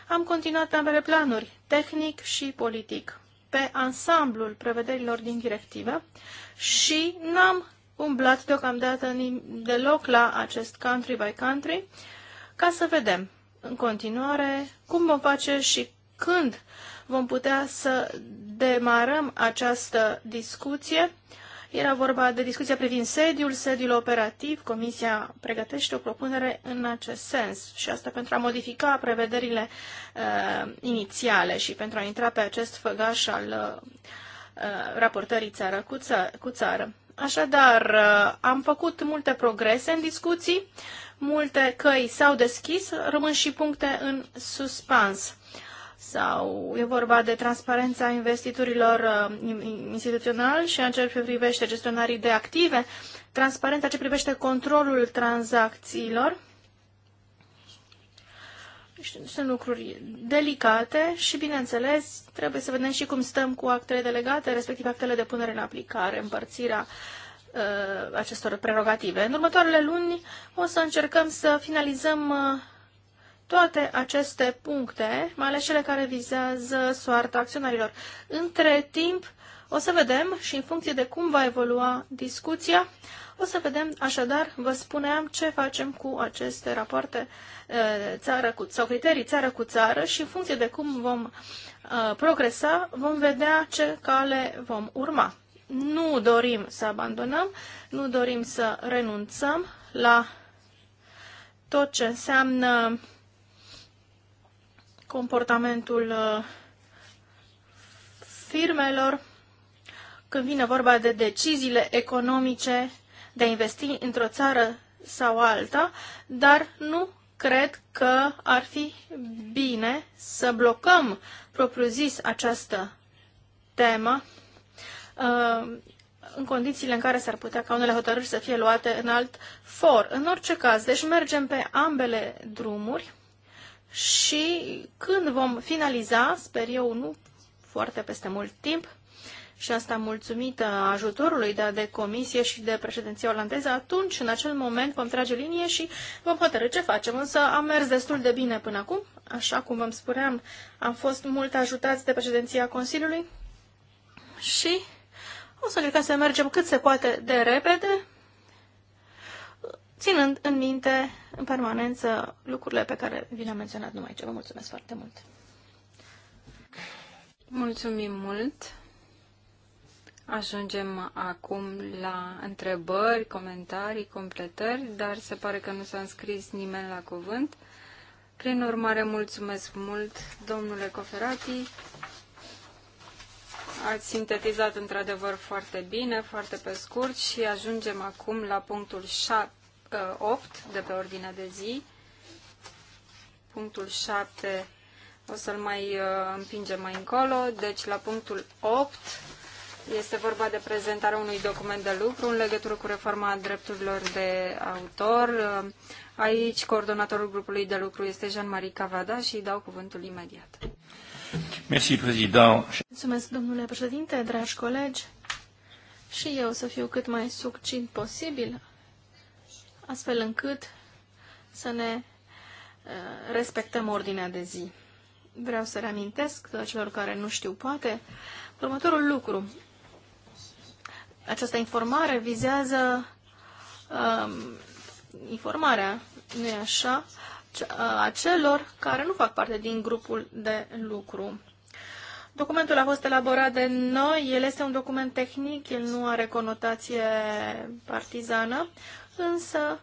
am continuat ambele planuri, tehnic și politic, pe ansamblul prevederilor din directivă și n-am umblat deocamdată deloc la acest country by country ca să vedem în continuare cum vom face și când uh, vom putea să demarăm această discuție. Era vorba de discuția privind sediul, sediul operativ. Comisia pregătește o propunere în acest sens și asta pentru a modifica prevederile uh, inițiale și pentru a intra pe acest făgaș al uh, uh raportării țară cu, ță- cu țară. Așadar, uh, am făcut multe progrese în discuții, multe căi s-au deschis, rămân și puncte în suspans sau e vorba de transparența investitorilor uh, instituțional și în ce privește gestionarii de active, transparența ce privește controlul tranzacțiilor. Sunt lucruri delicate și, bineînțeles, trebuie să vedem și cum stăm cu actele delegate, respectiv actele de punere în aplicare, împărțirea uh, acestor prerogative. În următoarele luni o să încercăm să finalizăm uh, toate aceste puncte, mai ales cele care vizează soarta acționarilor. Între timp, o să vedem și în funcție de cum va evolua discuția, o să vedem, așadar, vă spuneam ce facem cu aceste rapoarte țară cu, sau criterii țară cu țară și în funcție de cum vom progresa, vom vedea ce cale vom urma. Nu dorim să abandonăm, nu dorim să renunțăm la tot ce înseamnă comportamentul uh, firmelor când vine vorba de deciziile economice de a investi într-o țară sau alta, dar nu cred că ar fi bine să blocăm propriu-zis această temă uh, în condițiile în care s-ar putea ca unele hotărâri să fie luate în alt for. În orice caz, deci mergem pe ambele drumuri și când vom finaliza, sper eu nu foarte peste mult timp, și asta mulțumită ajutorului de, de comisie și de președinția olandeză, atunci, în acel moment, vom trage linie și vom hotărâ ce facem. Însă am mers destul de bine până acum. Așa cum vă spuneam, am fost mult ajutați de președinția Consiliului și o să încercăm să mergem cât se poate de repede ținând în minte în permanență lucrurile pe care vi le-am menționat numai ce. Vă mulțumesc foarte mult! Mulțumim mult! Ajungem acum la întrebări, comentarii, completări, dar se pare că nu s-a înscris nimeni la cuvânt. Prin urmare, mulțumesc mult, domnule Coferati. Ați sintetizat într-adevăr foarte bine, foarte pe scurt și ajungem acum la punctul 7 8 de pe ordinea de zi. Punctul 7 o să-l mai uh, împingem mai încolo. Deci la punctul 8 este vorba de prezentarea unui document de lucru în legătură cu reforma drepturilor de autor. Uh, aici coordonatorul grupului de lucru este Jean-Marie Cavada și îi dau cuvântul imediat. Merci, Mulțumesc, domnule președinte, dragi colegi. Și eu să fiu cât mai succint posibil astfel încât să ne uh, respectăm ordinea de zi. Vreau să reamintesc celor care nu știu poate următorul lucru. Această informare vizează um, informarea, nu așa, uh, a celor care nu fac parte din grupul de lucru. Documentul a fost elaborat de noi, el este un document tehnic, el nu are conotație partizană însă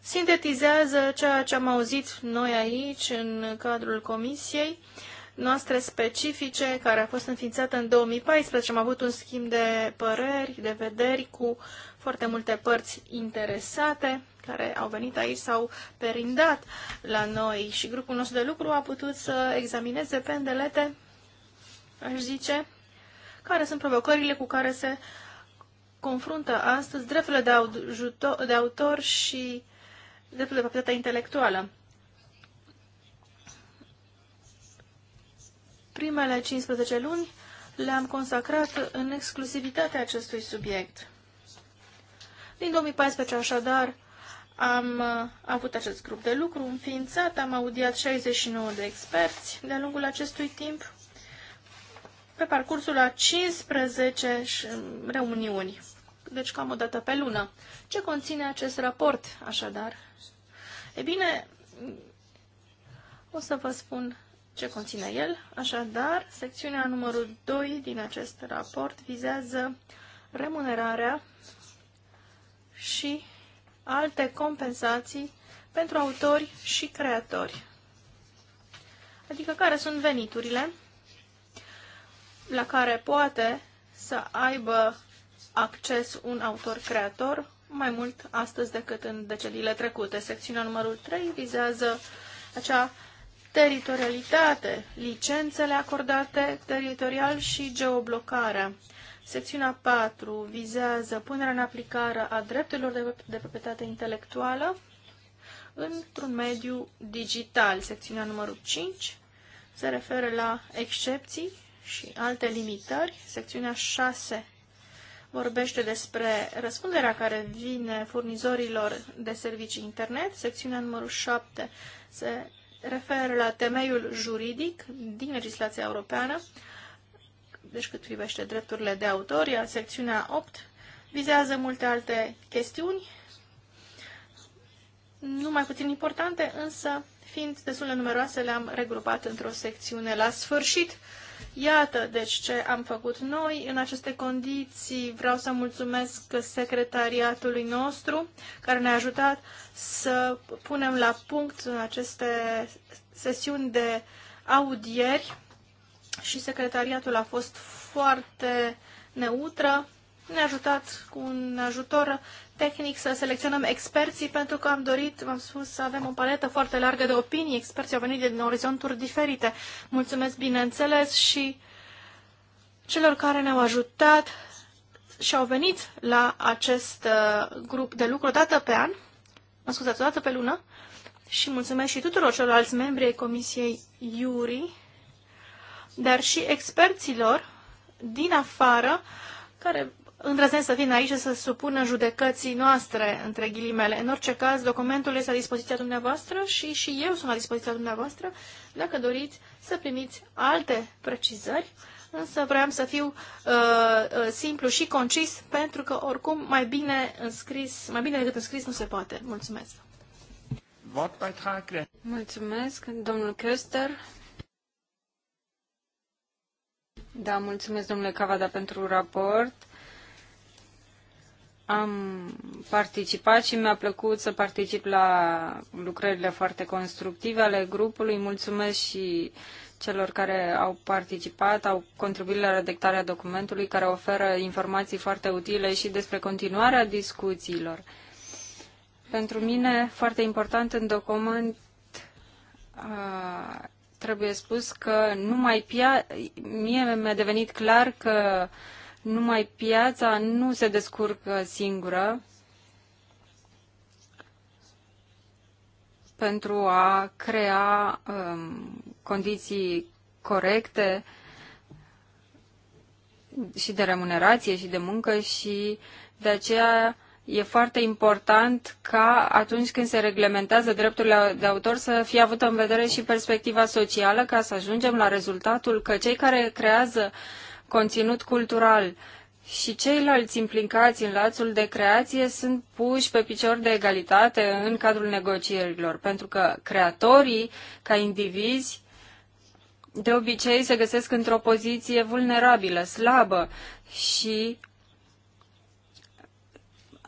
sintetizează ceea ce am auzit noi aici în cadrul comisiei noastre specifice, care a fost înființată în 2014. Am avut un schimb de păreri, de vederi cu foarte multe părți interesate care au venit aici sau perindat la noi și grupul nostru de lucru a putut să examineze pe îndelete, aș zice, care sunt provocările cu care se confruntă astăzi drepturile de, de autor și drepturile de proprietate intelectuală. Primele 15 luni le-am consacrat în exclusivitatea acestui subiect. Din 2014, așadar, am uh, avut acest grup de lucru înființat, am audiat 69 de experți de-a lungul acestui timp pe parcursul a 15 reuniuni, deci cam o dată pe lună. Ce conține acest raport, așadar? E bine, o să vă spun ce conține el. Așadar, secțiunea numărul 2 din acest raport vizează remunerarea și alte compensații pentru autori și creatori. Adică care sunt veniturile la care poate să aibă acces un autor creator mai mult astăzi decât în deceniile trecute. Secțiunea numărul 3 vizează acea teritorialitate, licențele acordate teritorial și geoblocarea. Secțiunea 4 vizează punerea în aplicare a drepturilor de, de proprietate intelectuală într-un mediu digital. Secțiunea numărul 5 se referă la excepții și alte limitări. Secțiunea 6 vorbește despre răspunderea care vine furnizorilor de servicii internet. Secțiunea numărul 7 se referă la temeiul juridic din legislația europeană, deci cât privește drepturile de autor, iar secțiunea 8 vizează multe alte chestiuni, nu mai puțin importante, însă fiind destul de numeroase, le-am regrupat într-o secțiune la sfârșit. Iată, deci, ce am făcut noi. În aceste condiții vreau să mulțumesc secretariatului nostru care ne-a ajutat să punem la punct aceste sesiuni de audieri și secretariatul a fost foarte neutră. Ne-a ajutat cu un ajutor tehnic să selecționăm experții pentru că am dorit, v-am spus, să avem o paletă foarte largă de opinii. Experții au venit din orizonturi diferite. Mulțumesc, bineînțeles, și celor care ne-au ajutat și au venit la acest uh, grup de lucru dată pe an, mă scuzați, dată pe lună, și mulțumesc și tuturor celorlalți membri ai Comisiei Iuri, dar și experților din afară care îndrăznesc să vin aici să supună judecății noastre, între ghilimele. În orice caz, documentul este la dispoziția dumneavoastră și și eu sunt la dispoziția dumneavoastră, dacă doriți să primiți alte precizări, însă vreau să fiu uh, uh simplu și concis, pentru că oricum mai bine înscris, mai bine decât înscris nu se poate. Mulțumesc! Mulțumesc, domnul Köster. Da, mulțumesc, domnule Cavada, pentru raport. Am participat și mi-a plăcut să particip la lucrările foarte constructive ale grupului. Mulțumesc și celor care au participat, au contribuit la redactarea documentului, care oferă informații foarte utile și despre continuarea discuțiilor. Pentru mine, foarte important în document, a, trebuie spus că numai pia... mie mi-a devenit clar că numai piața nu se descurcă singură pentru a crea um, condiții corecte și de remunerație și de muncă și de aceea e foarte important ca atunci când se reglementează drepturile de autor să fie avută în vedere și perspectiva socială ca să ajungem la rezultatul că cei care creează uh, conținut cultural și ceilalți implicați în lațul de creație sunt puși pe picior de egalitate în cadrul negocierilor, pentru că creatorii, ca indivizi, de obicei se găsesc într-o poziție vulnerabilă, slabă și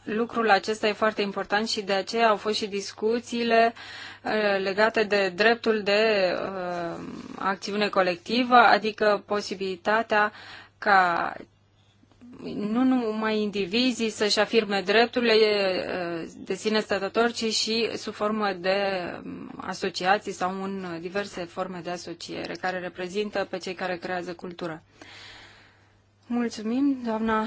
lucrul acesta e foarte important și de aceea au fost și discuțiile uh, Uh, legate de dreptul de uh, acțiune colectivă, adică posibilitatea ca nu numai indivizii să-și afirme drepturile uh, de sine stătător, ci și sub formă de um, asociații sau în diverse forme de asociere care reprezintă pe cei care creează cultura. Mulțumim, doamna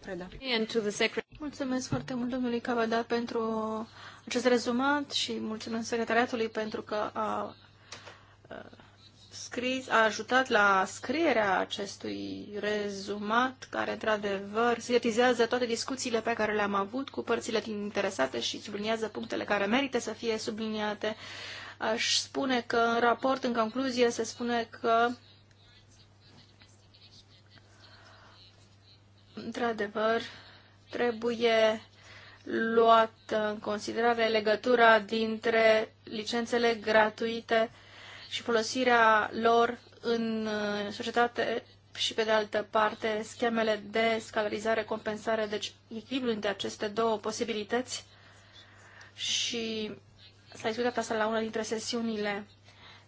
Preda. Mulțumesc foarte mult, domnului Cavada, pentru acest rezumat și mulțumesc secretariatului pentru că a scris, a ajutat la scrierea acestui rezumat, care, într-adevăr, sintetizează toate discuțiile pe care le-am avut cu părțile interesate și subliniază punctele care merită să fie subliniate. Aș spune că în raport, în concluzie, se spune că într-adevăr, trebuie luată în considerare legătura dintre licențele gratuite și folosirea lor în societate și, pe de altă parte, schemele de scalarizare, compensare, deci echilibrul între aceste două posibilități și s-a discutat asta la una dintre sesiunile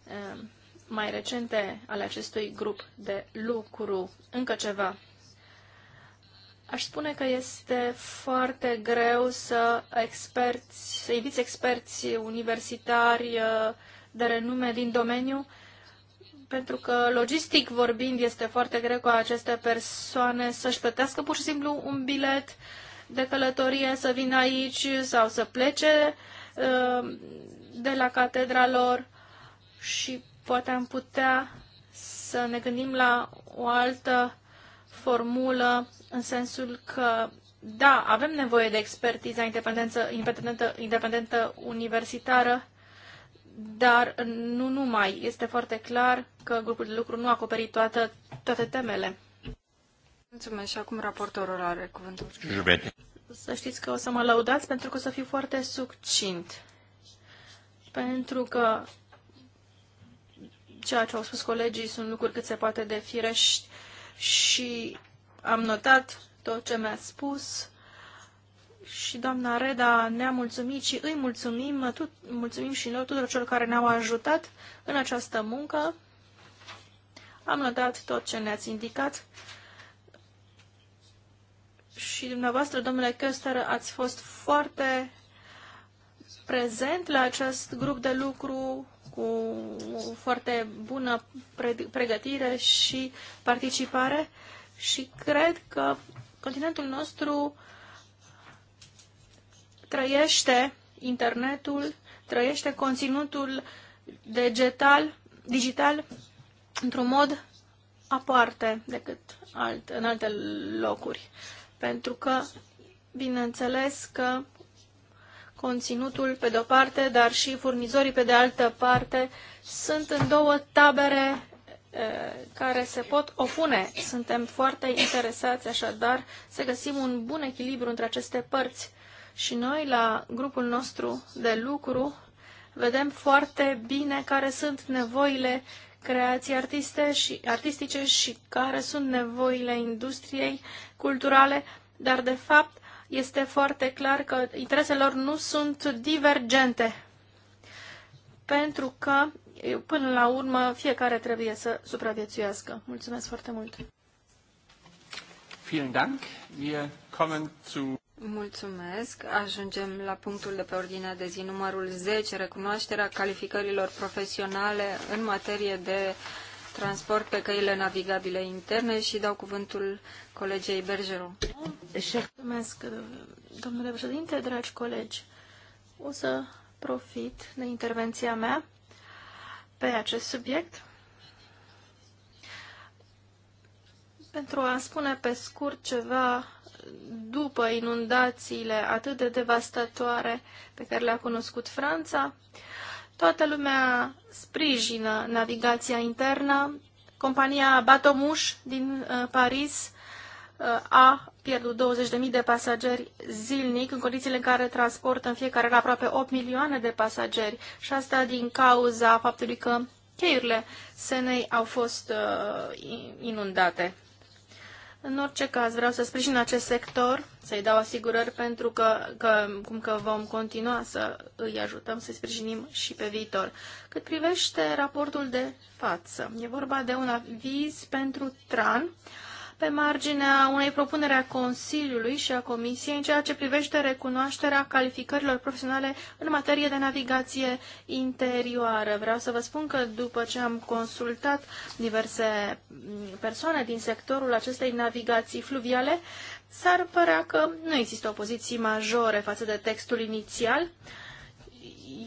eh, mai recente ale acestui grup de lucru. Încă ceva. Aș spune că este foarte greu să, experți, să inviți experți universitari uh, de renume din domeniu, pentru că logistic vorbind este foarte greu ca aceste persoane să-și plătească pur și simplu un bilet de călătorie să vină aici sau să plece uh, de la catedra lor și poate am putea să ne gândim la o altă formulă în sensul că, da, avem nevoie de expertiza independentă, independentă, independentă universitară, dar nu numai. Este foarte clar că grupul de lucru nu a acoperit toată, toate temele. Mulțumesc și acum raportorul are cuvântul. Jubete. Să știți că o să mă laudați pentru că o să fiu foarte succint. Pentru că ceea ce au spus colegii sunt lucruri cât se poate de firești și am notat tot ce mi-a spus și doamna Reda ne-a mulțumit și îi mulțumim, tut, mulțumim și noi tuturor celor care ne-au ajutat în această muncă. Am notat tot ce ne-ați indicat și dumneavoastră, domnule Köster, ați fost foarte prezent la acest grup de lucru cu foarte bună pregătire și participare și cred că continentul nostru trăiește internetul, trăiește conținutul digital, digital într-un mod aparte decât alt, în alte locuri. Pentru că, bineînțeles că conținutul pe de-o parte, dar și furnizorii pe de altă parte, sunt în două tabere care se pot opune. Suntem foarte interesați așadar să găsim un bun echilibru între aceste părți. Și noi, la grupul nostru de lucru, vedem foarte bine care sunt nevoile creații artiste și, artistice și care sunt nevoile industriei culturale, dar de fapt este foarte clar că interesele lor nu sunt divergente, pentru că până la urmă, fiecare trebuie să supraviețuiască. Mulțumesc foarte mult! Mulțumesc. Ajungem la punctul de pe ordinea de zi numărul 10, recunoașterea calificărilor profesionale în materie de transport pe căile navigabile interne și dau cuvântul colegei Bergeron. Mulțumesc, domnule președinte, dragi colegi. O să profit de intervenția mea pe acest subiect pentru a spune pe scurt ceva după inundațiile atât de devastatoare pe care le-a cunoscut Franța. Toată lumea sprijină navigația internă. Compania Batomuș din uh, Paris uh, a pierdut 20.000 de pasageri zilnic, în condițiile în care transportă în fiecare la aproape 8 milioane de pasageri. Și asta din cauza faptului că cheiurile Senei au fost uh, inundate. În orice caz, vreau să sprijin acest sector, să-i dau asigurări pentru că, că, cum că vom continua să îi ajutăm, să-i sprijinim și pe viitor. Cât privește raportul de față, e vorba de un aviz pentru TRAN, uh, pe marginea unei propuneri a Consiliului și a Comisiei în ceea ce privește recunoașterea calificărilor profesionale în materie de navigație interioară. Vreau să vă spun că după ce am consultat diverse mm, persoane din sectorul acestei navigații fluviale, s-ar părea că nu există opoziții majore față de textul inițial,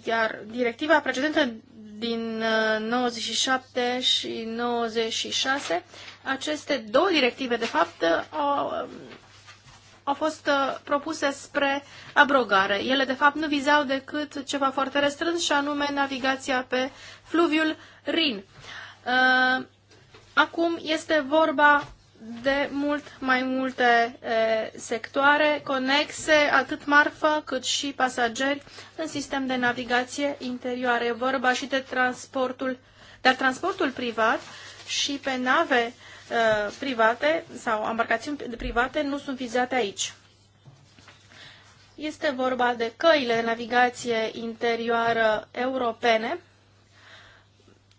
iar directiva precedentă din 97 uh, și 96 aceste două directive, de fapt, au, au fost uh, propuse spre abrogare. Ele, de fapt, nu vizau decât ceva foarte restrâns și anume navigația pe fluviul Rin. Uh, acum este vorba de mult mai multe e, uh, sectoare conexe, atât marfă cât și pasageri, în sistem de navigație interioare. E vorba și de transportul, dar transportul privat și pe nave Uh, private sau embarcațiuni private nu sunt vizate aici. Este vorba de căile de navigație interioară europene,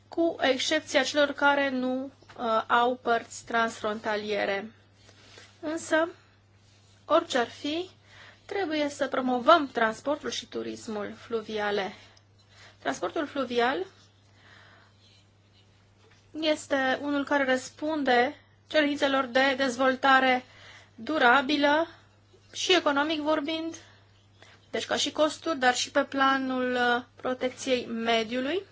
cu excepția celor care nu uh, au părți transfrontaliere. Însă, orice ar fi, trebuie să promovăm transportul și turismul fluviale. Transportul fluvial este unul care răspunde cerințelor de dezvoltare durabilă și economic vorbind, deci ca și costuri, dar și pe planul uh, protecției mediului,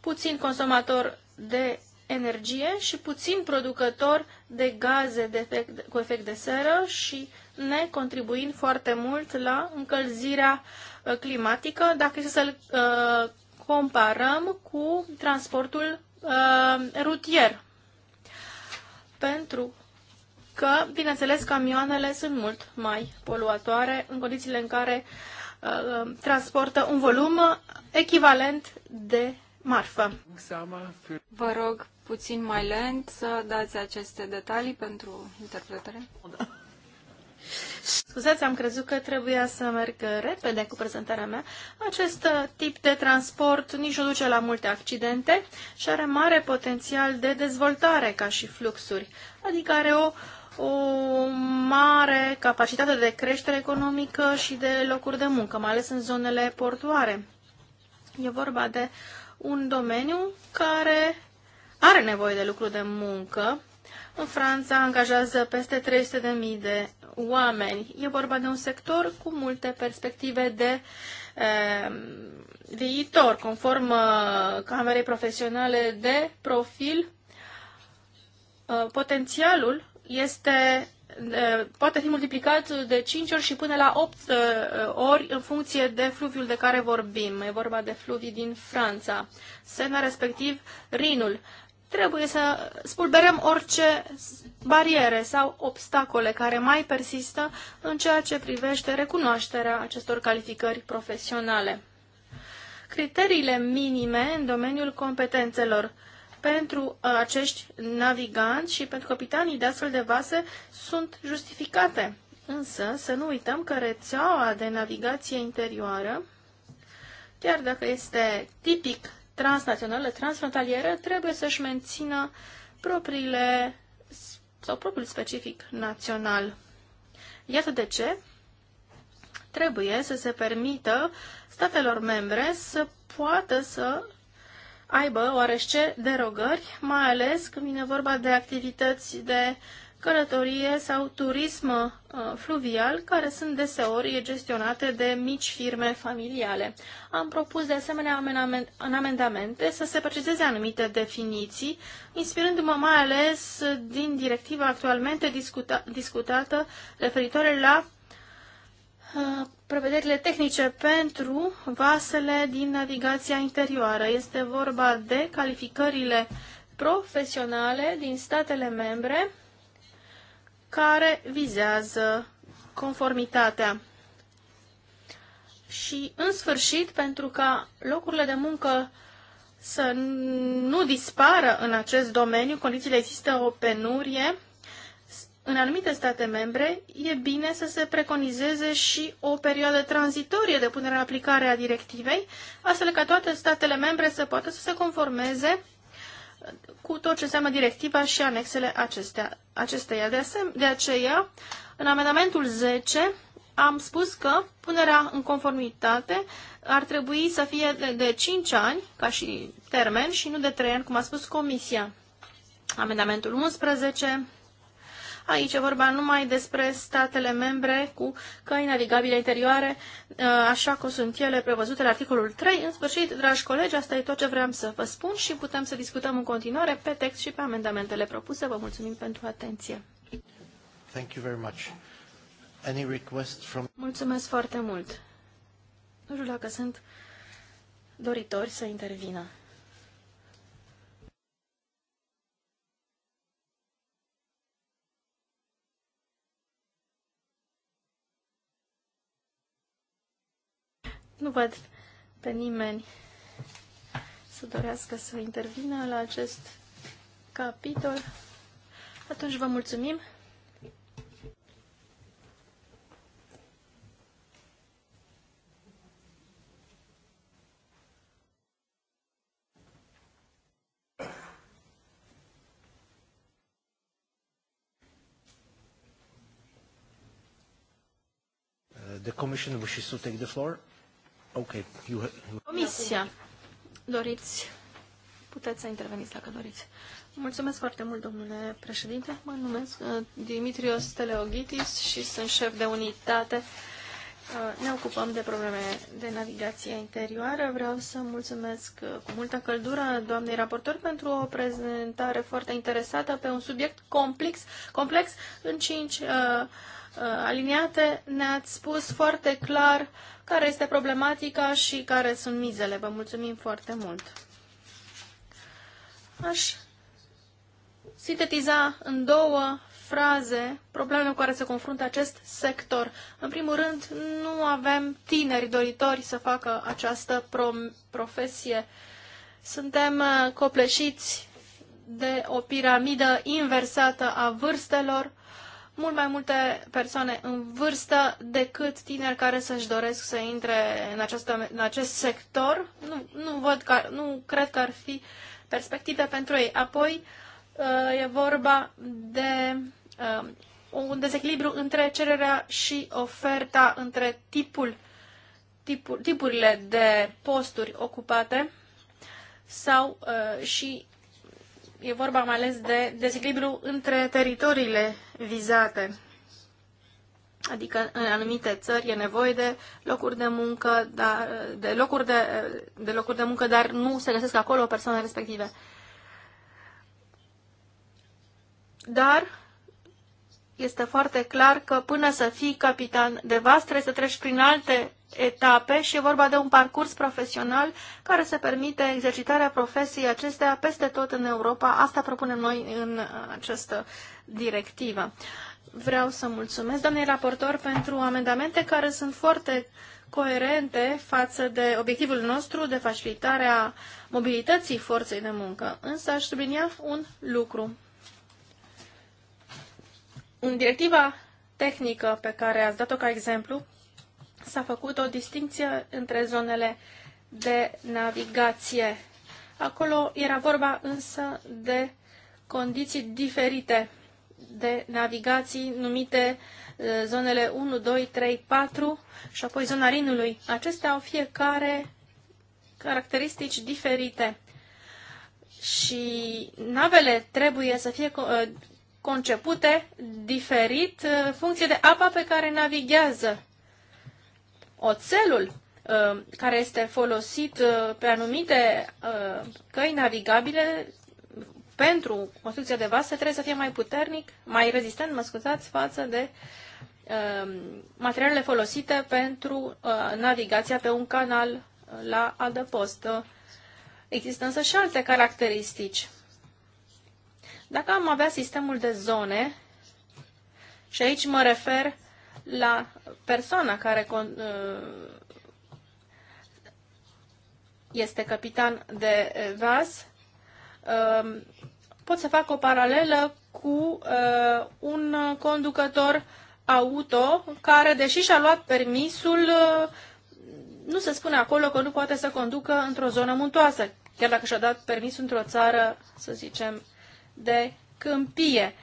puțin consumator de energie și puțin producător de gaze de efect, cu efect de seră și ne contribuind foarte mult la încălzirea uh, climatică, dacă să-l uh, comparăm cu transportul uh, rutier. Pentru că, bineînțeles, camioanele sunt mult mai poluatoare în condițiile în care uh, transportă un volum echivalent de marfă. Vă rog puțin mai lent să dați aceste detalii pentru interpretare. Scuzați, am crezut că trebuia să merg repede cu prezentarea mea. Acest uh, tip de transport nici nu duce la multe accidente și are mare potențial de dezvoltare ca și fluxuri, adică are o, o mare capacitate de creștere economică și de locuri de muncă, mai ales în zonele portoare. E vorba de un domeniu care are nevoie de lucru de muncă, în Franța angajează peste 300.000 de oameni. E vorba de un sector cu multe perspective de ehm, viitor, conform uh, Camerei Profesionale de Profil. Uh, potențialul este poate fi multiplicat de 5 ori și până la 8 uh, ori în funcție de fluviul de care vorbim. E vorba de fluvii din Franța. Sena respectiv Rinul trebuie să spulberăm orice bariere sau obstacole care mai persistă în ceea ce privește recunoașterea acestor calificări profesionale. Criteriile minime în domeniul competențelor pentru acești naviganți și pentru capitanii de astfel de vase sunt justificate. Însă să nu uităm că rețeaua de navigație interioară, chiar dacă este tipic transnaționale, transfrontaliere, trebuie să-și mențină propriile sau propriul specific național. Iată de ce trebuie să se permită statelor membre să poată să aibă oareșce derogări, mai ales când vine vorba de activități de călătorie sau turism uh, fluvial, care sunt deseori gestionate de mici firme familiale. Am propus de asemenea în amendamente să se precizeze anumite definiții, inspirându-mă mai ales din directiva actualmente discuta discutată referitoare la uh, prevederile tehnice pentru vasele din navigația interioară. Este vorba de calificările profesionale din statele membre care vizează conformitatea. Și, în sfârșit, pentru ca locurile de muncă să nu dispară în acest domeniu, condițiile există o penurie, în anumite state membre e bine să se preconizeze și o perioadă tranzitorie de punere în aplicare a directivei, astfel ca toate statele membre să poată să se conformeze cu tot ce înseamnă directiva și anexele acestea, acesteia. De, asem- de aceea, în amendamentul 10 am spus că punerea în conformitate ar trebui să fie de, de 5 ani ca și termen și nu de 3 ani, cum a spus Comisia. Amendamentul 11 Aici e vorba numai despre statele membre cu căi navigabile interioare, uh, așa cum sunt ele prevăzute la articolul 3. În sfârșit, dragi colegi, asta e tot ce vreau să vă spun și putem să discutăm în continuare pe text și pe amendamentele propuse. Vă mulțumim pentru atenție. Thank you very much. Any request from... Mulțumesc foarte mult. Nu știu dacă sunt doritori să intervină. Nu văd pe nimeni să dorească să intervină la acest capitol. Atunci vă mulțumim! the Commission wishes to take the floor. Okay. You have... Comisia, doriți, puteți să interveniți dacă doriți. Mulțumesc foarte mult, domnule președinte. Mă numesc uh, Dimitrios Teleoghitis și sunt șef de unitate Uh, ne ocupăm de probleme de navigație interioară. Vreau să mulțumesc uh, cu multă căldură doamnei raportor pentru o prezentare foarte interesată pe un subiect complex, complex în cinci uh, uh, aliniate. Ne-ați spus foarte clar care este problematica și care sunt mizele. Vă mulțumim foarte mult. Aș sintetiza în două fraze problemele cu care se confruntă acest sector. În primul rând, nu avem tineri doritori să facă această profesie. Suntem uh, copleșiți de o piramidă inversată a vârstelor, mult mai multe persoane în vârstă decât tineri care să-și doresc să intre în, această, în acest sector. Nu, nu, văd că, nu cred că ar fi perspective pentru ei. Apoi uh, e vorba de Um, un dezechilibru între cererea și oferta, între tipul, tipul tipurile de posturi ocupate sau uh, și e vorba mai ales de dezechilibru între teritoriile vizate. Adică în anumite țări e nevoie de locuri de muncă, dar, de, locuri de, de locuri de muncă, dar nu se găsesc acolo persoane respective. Dar este foarte clar că până să fii capitan de vas trebuie să treci prin alte etape și e vorba de un parcurs profesional care să permite exercitarea profesiei acestea peste tot în Europa. Asta propunem noi în această directivă. Vreau să mulțumesc doamnei raportor pentru amendamente care sunt foarte coerente față de obiectivul nostru de facilitarea mobilității forței de muncă. Însă aș sublinia un lucru. În directiva tehnică pe care ați dat-o ca exemplu, s-a făcut o distinție între zonele de navigație. Acolo era vorba însă de condiții diferite de navigații numite uh, zonele 1, 2, 3, 4 și apoi zona Rinului. Acestea au fiecare caracteristici diferite și navele trebuie să fie uh, concepute diferit uh, în funcție de apa pe care navighează. Oțelul uh, care este folosit uh, pe anumite căi navigabile pentru construcția de vase trebuie să fie mai puternic, mai rezistent, mă scuzați, față de materialele folosite pentru navigația pe un canal la adăpost. Există însă și alte caracteristici dacă am avea sistemul de zone, și aici mă refer la persoana care uh, este capitan de uh, vas, um, pot să fac o paralelă cu uh, un conducător auto care, deși și-a luat permisul, nu se spune acolo că nu poate să conducă într-o zonă muntoasă, chiar dacă și-a dat permis într-o țară, să zicem, de câmpie.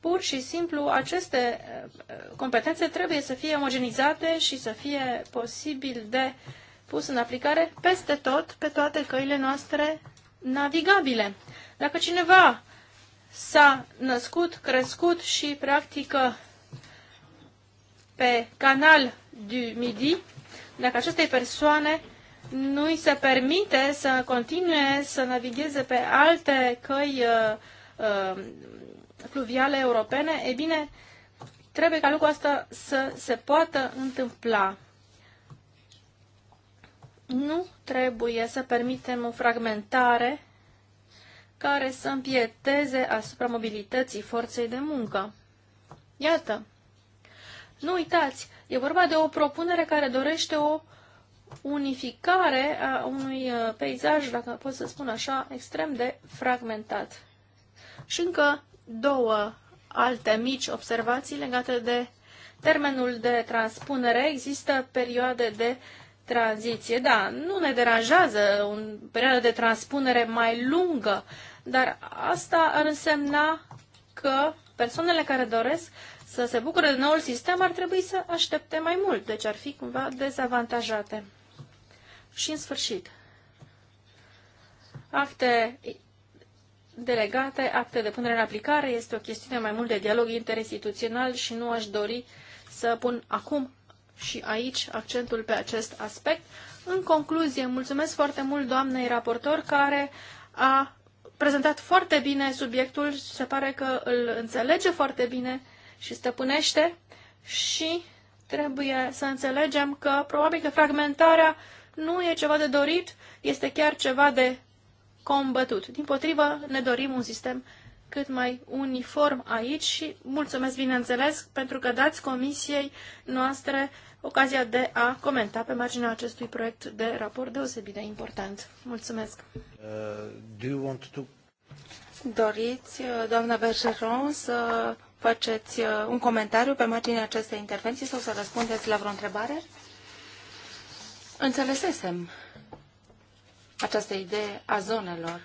Pur și simplu, aceste eh, competențe trebuie să fie omogenizate și să fie posibil de pus în aplicare peste tot, pe toate căile noastre navigabile. Dacă cineva s-a născut, crescut și practică pe canal du Midi, dacă acestei persoane nu îi se permite să continue să navigheze pe alte căi uh, fluviale uh, europene, e bine, trebuie ca lucrul asta să se poată întâmpla. Nu trebuie să permitem o fragmentare care să împieteze asupra mobilității forței de muncă. Iată, nu uitați, e vorba de o propunere care dorește o unificare a unui uh, peisaj, dacă pot să spun așa, extrem de fragmentat. Și încă două alte mici observații legate de termenul de transpunere. Există perioade de tranziție. Da, nu ne deranjează o perioadă de transpunere mai lungă, dar asta ar însemna că persoanele care doresc să se bucure de noul sistem ar trebui să aștepte mai mult, deci ar fi cumva dezavantajate. Și în sfârșit, acte delegate, acte de punere în aplicare, este o chestiune mai mult de dialog interinstituțional și nu aș dori să pun acum și aici accentul pe acest aspect. În concluzie, mulțumesc foarte mult doamnei raportor care a prezentat foarte bine subiectul, se pare că îl înțelege foarte bine și stăpânește și trebuie să înțelegem că probabil că fragmentarea nu e ceva de dorit, este chiar ceva de combătut. Din potrivă, ne dorim un sistem cât mai uniform aici și mulțumesc, bineînțeles, pentru că dați comisiei noastre ocazia de a comenta pe marginea acestui proiect de raport deosebit de important. Mulțumesc! Uh, to... Doriți, uh, doamna Bergeron, să faceți uh, un comentariu pe marginea acestei intervenții sau să răspundeți la vreo întrebare? Înțelesesem această idee a zonelor.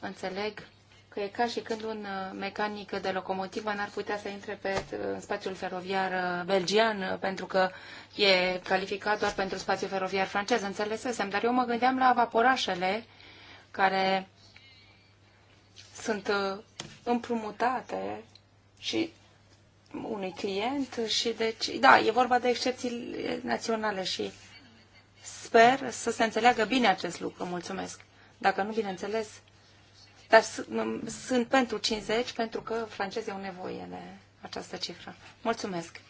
Înțeleg că e ca și când un uh, mecanic de locomotivă n-ar putea să intre pe uh, în spațiul feroviar uh, belgian pentru că e calificat doar pentru spațiul feroviar francez, înțelesesem, dar eu mă gândeam la vaporașele care sunt împrumutate și unui client și deci, da, e vorba de excepții naționale și Sper să se înțeleagă bine acest lucru. Mulțumesc. Dacă nu, bineînțeles. Dar sunt pentru 50, pentru că francezii au nevoie de această cifră. Mulțumesc.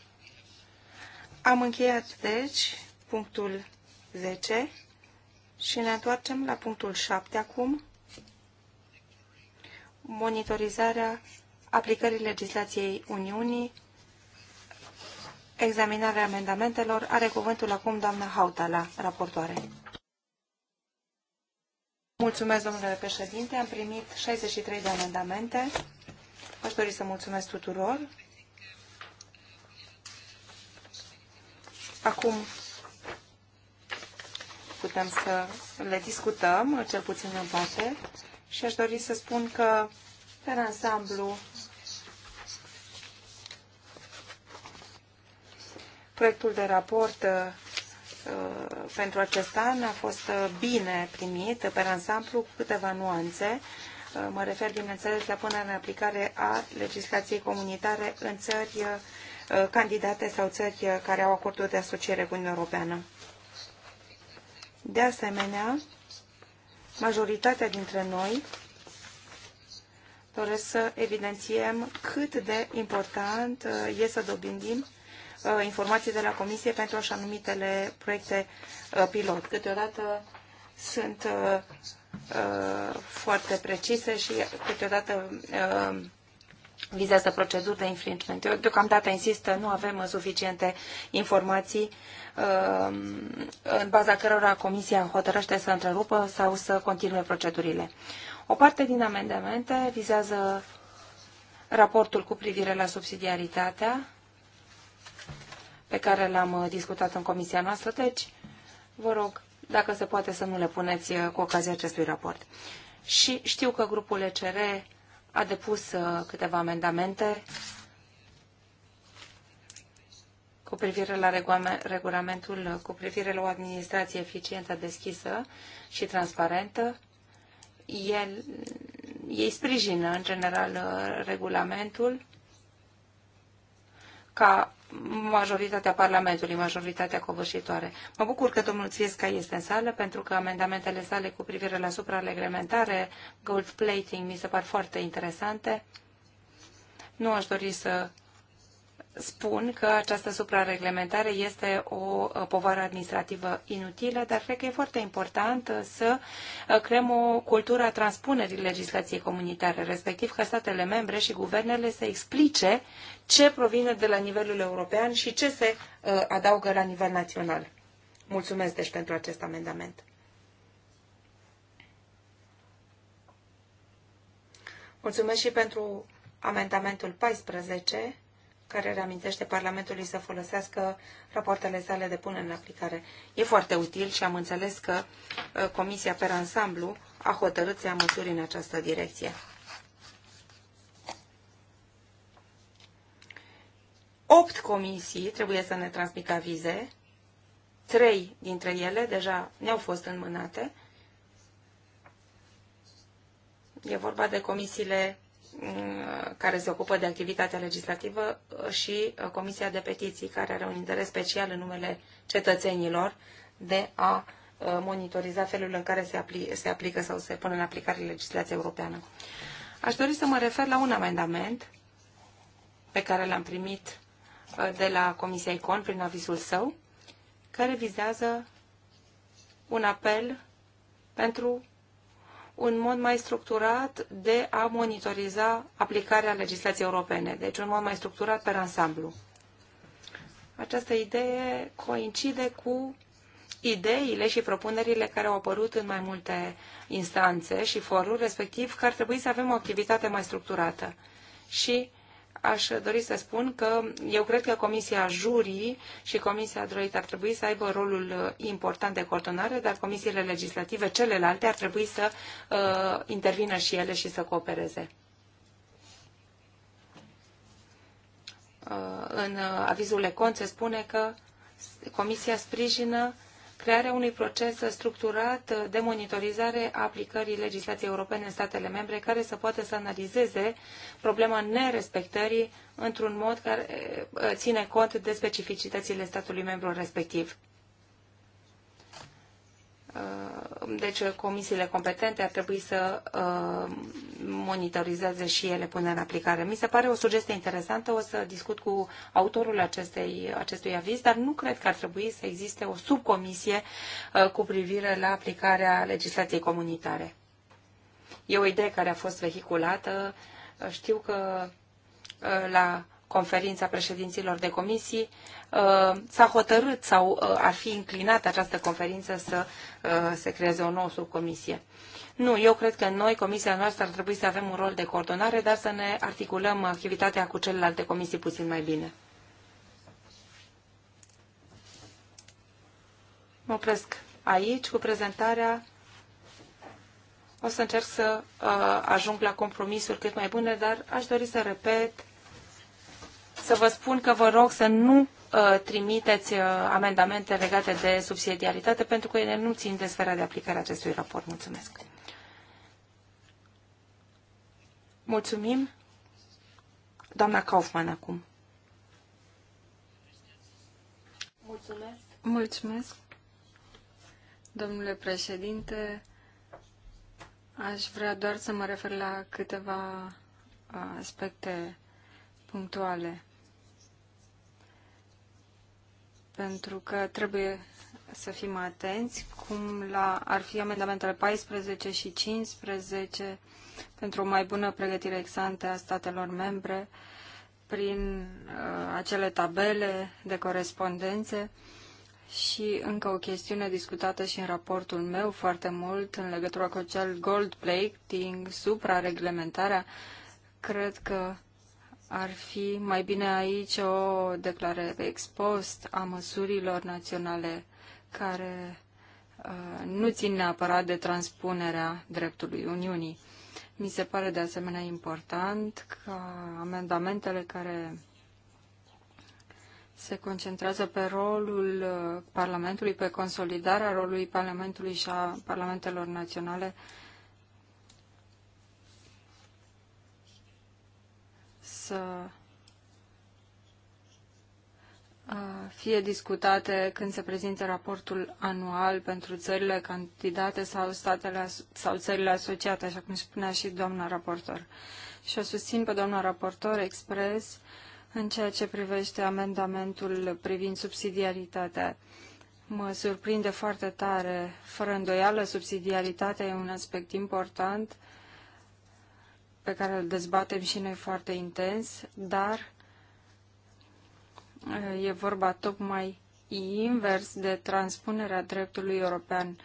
Am încheiat, deci, punctul 10 și ne întoarcem la punctul 7 acum. Monitorizarea aplicării legislației Uniunii examinarea amendamentelor are cuvântul acum doamna Hautala, raportoare. Mulțumesc, domnule președinte. Am primit 63 de amendamente. Aș dori să mulțumesc tuturor. Acum putem să le discutăm, cel puțin în parte, și aș dori să spun că, pe ansamblu, Proiectul de raport uh, pentru acest an a fost uh, bine primit pe ansamblu cu câteva nuanțe. Uh, mă refer, bineînțeles, la punerea în aplicare a legislației comunitare în țări candidate sau țări care au acorduri de asociere cu Uniunea Europeană. De asemenea, majoritatea dintre noi doresc să evidențiem cât de important e să dobândim Uh, informații de la Comisie pentru așa numitele proiecte uh, pilot. Câteodată sunt uh, foarte precise și câteodată vizează proceduri de infringement. Eu deocamdată insist, nu avem suficiente informații în baza cărora Comisia hotărăște să întrerupă sau să continue procedurile. O parte din amendamente vizează raportul cu privire la subsidiaritatea pe care l-am uh, discutat în comisia noastră, deci vă rog, dacă se poate să nu le puneți uh, cu ocazia acestui raport. Și știu că grupul ECR a depus uh, câteva amendamente cu privire la regulamentul cu privire la o administrație eficientă, deschisă și transparentă. El, ei sprijină, în general, regulamentul ca majoritatea Parlamentului, majoritatea covârșitoare. Mă bucur că domnul Țiesca este în sală, pentru că amendamentele sale cu privire la supra-reglementare, gold plating, mi se par foarte interesante. Nu aș dori să spun că această suprareglementare este o uh, povară administrativă inutilă, dar cred că e foarte important uh, să uh, creăm o cultură a transpunerii legislației comunitare, respectiv ca statele membre și guvernele să explice ce provine de la nivelul european și ce se adaugă la nivel național. Mulțumesc deci pentru acest amendament. Mulțumesc și pentru amendamentul 14 care reamintește Parlamentului să folosească rapoartele sale de punere în aplicare. E foarte util și am înțeles că uh, Comisia per ansamblu a hotărât să ia măsuri în această direcție. Opt comisii trebuie să ne transmită avize. Trei dintre ele deja ne-au fost înmânate. E vorba de comisiile Mm, care se ocupă de activitatea legislativă și uh, Comisia de Petiții, care are un interes special în numele cetățenilor de a uh, monitoriza felul în care se, apli- se aplică sau se pune în aplicare legislația europeană. Aș dori să mă refer la un amendament pe care l-am primit uh, de la Comisia ICON prin avizul său, care vizează un apel pentru un mod mai structurat de a monitoriza aplicarea legislației europene, deci un mod mai structurat pe ansamblu. Această idee coincide cu ideile și propunerile care au apărut în mai multe instanțe și foruri, respectiv că ar trebui să avem o activitate mai structurată. Și aș dori să spun că eu cred că Comisia Jurii și Comisia Droit ar trebui să aibă rolul uh, important de coordonare, dar comisiile legislative celelalte ar trebui să uh, intervină și ele și să coopereze. Uh, în uh, avizul Econ se spune că Comisia sprijină crearea unui proces structurat de monitorizare a aplicării legislației europene în statele membre, care să poată să analizeze problema nerespectării într-un mod care eh, ține cont de specificitățile statului membru respectiv. Uh, deci uh, comisiile competente ar trebui să uh, monitorizeze și ele până în aplicare. Mi se pare o sugestie interesantă, o să discut cu autorul acestei, acestui aviz, dar nu cred că ar trebui să existe o subcomisie cu privire la aplicarea legislației comunitare. E o idee care a fost vehiculată. Știu că la conferința președinților de comisii, uh, s-a hotărât sau uh, ar fi inclinată această conferință să uh, se creeze o nouă subcomisie. Nu, eu cred că noi, comisia noastră, ar trebui să avem un rol de coordonare, dar să ne articulăm activitatea cu celelalte comisii puțin mai bine. Mă opresc aici cu prezentarea. O să încerc să ajung la compromisuri cât mai bune, dar aș dori să repet să vă spun că vă rog să nu uh, trimiteți uh, amendamente legate de subsidiaritate pentru că ele nu țin de sfera de aplicare a acestui raport. Mulțumesc. Mulțumim. Doamna Kaufman acum. Mulțumesc. Mulțumesc. Domnule președinte, aș vrea doar să mă refer la câteva uh, aspecte punctuale. pentru că trebuie să fim atenți cum la, ar fi amendamentele 14 și 15 pentru o mai bună pregătire exante a statelor membre prin uh, acele tabele de corespondențe și încă o chestiune discutată și în raportul meu foarte mult în legătură cu acel gold plating, supra reglementarea Cred că ar fi mai bine aici o declarare expost ex post a măsurilor naționale care uh, nu țin neapărat de transpunerea dreptului Uniunii. Mi se pare de asemenea important ca amendamentele care se concentrează pe rolul uh, Parlamentului, pe consolidarea rolului Parlamentului și a Parlamentelor Naționale uh, să fie discutate când se prezintă raportul anual pentru țările candidate sau, statele, sau țările asociate, așa cum spunea și doamna raportor. Și o susțin pe doamna raportor expres în ceea ce privește amendamentul privind subsidiaritatea. Mă surprinde foarte tare. Fără îndoială, subsidiaritatea e un aspect important pe care îl dezbatem și noi foarte intens, dar uh, e vorba tocmai invers de transpunerea dreptului european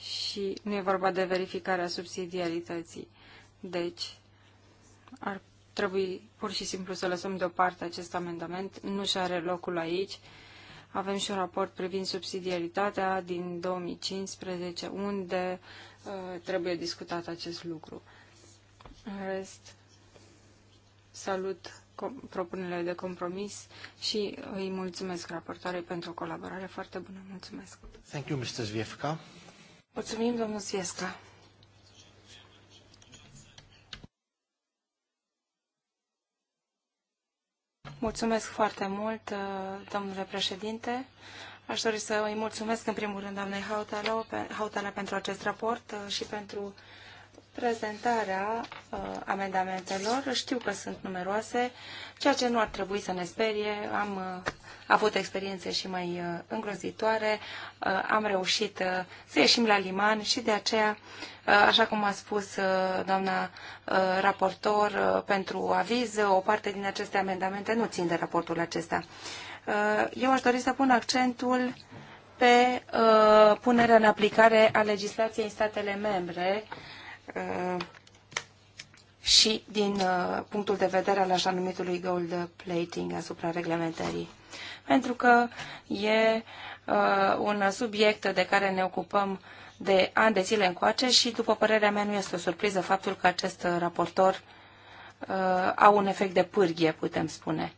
și nu e vorba de verificarea subsidiarității. Deci, ar trebui pur și simplu să lăsăm deoparte acest amendament, nu și are locul aici. Avem și un raport privind subsidiaritatea din 2015, unde uh, trebuie discutat acest lucru. În rest, salut propunerile de compromis și îi mulțumesc raportoarei pentru o colaborare foarte bună. Mulțumesc. Thank you, Mr. Zviefka. Mulțumim, domnul Zviefka. Mulțumesc foarte mult, uh, domnule președinte. Aș dori să îi mulțumesc în primul rând doamnei Hautala, Hautala pentru acest raport uh, și pentru prezentarea uh, amendamentelor. Știu că sunt numeroase, ceea ce nu ar trebui să ne sperie. Am uh, avut experiențe și mai uh, îngrozitoare, uh, am reușit uh, să ieșim la liman și de aceea, uh, așa cum a spus uh, doamna uh, raportor uh, pentru aviz, uh, o parte din aceste amendamente nu țin de raportul acesta. Uh, eu aș dori să pun accentul pe uh, punerea în aplicare a legislației în statele membre uh, Uh, și din uh, punctul de vedere al așa numitului gold plating asupra reglementării. Pentru că e uh, un subiect de care ne ocupăm de ani de zile încoace și, după părerea mea, nu este o surpriză faptul că acest raportor uh, au un efect de pârghie, putem spune,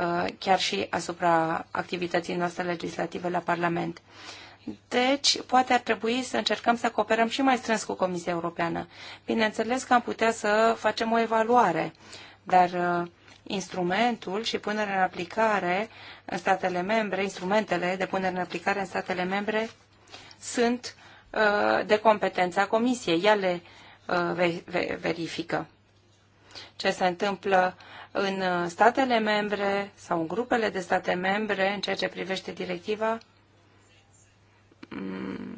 uh, chiar și asupra activității noastre legislative la Parlament. Deci, poate ar trebui să încercăm să cooperăm și mai strâns cu Comisia Europeană. Bineînțeles că am putea să facem o evaluare, dar uh, instrumentul și punerea în aplicare în statele membre, instrumentele de punere în aplicare în statele membre sunt uh, de competența Comisiei. Ea le uh, verifică ce se întâmplă în statele membre sau în grupele de state membre în ceea ce privește directiva Mm,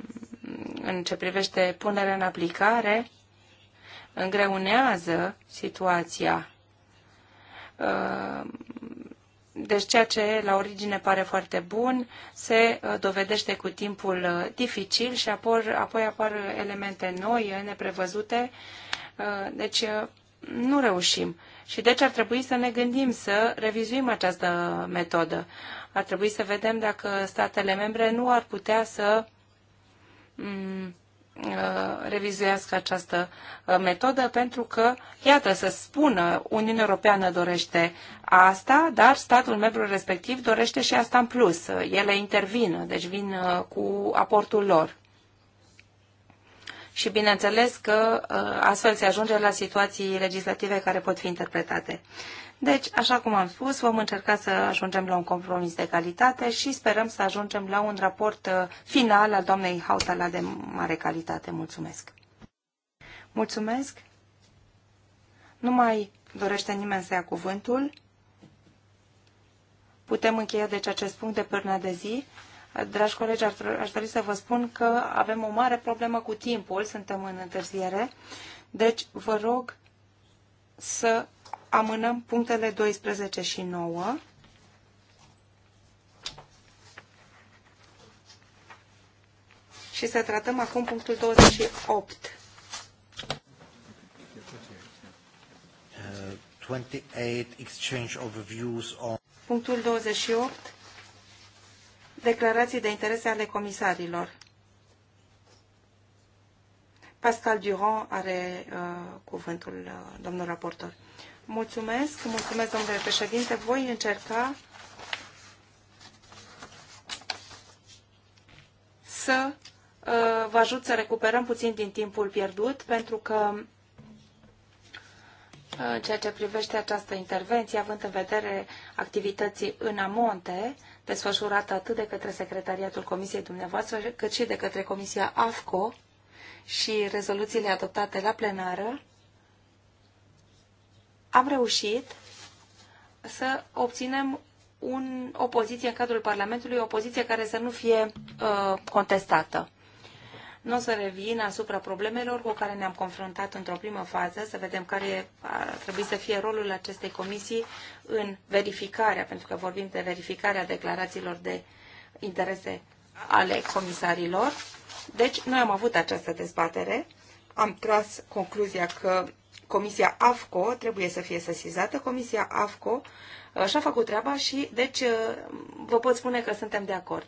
în ce privește punerea în aplicare, îngreunează situația. Uh, deci ceea ce la origine pare foarte bun se uh, dovedește cu timpul uh, dificil și apoi apar elemente noi, neprevăzute, deci nu reușim. Și deci ar trebui să ne gândim să revizuim această metodă. Ar trebui să vedem dacă statele membre nu ar putea să mm, uh, revizuiască această uh, metodă pentru că, iată, să spună, Uniunea Europeană dorește asta, dar statul membru respectiv dorește și asta în plus. Ele intervin, deci vin uh, cu aportul lor. Și bineînțeles că astfel se ajunge la situații legislative care pot fi interpretate. Deci, așa cum am spus, vom încerca să ajungem la un compromis de calitate și sperăm să ajungem la un raport uh, final al doamnei Hautala de mare calitate. Mulțumesc! Mulțumesc! Nu mai dorește nimeni să ia cuvântul. Putem încheia deci acest punct de până de zi. Dragi colegi, aș dori să vă spun că avem o mare problemă cu timpul, suntem în întârziere, deci vă rog să amânăm punctele 12 și 9. Și să tratăm acum punctul 28. Uh, 28 exchange of views on... Punctul 28. Declarații de interese ale comisarilor. Pascal Durand are uh, cuvântul, uh, domnul raportor. Uh, Mulțumesc, mulțumesc, domnule președinte. Voi încerca să uh, vă ajut să recuperăm puțin din timpul pierdut, pentru că în uh, ceea ce privește această intervenție, având în vedere activității în amonte, desfășurată atât de către Secretariatul Comisiei dumneavoastră, cât și de către Comisia AFCO și rezoluțiile adoptate la plenară, am reușit să obținem un, o poziție în cadrul Parlamentului, o poziție care să nu fie uh, contestată. Nu o să revin asupra problemelor cu care ne-am confruntat într-o primă fază, să vedem care ar trebui să fie rolul acestei comisii în verificarea, pentru că vorbim de verificarea declarațiilor de interese ale comisarilor. Deci, noi am avut această dezbatere, am tras concluzia că Comisia AFCO trebuie să fie sesizată. Comisia AFCO uh, și-a făcut treaba și, deci, uh, vă pot spune că suntem de acord.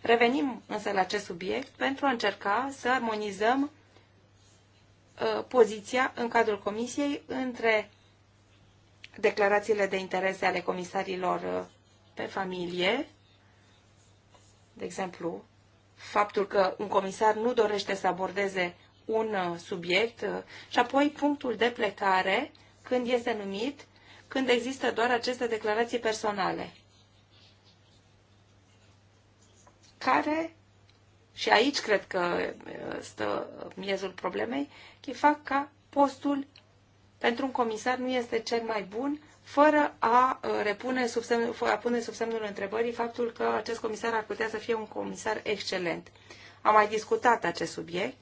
Revenim însă la acest subiect pentru a încerca să armonizăm uh, poziția în cadrul Comisiei între declarațiile de interese ale comisarilor pe familie, de exemplu, faptul că un comisar nu dorește să abordeze un uh, subiect uh, și apoi punctul de plecare când este numit, când există doar aceste declarații personale. Care, și aici cred că uh, stă miezul problemei, e fac ca postul pentru un comisar nu este cel mai bun fără a, repune sub semnul, a pune sub semnul întrebării faptul că acest comisar ar putea să fie un comisar excelent. Am mai discutat acest subiect,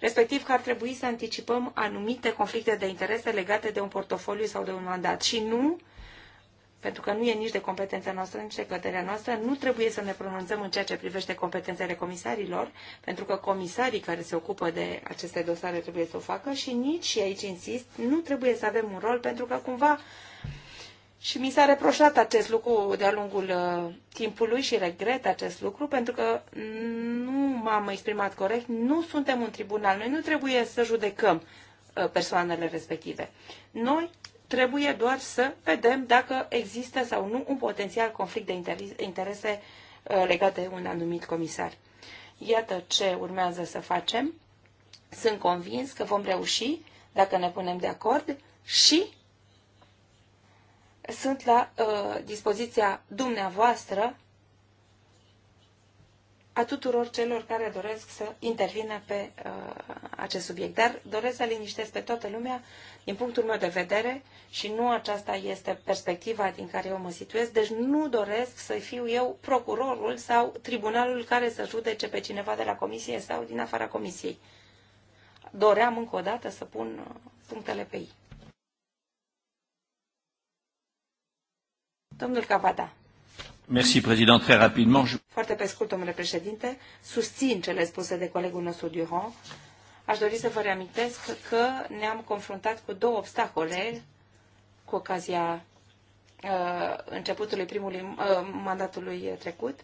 respectiv că ar trebui să anticipăm anumite conflicte de interese legate de un portofoliu sau de un mandat și nu pentru că nu e nici de competența noastră, nici de căterea noastră, nu trebuie să ne pronunțăm în ceea ce privește competențele comisarilor, pentru că comisarii care se ocupă de aceste dosare trebuie să o facă și nici, și aici insist, nu trebuie să avem un rol, pentru că cumva și mi s-a reproșat acest lucru de-a lungul uh, timpului și regret acest lucru pentru că nu m-am exprimat corect. Nu suntem un tribunal. Noi nu trebuie să judecăm uh, persoanele respective. Noi trebuie doar să vedem dacă există sau nu un potențial conflict de interese uh, legat de un anumit comisar. Iată ce urmează să facem. Sunt convins că vom reuși dacă ne punem de acord și sunt la uh, dispoziția dumneavoastră a tuturor celor care doresc să intervină pe uh, acest subiect. Dar doresc să liniștesc pe toată lumea din punctul meu de vedere și nu aceasta este perspectiva din care eu mă situez, deci nu doresc să fiu eu procurorul sau tribunalul care să judece pe cineva de la comisie sau din afara comisiei. Doream încă o dată să pun uh, punctele pe ei. Domnul Cavada. Merci, président, très rapidement. Foarte pe scurt, domnule președinte, susțin cele spuse de colegul nostru Durand. Aș dori să vă reamintesc că ne-am confruntat cu două obstacole cu ocazia uh, începutului primului uh, mandatului trecut.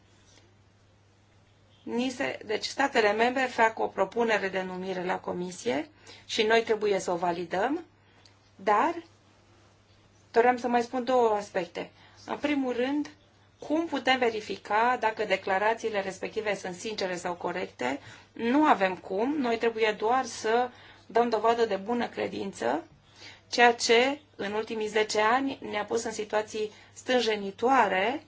se, deci statele membre fac o propunere de numire la comisie și noi trebuie să o validăm, dar doream să mai spun două aspecte. În primul rând, cum putem verifica dacă declarațiile respective sunt sincere sau corecte? Nu avem cum, noi trebuie doar să dăm dovadă de bună credință, ceea ce în ultimii 10 ani ne-a pus în situații stânjenitoare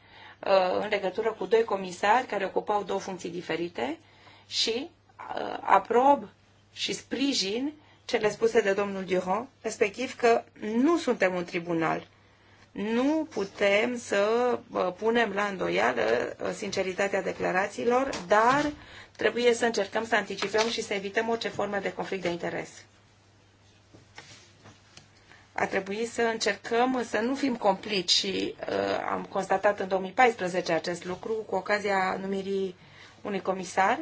uh, în legătură cu doi comisari care ocupau două funcții diferite și uh, aprob și sprijin cele spuse de domnul Durand, respectiv că nu suntem un tribunal nu putem să uh, punem la îndoială uh, sinceritatea declarațiilor, dar trebuie să încercăm să anticipăm și să evităm orice formă de conflict de interes. A trebuit să încercăm să nu fim complici și uh, am constatat în 2014 acest lucru cu ocazia numirii unui comisar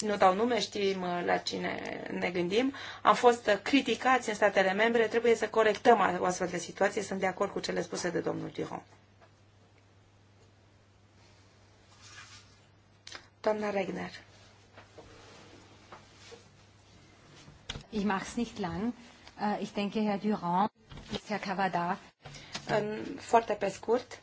nu dau nume, știm uh, la cine ne gândim, am fost uh, criticați în statele membre, trebuie să corectăm o astfel de situație, sunt de acord cu cele spuse de domnul Diron. Doamna Regner. Ich mach's nicht lang. Äh, ich denke, Herr Durand, Herr Cavada. Foarte pe scurt,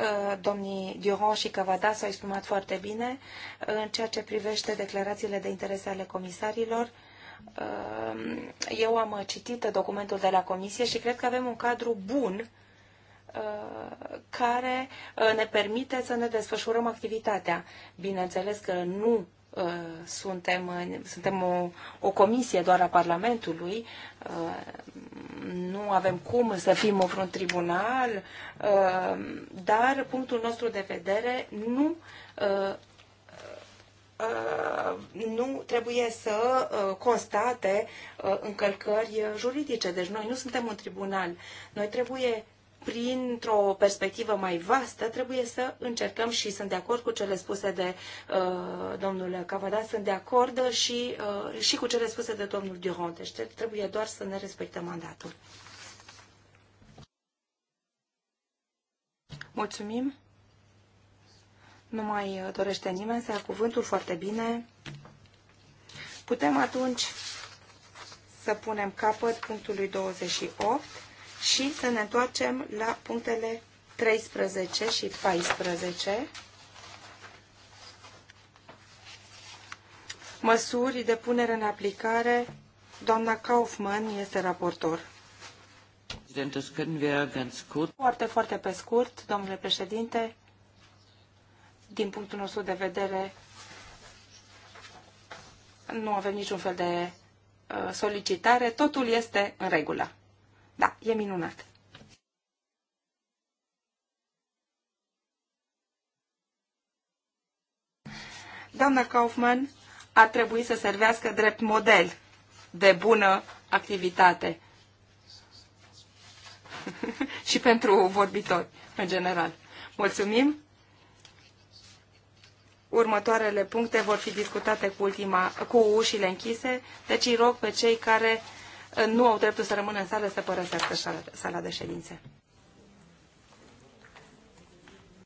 Uh, domnii Duron și Cavada s-au exprimat foarte bine în ceea ce privește declarațiile de interese ale comisarilor. Uh, eu am citit documentul de la comisie și cred că avem un cadru bun uh, care ne permite să ne desfășurăm activitatea. Bineînțeles că nu Uh, suntem, suntem o, o comisie doar a Parlamentului, uh, nu avem cum să fim vreun tribunal, uh, dar punctul nostru de vedere nu nu trebuie să constate încălcări juridice. Deci noi nu suntem un tribunal. Noi trebuie printr-o perspectivă mai vastă, trebuie să încercăm și sunt de acord cu cele spuse de uh, domnul Cavada, sunt de acord și, uh, și cu cele spuse de domnul Durand. Deci trebuie doar să ne respectăm mandatul. Mulțumim. Nu mai uh, dorește nimeni să ia cuvântul foarte bine. Putem atunci să punem capăt punctului 28 și să ne întoarcem la punctele 13 și 14. Măsuri de punere în aplicare. Doamna Kaufmann este raportor. Foarte, foarte pe scurt, domnule președinte, din punctul nostru de vedere, nu avem niciun fel de uh, solicitare, totul este în regulă. Da, e minunat. Doamna Kaufman a trebuit să servească drept model de bună activitate și pentru vorbitori în general. Mulțumim! Următoarele puncte vor fi discutate cu, ultima, cu ușile închise, deci îi rog pe cei care nu au dreptul să rămână în sală, să părăsească sala de ședințe.